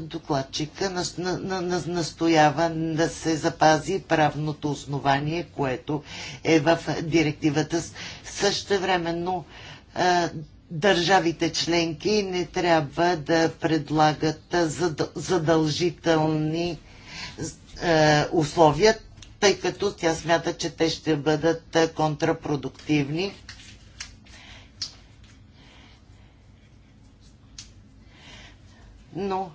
докладчика на, на, на, настоява да се запази правното основание, което е в директивата. Същевременно а, държавите членки не трябва да предлагат задължителни а, условия, тъй като тя смята, че те ще бъдат контрапродуктивни. Но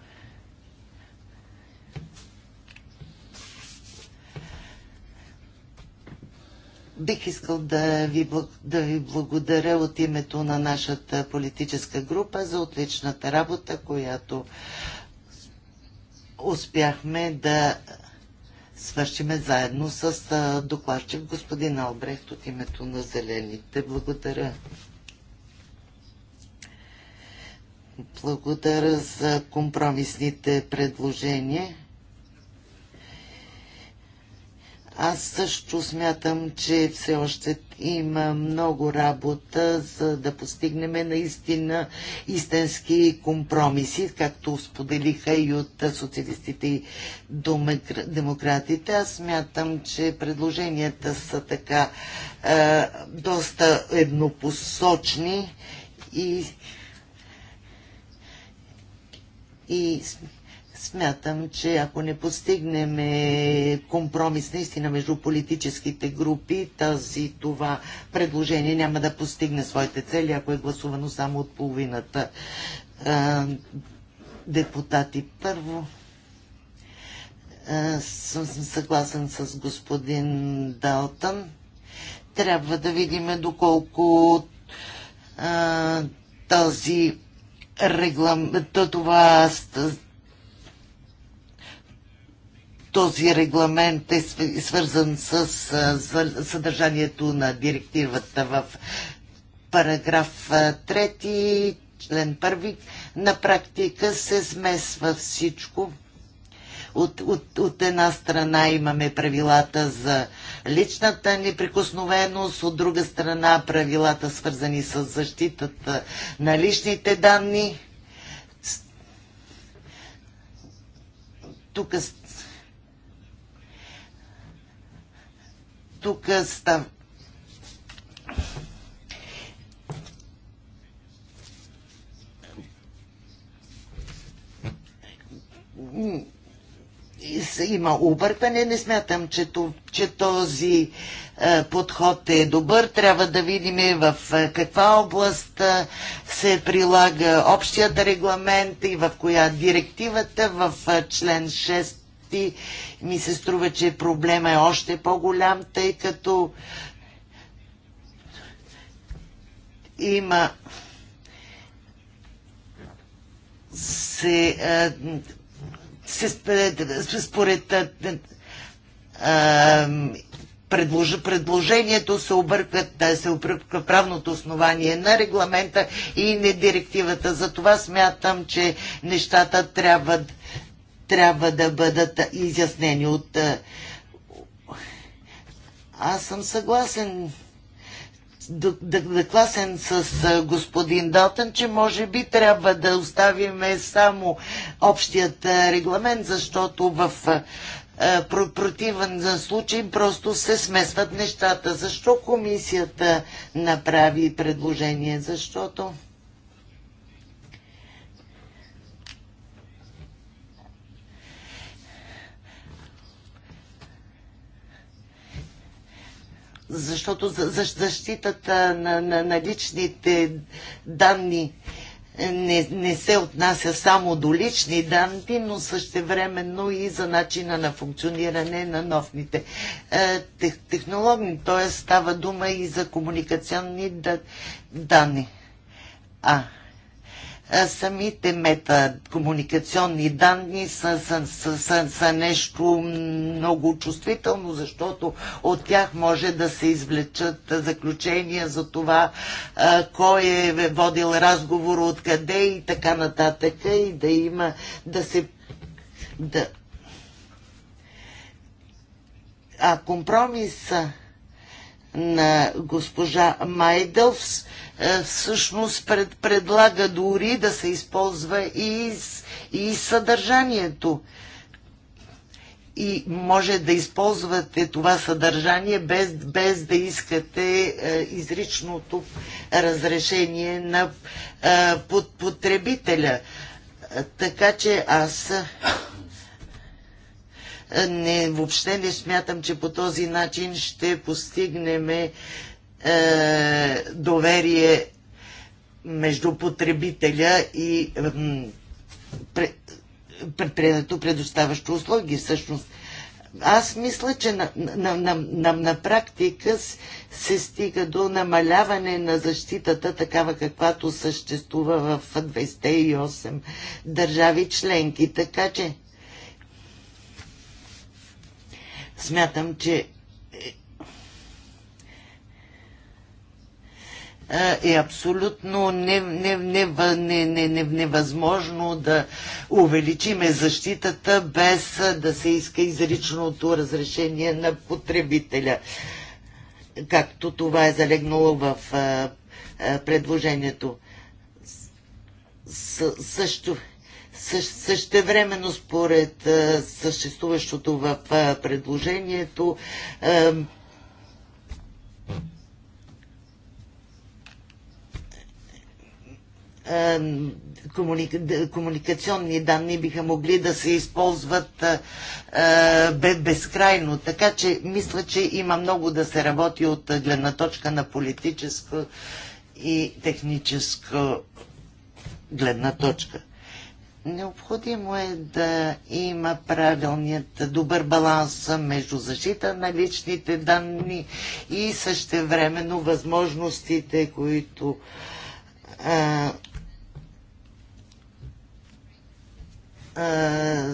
Бих искал да ви, да ви благодаря от името на нашата политическа група за отличната работа, която успяхме да свършиме заедно с докладчик господин Албрехт от името на Зелените. Благодаря. Благодаря за компромисните предложения. Аз също смятам, че все още има много работа, за да постигнем наистина истински компромиси, както споделиха и от социалистите и демократите. Аз смятам, че предложенията са така е, доста еднопосочни и, и Смятам, че ако не постигнем е, компромис наистина между политическите групи, тази това предложение няма да постигне своите цели, ако е гласувано само от половината депутати. Първо, съм съгласен с господин Далтън. Трябва да видим доколко тази този регламент, това този регламент е свързан с съдържанието на директивата в параграф 3, член 1. На практика се смесва всичко. От, от, от една страна имаме правилата за личната неприкосновеност, от друга страна правилата свързани с защитата на личните данни. Тук тук става. Има объркване, не смятам, че, че този е, подход е добър. Трябва да видим в е, каква област е, се прилага общият регламент и в коя директивата в член 6 области ми се струва, че проблема е още по-голям, тъй като има се, се според предложението се да се обърква правното основание на регламента и не директивата. Затова смятам, че нещата трябва трябва да бъдат изяснени от... Е, аз съм съгласен Декласен с е, господин Далтън, че може би трябва да оставим само общият е, регламент, защото в противен случай просто се смесват нещата. Защо комисията направи предложение? Защото защото защитата на, на, на личните данни не, не се отнася само до лични данни, но същевременно и за начина на функциониране на новните е, тех, технологии. Т.е. става дума и за комуникационни данни. А, самите метакомуникационни данни са, са, са, са, са нещо много чувствително, защото от тях може да се извлечат заключения за това а, кой е водил разговор, откъде и така нататък и да има да се да. А компромиса на госпожа Майдълс е, всъщност пред, предлага дори да се използва и, и съдържанието. И може да използвате това съдържание без, без да искате е, изричното разрешение на е, под, потребителя. Е, така че аз не, въобще не смятам, че по този начин ще постигнем е, доверие между потребителя и предприятието, предоставящо услуги. Всъщност, аз мисля, че на, на, на, на, на практика се стига до намаляване на защитата, такава каквато съществува в 28 държави членки. Така че смятам, че е, е, е абсолютно невъзможно да увеличиме защитата без е, да се иска изричното разрешение на потребителя, както това е залегнало в предложението. също Същевременно според съществуващото в предложението комуникационни данни биха могли да се използват безкрайно. Така че мисля, че има много да се работи от гледна точка на политическо и техническо гледна точка. Необходимо е да има правилният добър баланс между защита на личните данни и същевременно възможностите, които а, а,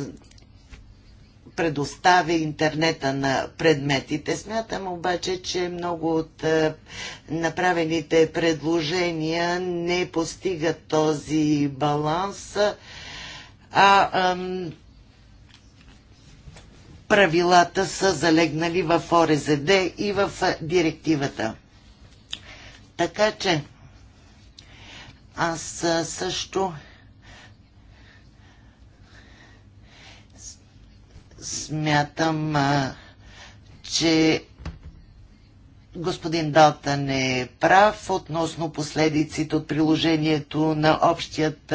предоставя интернета на предметите. Смятам обаче, че много от направените предложения не постигат този баланс а, ам, правилата са залегнали в ОРЗД и в директивата. Така че аз също смятам, че господин Далтън е прав относно последиците от приложението на общият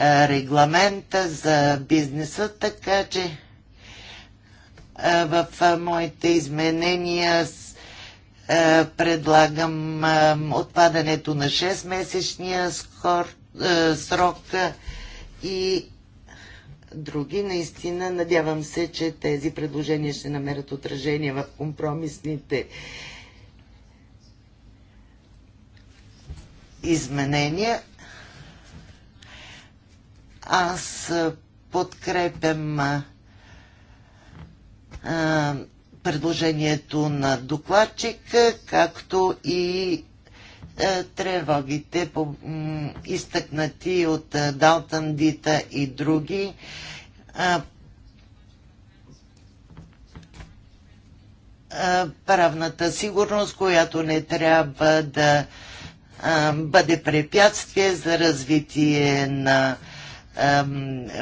регламент за бизнеса, така че в моите изменения предлагам отпадането на 6-месечния срок и други. Наистина надявам се, че тези предложения ще намерят отражение в компромисните изменения. Аз подкрепям предложението на докладчика, както и тревогите, изтъкнати от а, Далтън Дита и други. правната сигурност, която не трябва да бъде препятствие за развитие на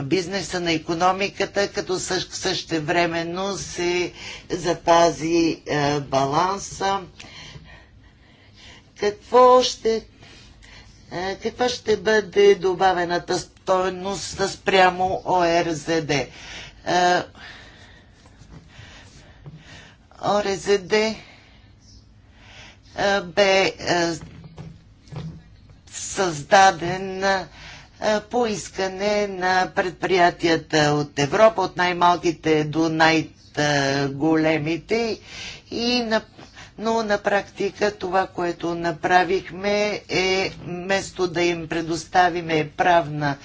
бизнеса, на економиката, като същевременно се запази баланса. Какво ще, каква ще бъде добавената стойност спрямо ОРЗД? ОРЗД бе създаден по искане на предприятията от Европа, от най-малките до най-големите и на но на практика това, което направихме е вместо да им предоставиме правна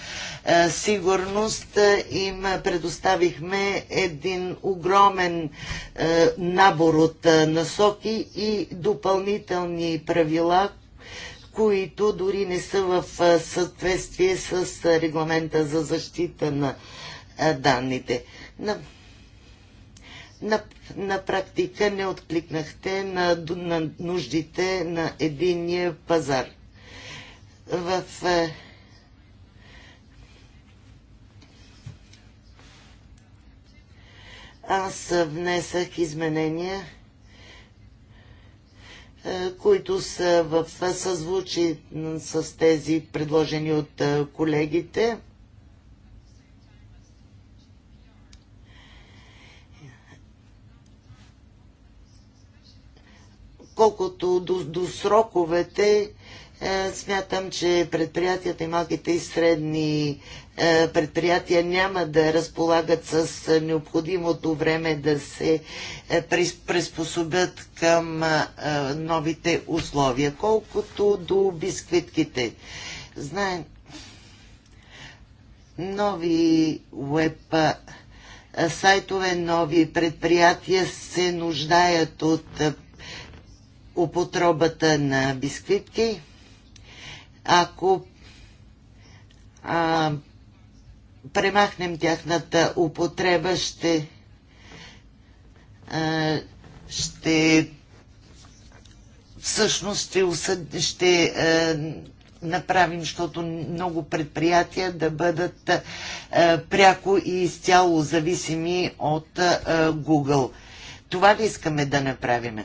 а, сигурност, им предоставихме един огромен а, набор от а, насоки и допълнителни правила, които дори не са в съответствие с регламента за защита на данните. На, на, на практика не откликнахте на, на нуждите на единния пазар. В аз внесах изменения е, които са в съзвучи с тези предложени от е, колегите. Колкото до, до сроковете, е, смятам, че предприятията и малките и средни е, предприятия няма да разполагат с е, необходимото време да се е, приспособят към новите условия. Колкото до бисквитките, знаем, нови веб сайтове, нови предприятия се нуждаят от употребата на бисквитки. Ако а, премахнем тяхната употреба, ще, ще всъщност ще, усъд, ще направим, защото много предприятия да бъдат пряко и изцяло зависими от Google. Това ли искаме да направим?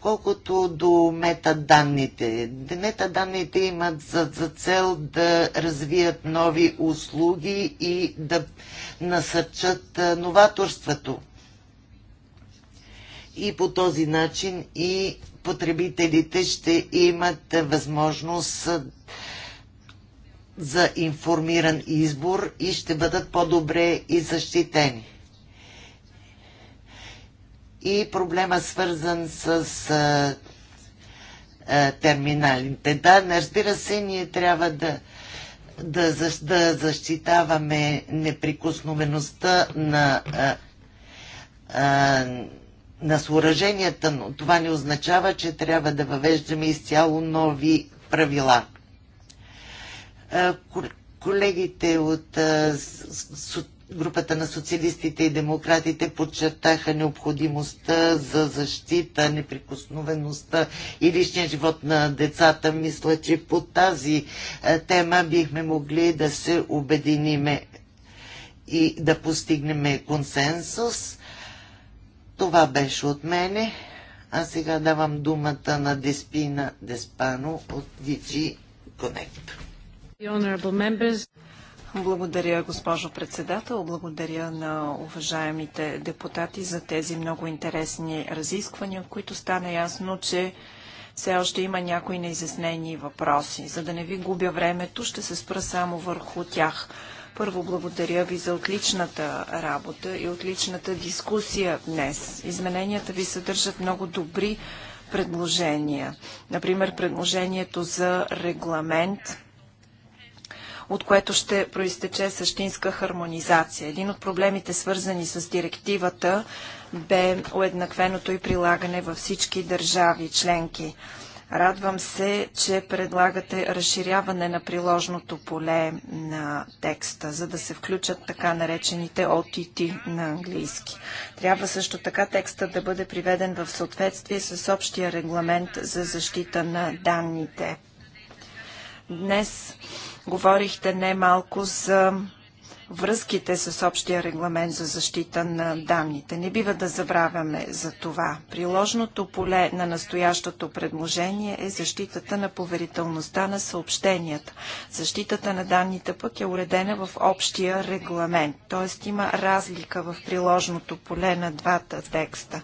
Колкото до метаданните. Метаданните имат за, за цел да развият нови услуги и да насърчат новаторството. И по този начин и потребителите ще имат възможност за информиран избор и ще бъдат по-добре и защитени и проблема свързан с а, а, терминалите. Да, разбира се, ние трябва да, да, да защитаваме неприкосновеността на, а, а, на съоръженията, но това не означава, че трябва да въвеждаме изцяло нови правила. А, колегите от а, групата на социалистите и демократите подчертаха необходимостта за защита, неприкосновеността и личния живот на децата. Мисля, че по тази е, тема бихме могли да се обединиме и да постигнем консенсус. Това беше от мене. А сега давам думата на Деспина Деспано от DG Connect. Благодаря, госпожо председател. Благодаря на уважаемите депутати за тези много интересни разисквания, в които стана ясно, че все още има някои неизяснени въпроси. За да не ви губя времето, ще се спра само върху тях. Първо благодаря ви за отличната работа и отличната дискусия днес. Измененията ви съдържат много добри предложения. Например, предложението за регламент от което ще проистече същинска хармонизация. Един от проблемите, свързани с директивата, бе уеднаквеното и прилагане във всички държави членки. Радвам се, че предлагате разширяване на приложното поле на текста, за да се включат така наречените OTT на английски. Трябва също така текста да бъде приведен в съответствие с общия регламент за защита на данните. Днес Говорихте немалко за връзките с общия регламент за защита на данните. Не бива да забравяме за това. Приложното поле на настоящото предложение е защитата на поверителността на съобщенията. Защитата на данните пък е уредена в общия регламент, т.е. има разлика в приложното поле на двата текста.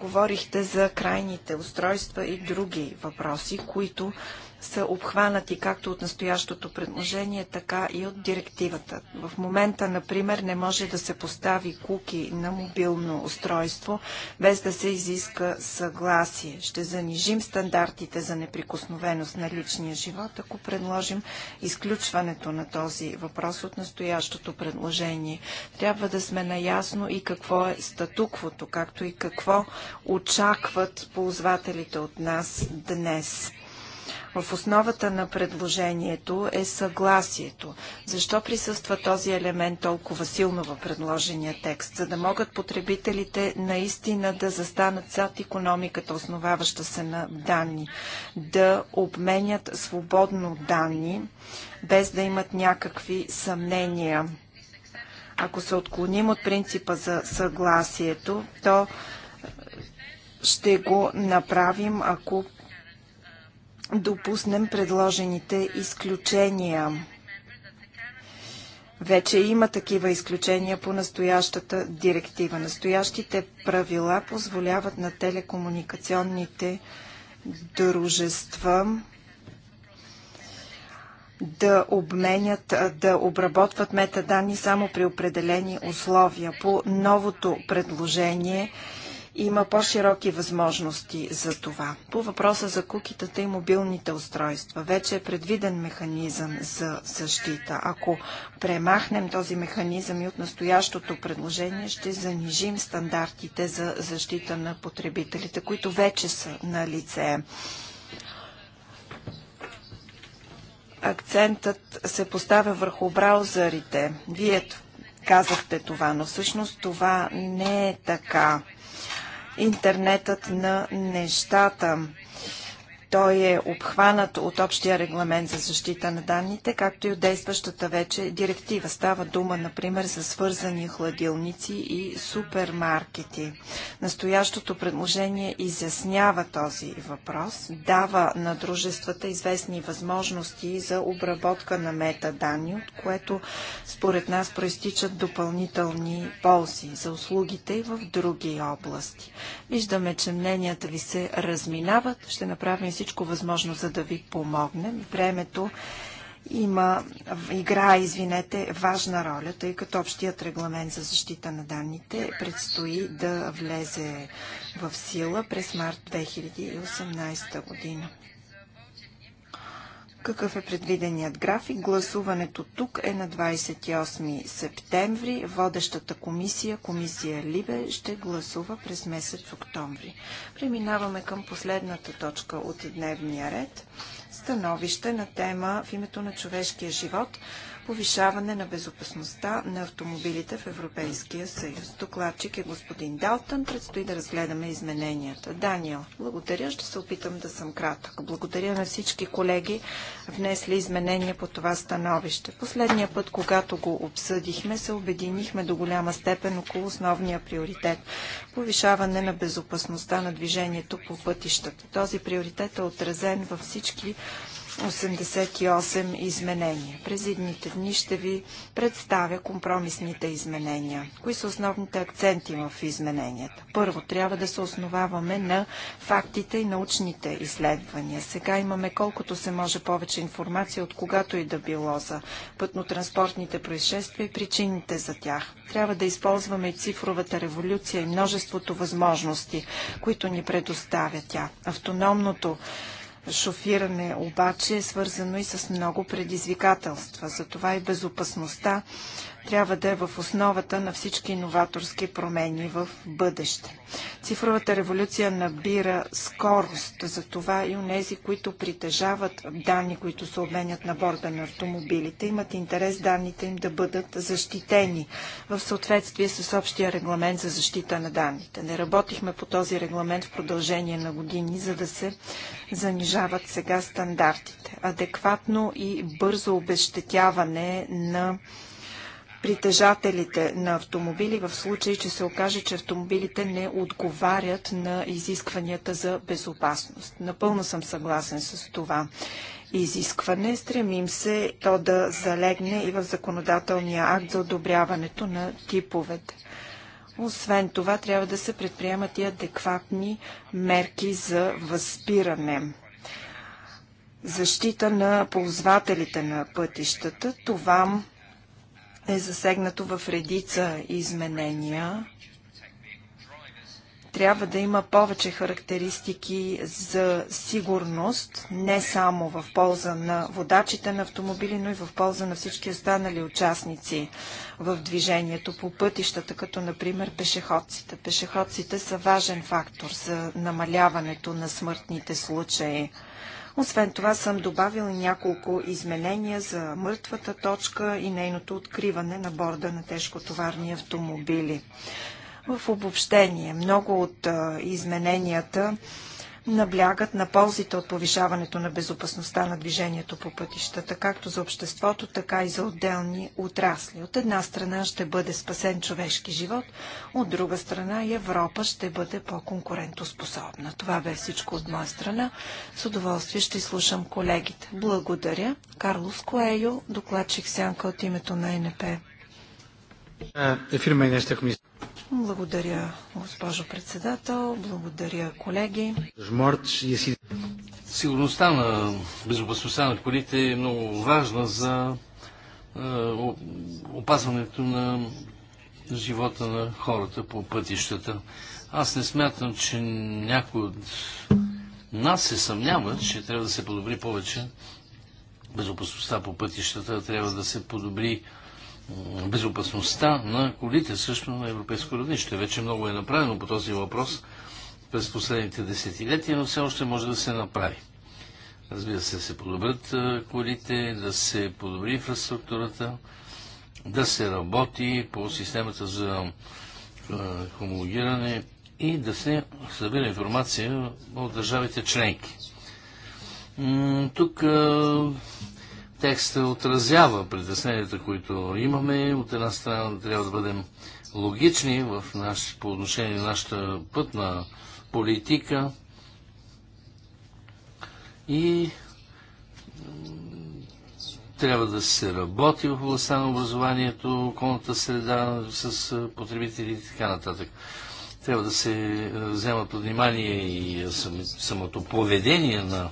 Говорихте за крайните устройства и други въпроси, които са обхванати както от настоящото предложение, така и от директивата. В момента, например, не може да се постави куки на мобилно устройство, без да се изиска съгласие. Ще занижим стандартите за неприкосновеност на личния живот, ако предложим изключването на този въпрос от настоящото предложение. Трябва да сме наясно и какво е статуквото, както и какво очакват ползвателите от нас днес в основата на предложението е съгласието. Защо присъства този елемент толкова силно в предложения текст? За да могат потребителите наистина да застанат зад економиката, основаваща се на данни, да обменят свободно данни, без да имат някакви съмнения. Ако се отклоним от принципа за съгласието, то ще го направим, ако допуснем предложените изключения. Вече има такива изключения по настоящата директива. Настоящите правила позволяват на телекомуникационните дружества да обменят, да обработват метаданни само при определени условия. По новото предложение има по-широки възможности за това. По въпроса за кукитата и мобилните устройства, вече е предвиден механизъм за защита. Ако премахнем този механизъм и от настоящото предложение, ще занижим стандартите за защита на потребителите, които вече са на лице акцентът се поставя върху браузърите. Вие казахте това, но всъщност това не е така интернетът на нещата. Той е обхванат от общия регламент за защита на данните, както и от действащата вече директива. Става дума, например, за свързани хладилници и супермаркети. Настоящото предложение изяснява този въпрос, дава на дружествата известни възможности за обработка на метаданни, от което според нас проистичат допълнителни ползи за услугите и в други области. Виждаме, че мненията ви се разминават. Ще направим всичко възможно, за да ви помогнем. Времето има, игра, извинете, важна роля, тъй като общият регламент за защита на данните предстои да влезе в сила през март 2018 година. Какъв е предвиденият график? Гласуването тук е на 28 септември. Водещата комисия, комисия Либе, ще гласува през месец октомври. Преминаваме към последната точка от дневния ред. Становище на тема в името на човешкия живот – повишаване на безопасността на автомобилите в Европейския съюз. Докладчик е господин Далтън. Предстои да разгледаме измененията. Даниел, благодаря. Ще се опитам да съм кратък. Благодаря на всички колеги, внесли изменения по това становище. Последния път, когато го обсъдихме, се обединихме до голяма степен около основния приоритет – повишаване на безопасността на движението по пътищата. Този приоритет е отразен във всички 88 изменения. През едните дни ще ви представя компромисните изменения. Кои са основните акценти в измененията? Първо, трябва да се основаваме на фактите и научните изследвания. Сега имаме колкото се може повече информация от когато и да било за пътно-транспортните происшествия и причините за тях. Трябва да използваме и цифровата революция и множеството възможности, които ни предоставя тя. Автономното шофиране обаче е свързано и с много предизвикателства. Затова и безопасността трябва да е в основата на всички иноваторски промени в бъдеще. Цифровата революция набира скорост, за това и у нези, които притежават данни, които се обменят на борда на автомобилите, имат интерес данните им да бъдат защитени в съответствие с общия регламент за защита на данните. Не работихме по този регламент в продължение на години, за да се занижават сега стандартите. Адекватно и бързо обещетяване на притежателите на автомобили в случай, че се окаже, че автомобилите не отговарят на изискванията за безопасност. Напълно съм съгласен с това изискване. Стремим се то да залегне и в законодателния акт за одобряването на типовете. Освен това, трябва да се предприемат и адекватни мерки за възпиране. Защита на ползвателите на пътищата. Това е засегнато в редица изменения. Трябва да има повече характеристики за сигурност, не само в полза на водачите на автомобили, но и в полза на всички останали участници в движението по пътищата, като например пешеходците. Пешеходците са важен фактор за намаляването на смъртните случаи. Освен това съм добавил няколко изменения за мъртвата точка и нейното откриване на борда на тежкотоварни автомобили. В обобщение, много от измененията наблягат на ползите от повишаването на безопасността на движението по пътищата, както за обществото, така и за отделни отрасли. От една страна ще бъде спасен човешки живот, от друга страна Европа ще бъде по-конкурентоспособна. Това бе всичко от моя страна. С удоволствие ще слушам колегите. Благодаря. Карлос Коейо, докладчик сянка от името на НП. Ефирма и благодаря, госпожо председател. Благодаря, колеги. Сигурността на безопасността на колите е много важна за е, опазването на живота на хората по пътищата. Аз не смятам, че някой от нас се съмнява, че трябва да се подобри повече безопасността по пътищата, трябва да се подобри безопасността на колите също на европейско равнище. Вече много е направено по този въпрос през последните десетилетия, но все още може да се направи. Разбира се, се подобрят колите, да се подобри инфраструктурата, да се работи по системата за хомологиране и да се събира информация от държавите членки. Тук текста отразява притесненията, които имаме. От една страна трябва да бъдем логични в наш, по отношение на нашата пътна политика и трябва да се работи в областта на образованието, околната среда с потребителите и така нататък. Трябва да се взема под внимание и самото поведение на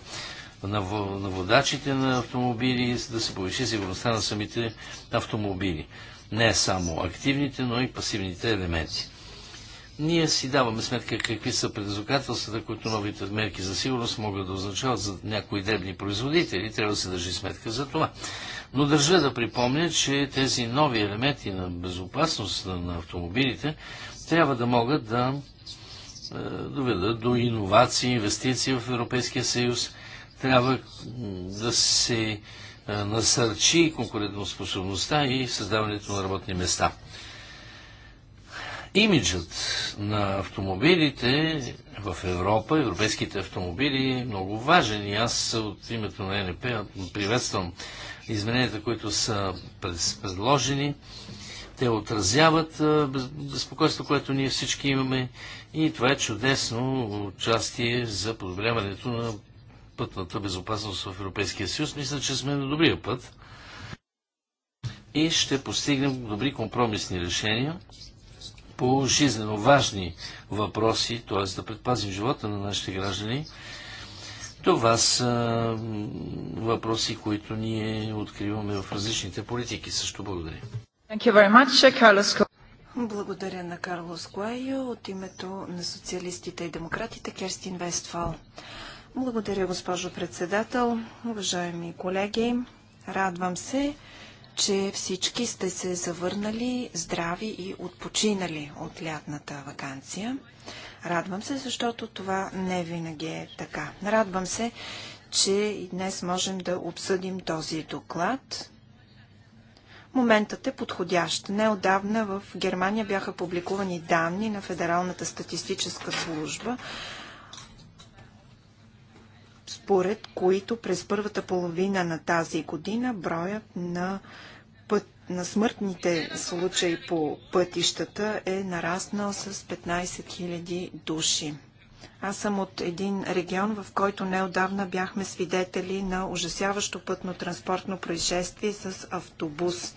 на, водачите на автомобили, да се повиши сигурността на самите автомобили. Не само активните, но и пасивните елементи. Ние си даваме сметка какви са предизвикателствата, които новите мерки за сигурност могат да означават за някои дребни производители. Трябва да се държи сметка за това. Но държа да припомня, че тези нови елементи на безопасност на автомобилите трябва да могат да е, доведат до иновации, инвестиции в Европейския съюз трябва да се насърчи конкурентоспособността и създаването на работни места. Имиджът на автомобилите в Европа, европейските автомобили е много важен и аз от името на НП приветствам измененията, които са предложени. Те отразяват безпокойство, което ние всички имаме и това е чудесно участие за подобряването на пътната безопасност в Европейския съюз. Мисля, че сме на добрия път и ще постигнем добри компромисни решения по жизненно важни въпроси, т.е. да предпазим живота на нашите граждани. Това са въпроси, които ние откриваме в различните политики. Също благодаря. Благодаря на Карлос Гуайо от името на социалистите и демократите Керстин Вестфал. Благодаря, госпожо председател. Уважаеми колеги, радвам се, че всички сте се завърнали здрави и отпочинали от лятната вакансия. Радвам се, защото това не винаги е така. Радвам се, че и днес можем да обсъдим този доклад. Моментът е подходящ. Неодавна в Германия бяха публикувани данни на Федералната статистическа служба според които през първата половина на тази година броят на, път, на смъртните случаи по пътищата е нараснал с 15 000 души. Аз съм от един регион, в който неодавна бяхме свидетели на ужасяващо пътно-транспортно происшествие с автобус.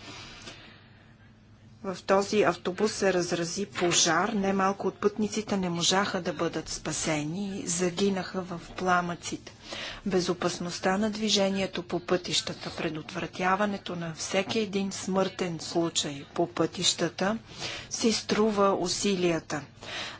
В този автобус се разрази пожар. Немалко от пътниците не можаха да бъдат спасени и загинаха в пламъците. Безопасността на движението по пътищата, предотвратяването на всеки един смъртен случай по пътищата си струва усилията.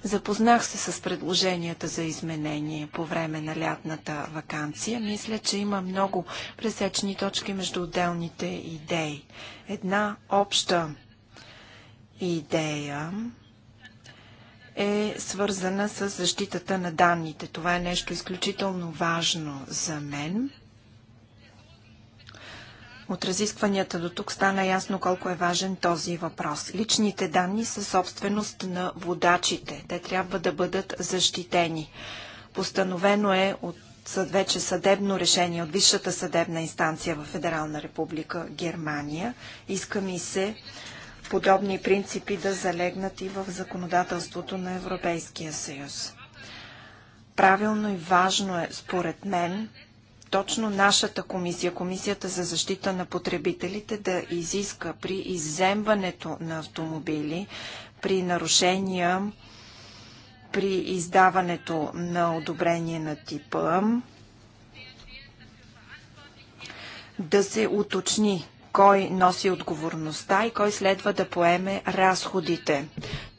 Запознах се с предложенията за изменение по време на лятната вакансия. Мисля, че има много пресечни точки между отделните идеи. Една обща идея е свързана с защитата на данните. Това е нещо изключително важно за мен. От разискванията до тук стана ясно колко е важен този въпрос. Личните данни са собственост на водачите. Те трябва да бъдат защитени. Постановено е от вече съдебно решение от Висшата съдебна инстанция в Федерална република Германия. Иска ми се подобни принципи да залегнат и в законодателството на Европейския съюз. Правилно и важно е, според мен, точно нашата комисия, Комисията за защита на потребителите, да изиска при изземването на автомобили, при нарушения, при издаването на одобрение на типа, да се уточни кой носи отговорността и кой следва да поеме разходите.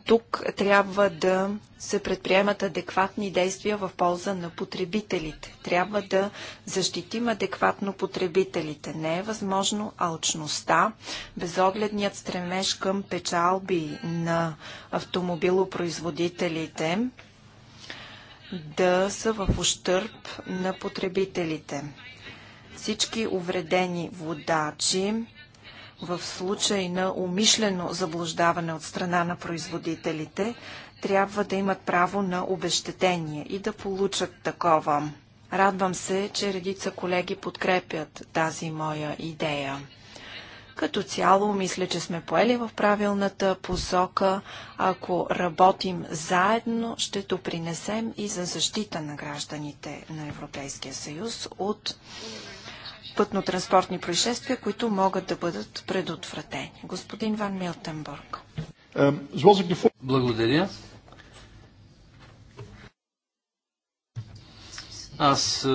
Тук трябва да се предприемат адекватни действия в полза на потребителите. Трябва да защитим адекватно потребителите. Не е възможно алчността, безогледният стремеж към печалби на автомобилопроизводителите да са в ущърп на потребителите всички увредени водачи в случай на умишлено заблуждаване от страна на производителите трябва да имат право на обещетение и да получат такова. Радвам се, че редица колеги подкрепят тази моя идея. Като цяло, мисля, че сме поели в правилната посока. Ако работим заедно, ще допринесем и за защита на гражданите на Европейския съюз от пътно-транспортни происшествия, които могат да бъдат предотвратени. Господин Ван Милтенбург. Благодаря. Аз е,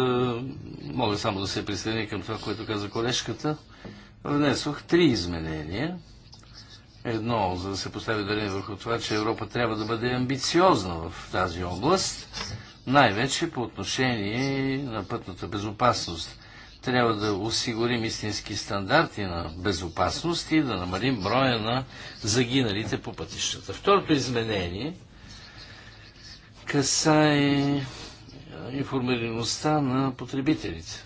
мога само да се присъединя към това, което каза колежката. Внесох три изменения. Едно, за да се постави дарение върху това, че Европа трябва да бъде амбициозна в тази област, най-вече по отношение на пътната безопасност. Трябва да осигурим истински стандарти на безопасност и да намалим броя на загиналите по пътищата. Второто изменение касае е, информираността на потребителите.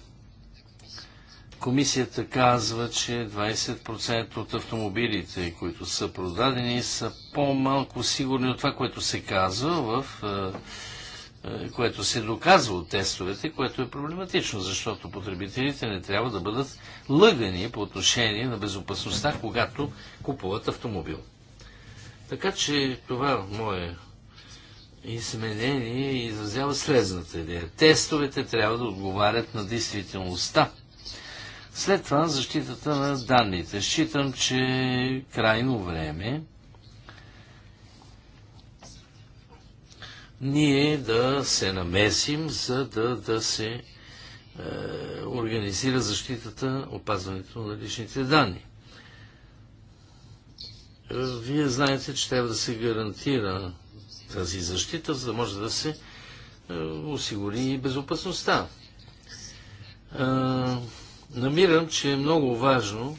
Комисията казва, че 20% от автомобилите, които са продадени, са по-малко сигурни от това, което се казва в е, което се доказва от тестовете, което е проблематично, защото потребителите не трябва да бъдат лъгани по отношение на безопасността, когато купуват автомобил. Така че това мое изменение изразява следната идея. Тестовете трябва да отговарят на действителността. След това защитата на данните. Считам, че е крайно време ние да се намесим, за да, да се е, организира защитата, опазването на личните данни. Е, вие знаете, че трябва да се гарантира тази защита, за да може да се е, осигури и безопасността. Е, намирам, че е много важно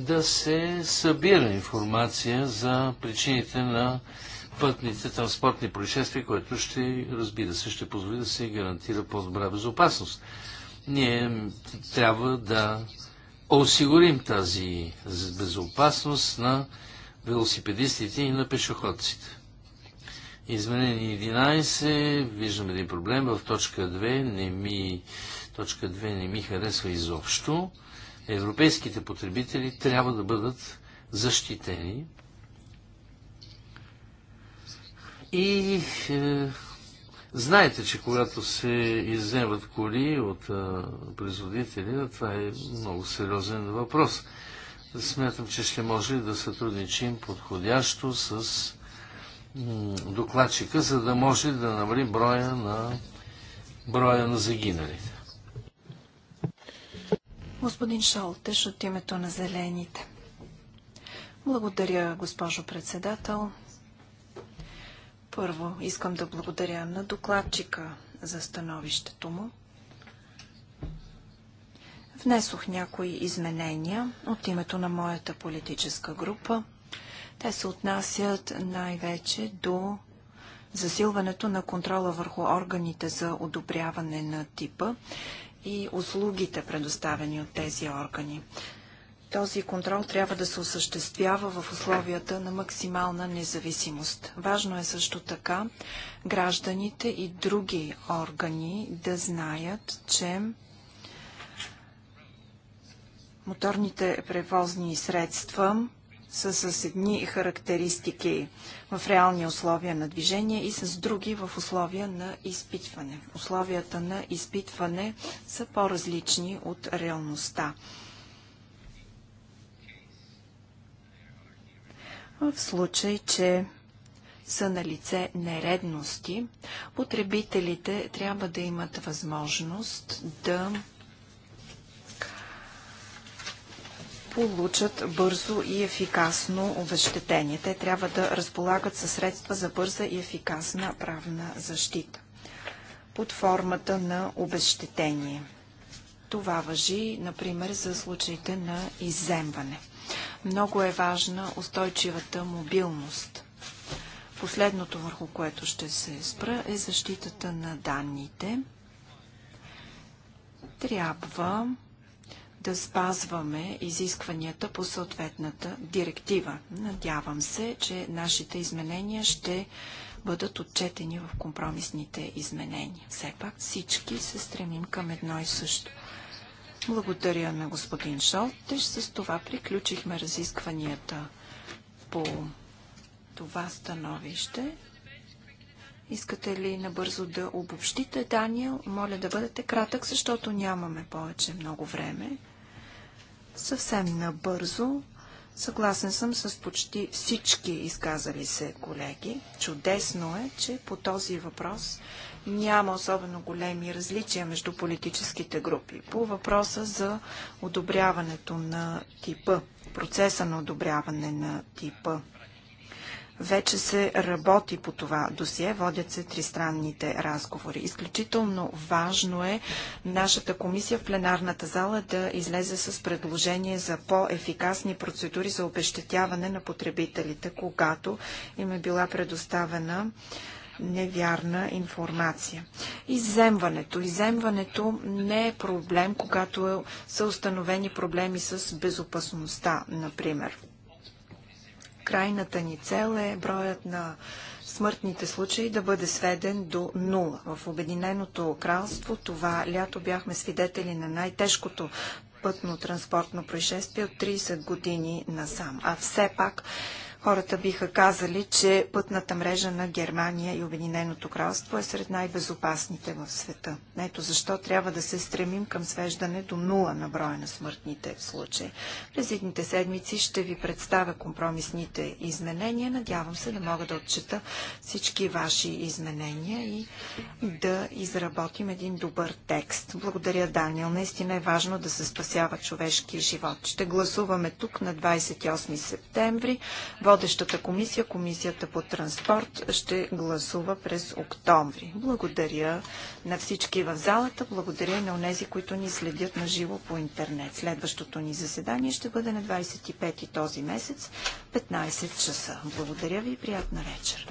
да се събира информация за причините на пътните транспортни происшествия, което ще, разбира се, ще позволи да се гарантира по-добра безопасност. Ние трябва да осигурим тази безопасност на велосипедистите и на пешеходците. Изменение 11, виждам един проблем, в точка 2 не ми, точка 2 не ми харесва изобщо европейските потребители трябва да бъдат защитени и е, знаете, че когато се изземват коли от е, производителя, това е много сериозен въпрос. Смятам, че ще може да сътрудничим подходящо с докладчика, за да може да намали броя на, броя на загиналите. Господин Шолтеш от името на Зелените. Благодаря, госпожо председател. Първо, искам да благодаря на докладчика за становището му. Внесох някои изменения от името на моята политическа група. Те се отнасят най-вече до засилването на контрола върху органите за одобряване на типа и услугите, предоставени от тези органи. Този контрол трябва да се осъществява в условията на максимална независимост. Важно е също така гражданите и други органи да знаят, че моторните превозни средства са с едни характеристики в реални условия на движение и с други в условия на изпитване. Условията на изпитване са по-различни от реалността. В случай, че са на лице нередности, потребителите трябва да имат възможност да получат бързо и ефикасно обещетение. Те трябва да разполагат със средства за бърза и ефикасна правна защита под формата на обещетение. Това въжи, например, за случаите на иземване. Много е важна устойчивата мобилност. Последното, върху което ще се спра, е защитата на данните. Трябва да спазваме изискванията по съответната директива. Надявам се, че нашите изменения ще бъдат отчетени в компромисните изменения. Все пак всички се стремим към едно и също. Благодаря на господин Шолтеш. С това приключихме разискванията по това становище. Искате ли набързо да обобщите, Даниел? Моля да бъдете кратък, защото нямаме повече много време. Съвсем набързо. Съгласен съм с почти всички изказали се колеги. Чудесно е, че по този въпрос няма особено големи различия между политическите групи. По въпроса за одобряването на типа, процеса на одобряване на типа вече се работи по това досие, водят се тристранните разговори. Изключително важно е нашата комисия в пленарната зала да излезе с предложение за по-ефикасни процедури за обещетяване на потребителите, когато им е била предоставена невярна информация. Иземването. Иземването не е проблем, когато са установени проблеми с безопасността, например. Крайната ни цел е броят на смъртните случаи да бъде сведен до нула. В Обединеното кралство това лято бяхме свидетели на най-тежкото пътно-транспортно происшествие от 30 години насам. А все пак Хората биха казали, че пътната мрежа на Германия и Обединеното кралство е сред най-безопасните в света. Ето защо трябва да се стремим към свеждане до нула на броя на смъртните случаи. През едните седмици ще ви представя компромисните изменения. Надявам се да мога да отчета всички ваши изменения и да изработим един добър текст. Благодаря, Даниел. Наистина е важно да се спасява човешки живот. Ще гласуваме тук на 28 септември. Водещата комисия, комисията по транспорт, ще гласува през октомври. Благодаря на всички в залата, благодаря и на тези, които ни следят на живо по интернет. Следващото ни заседание ще бъде на 25 този месец, 15 часа. Благодаря ви и приятна вечер.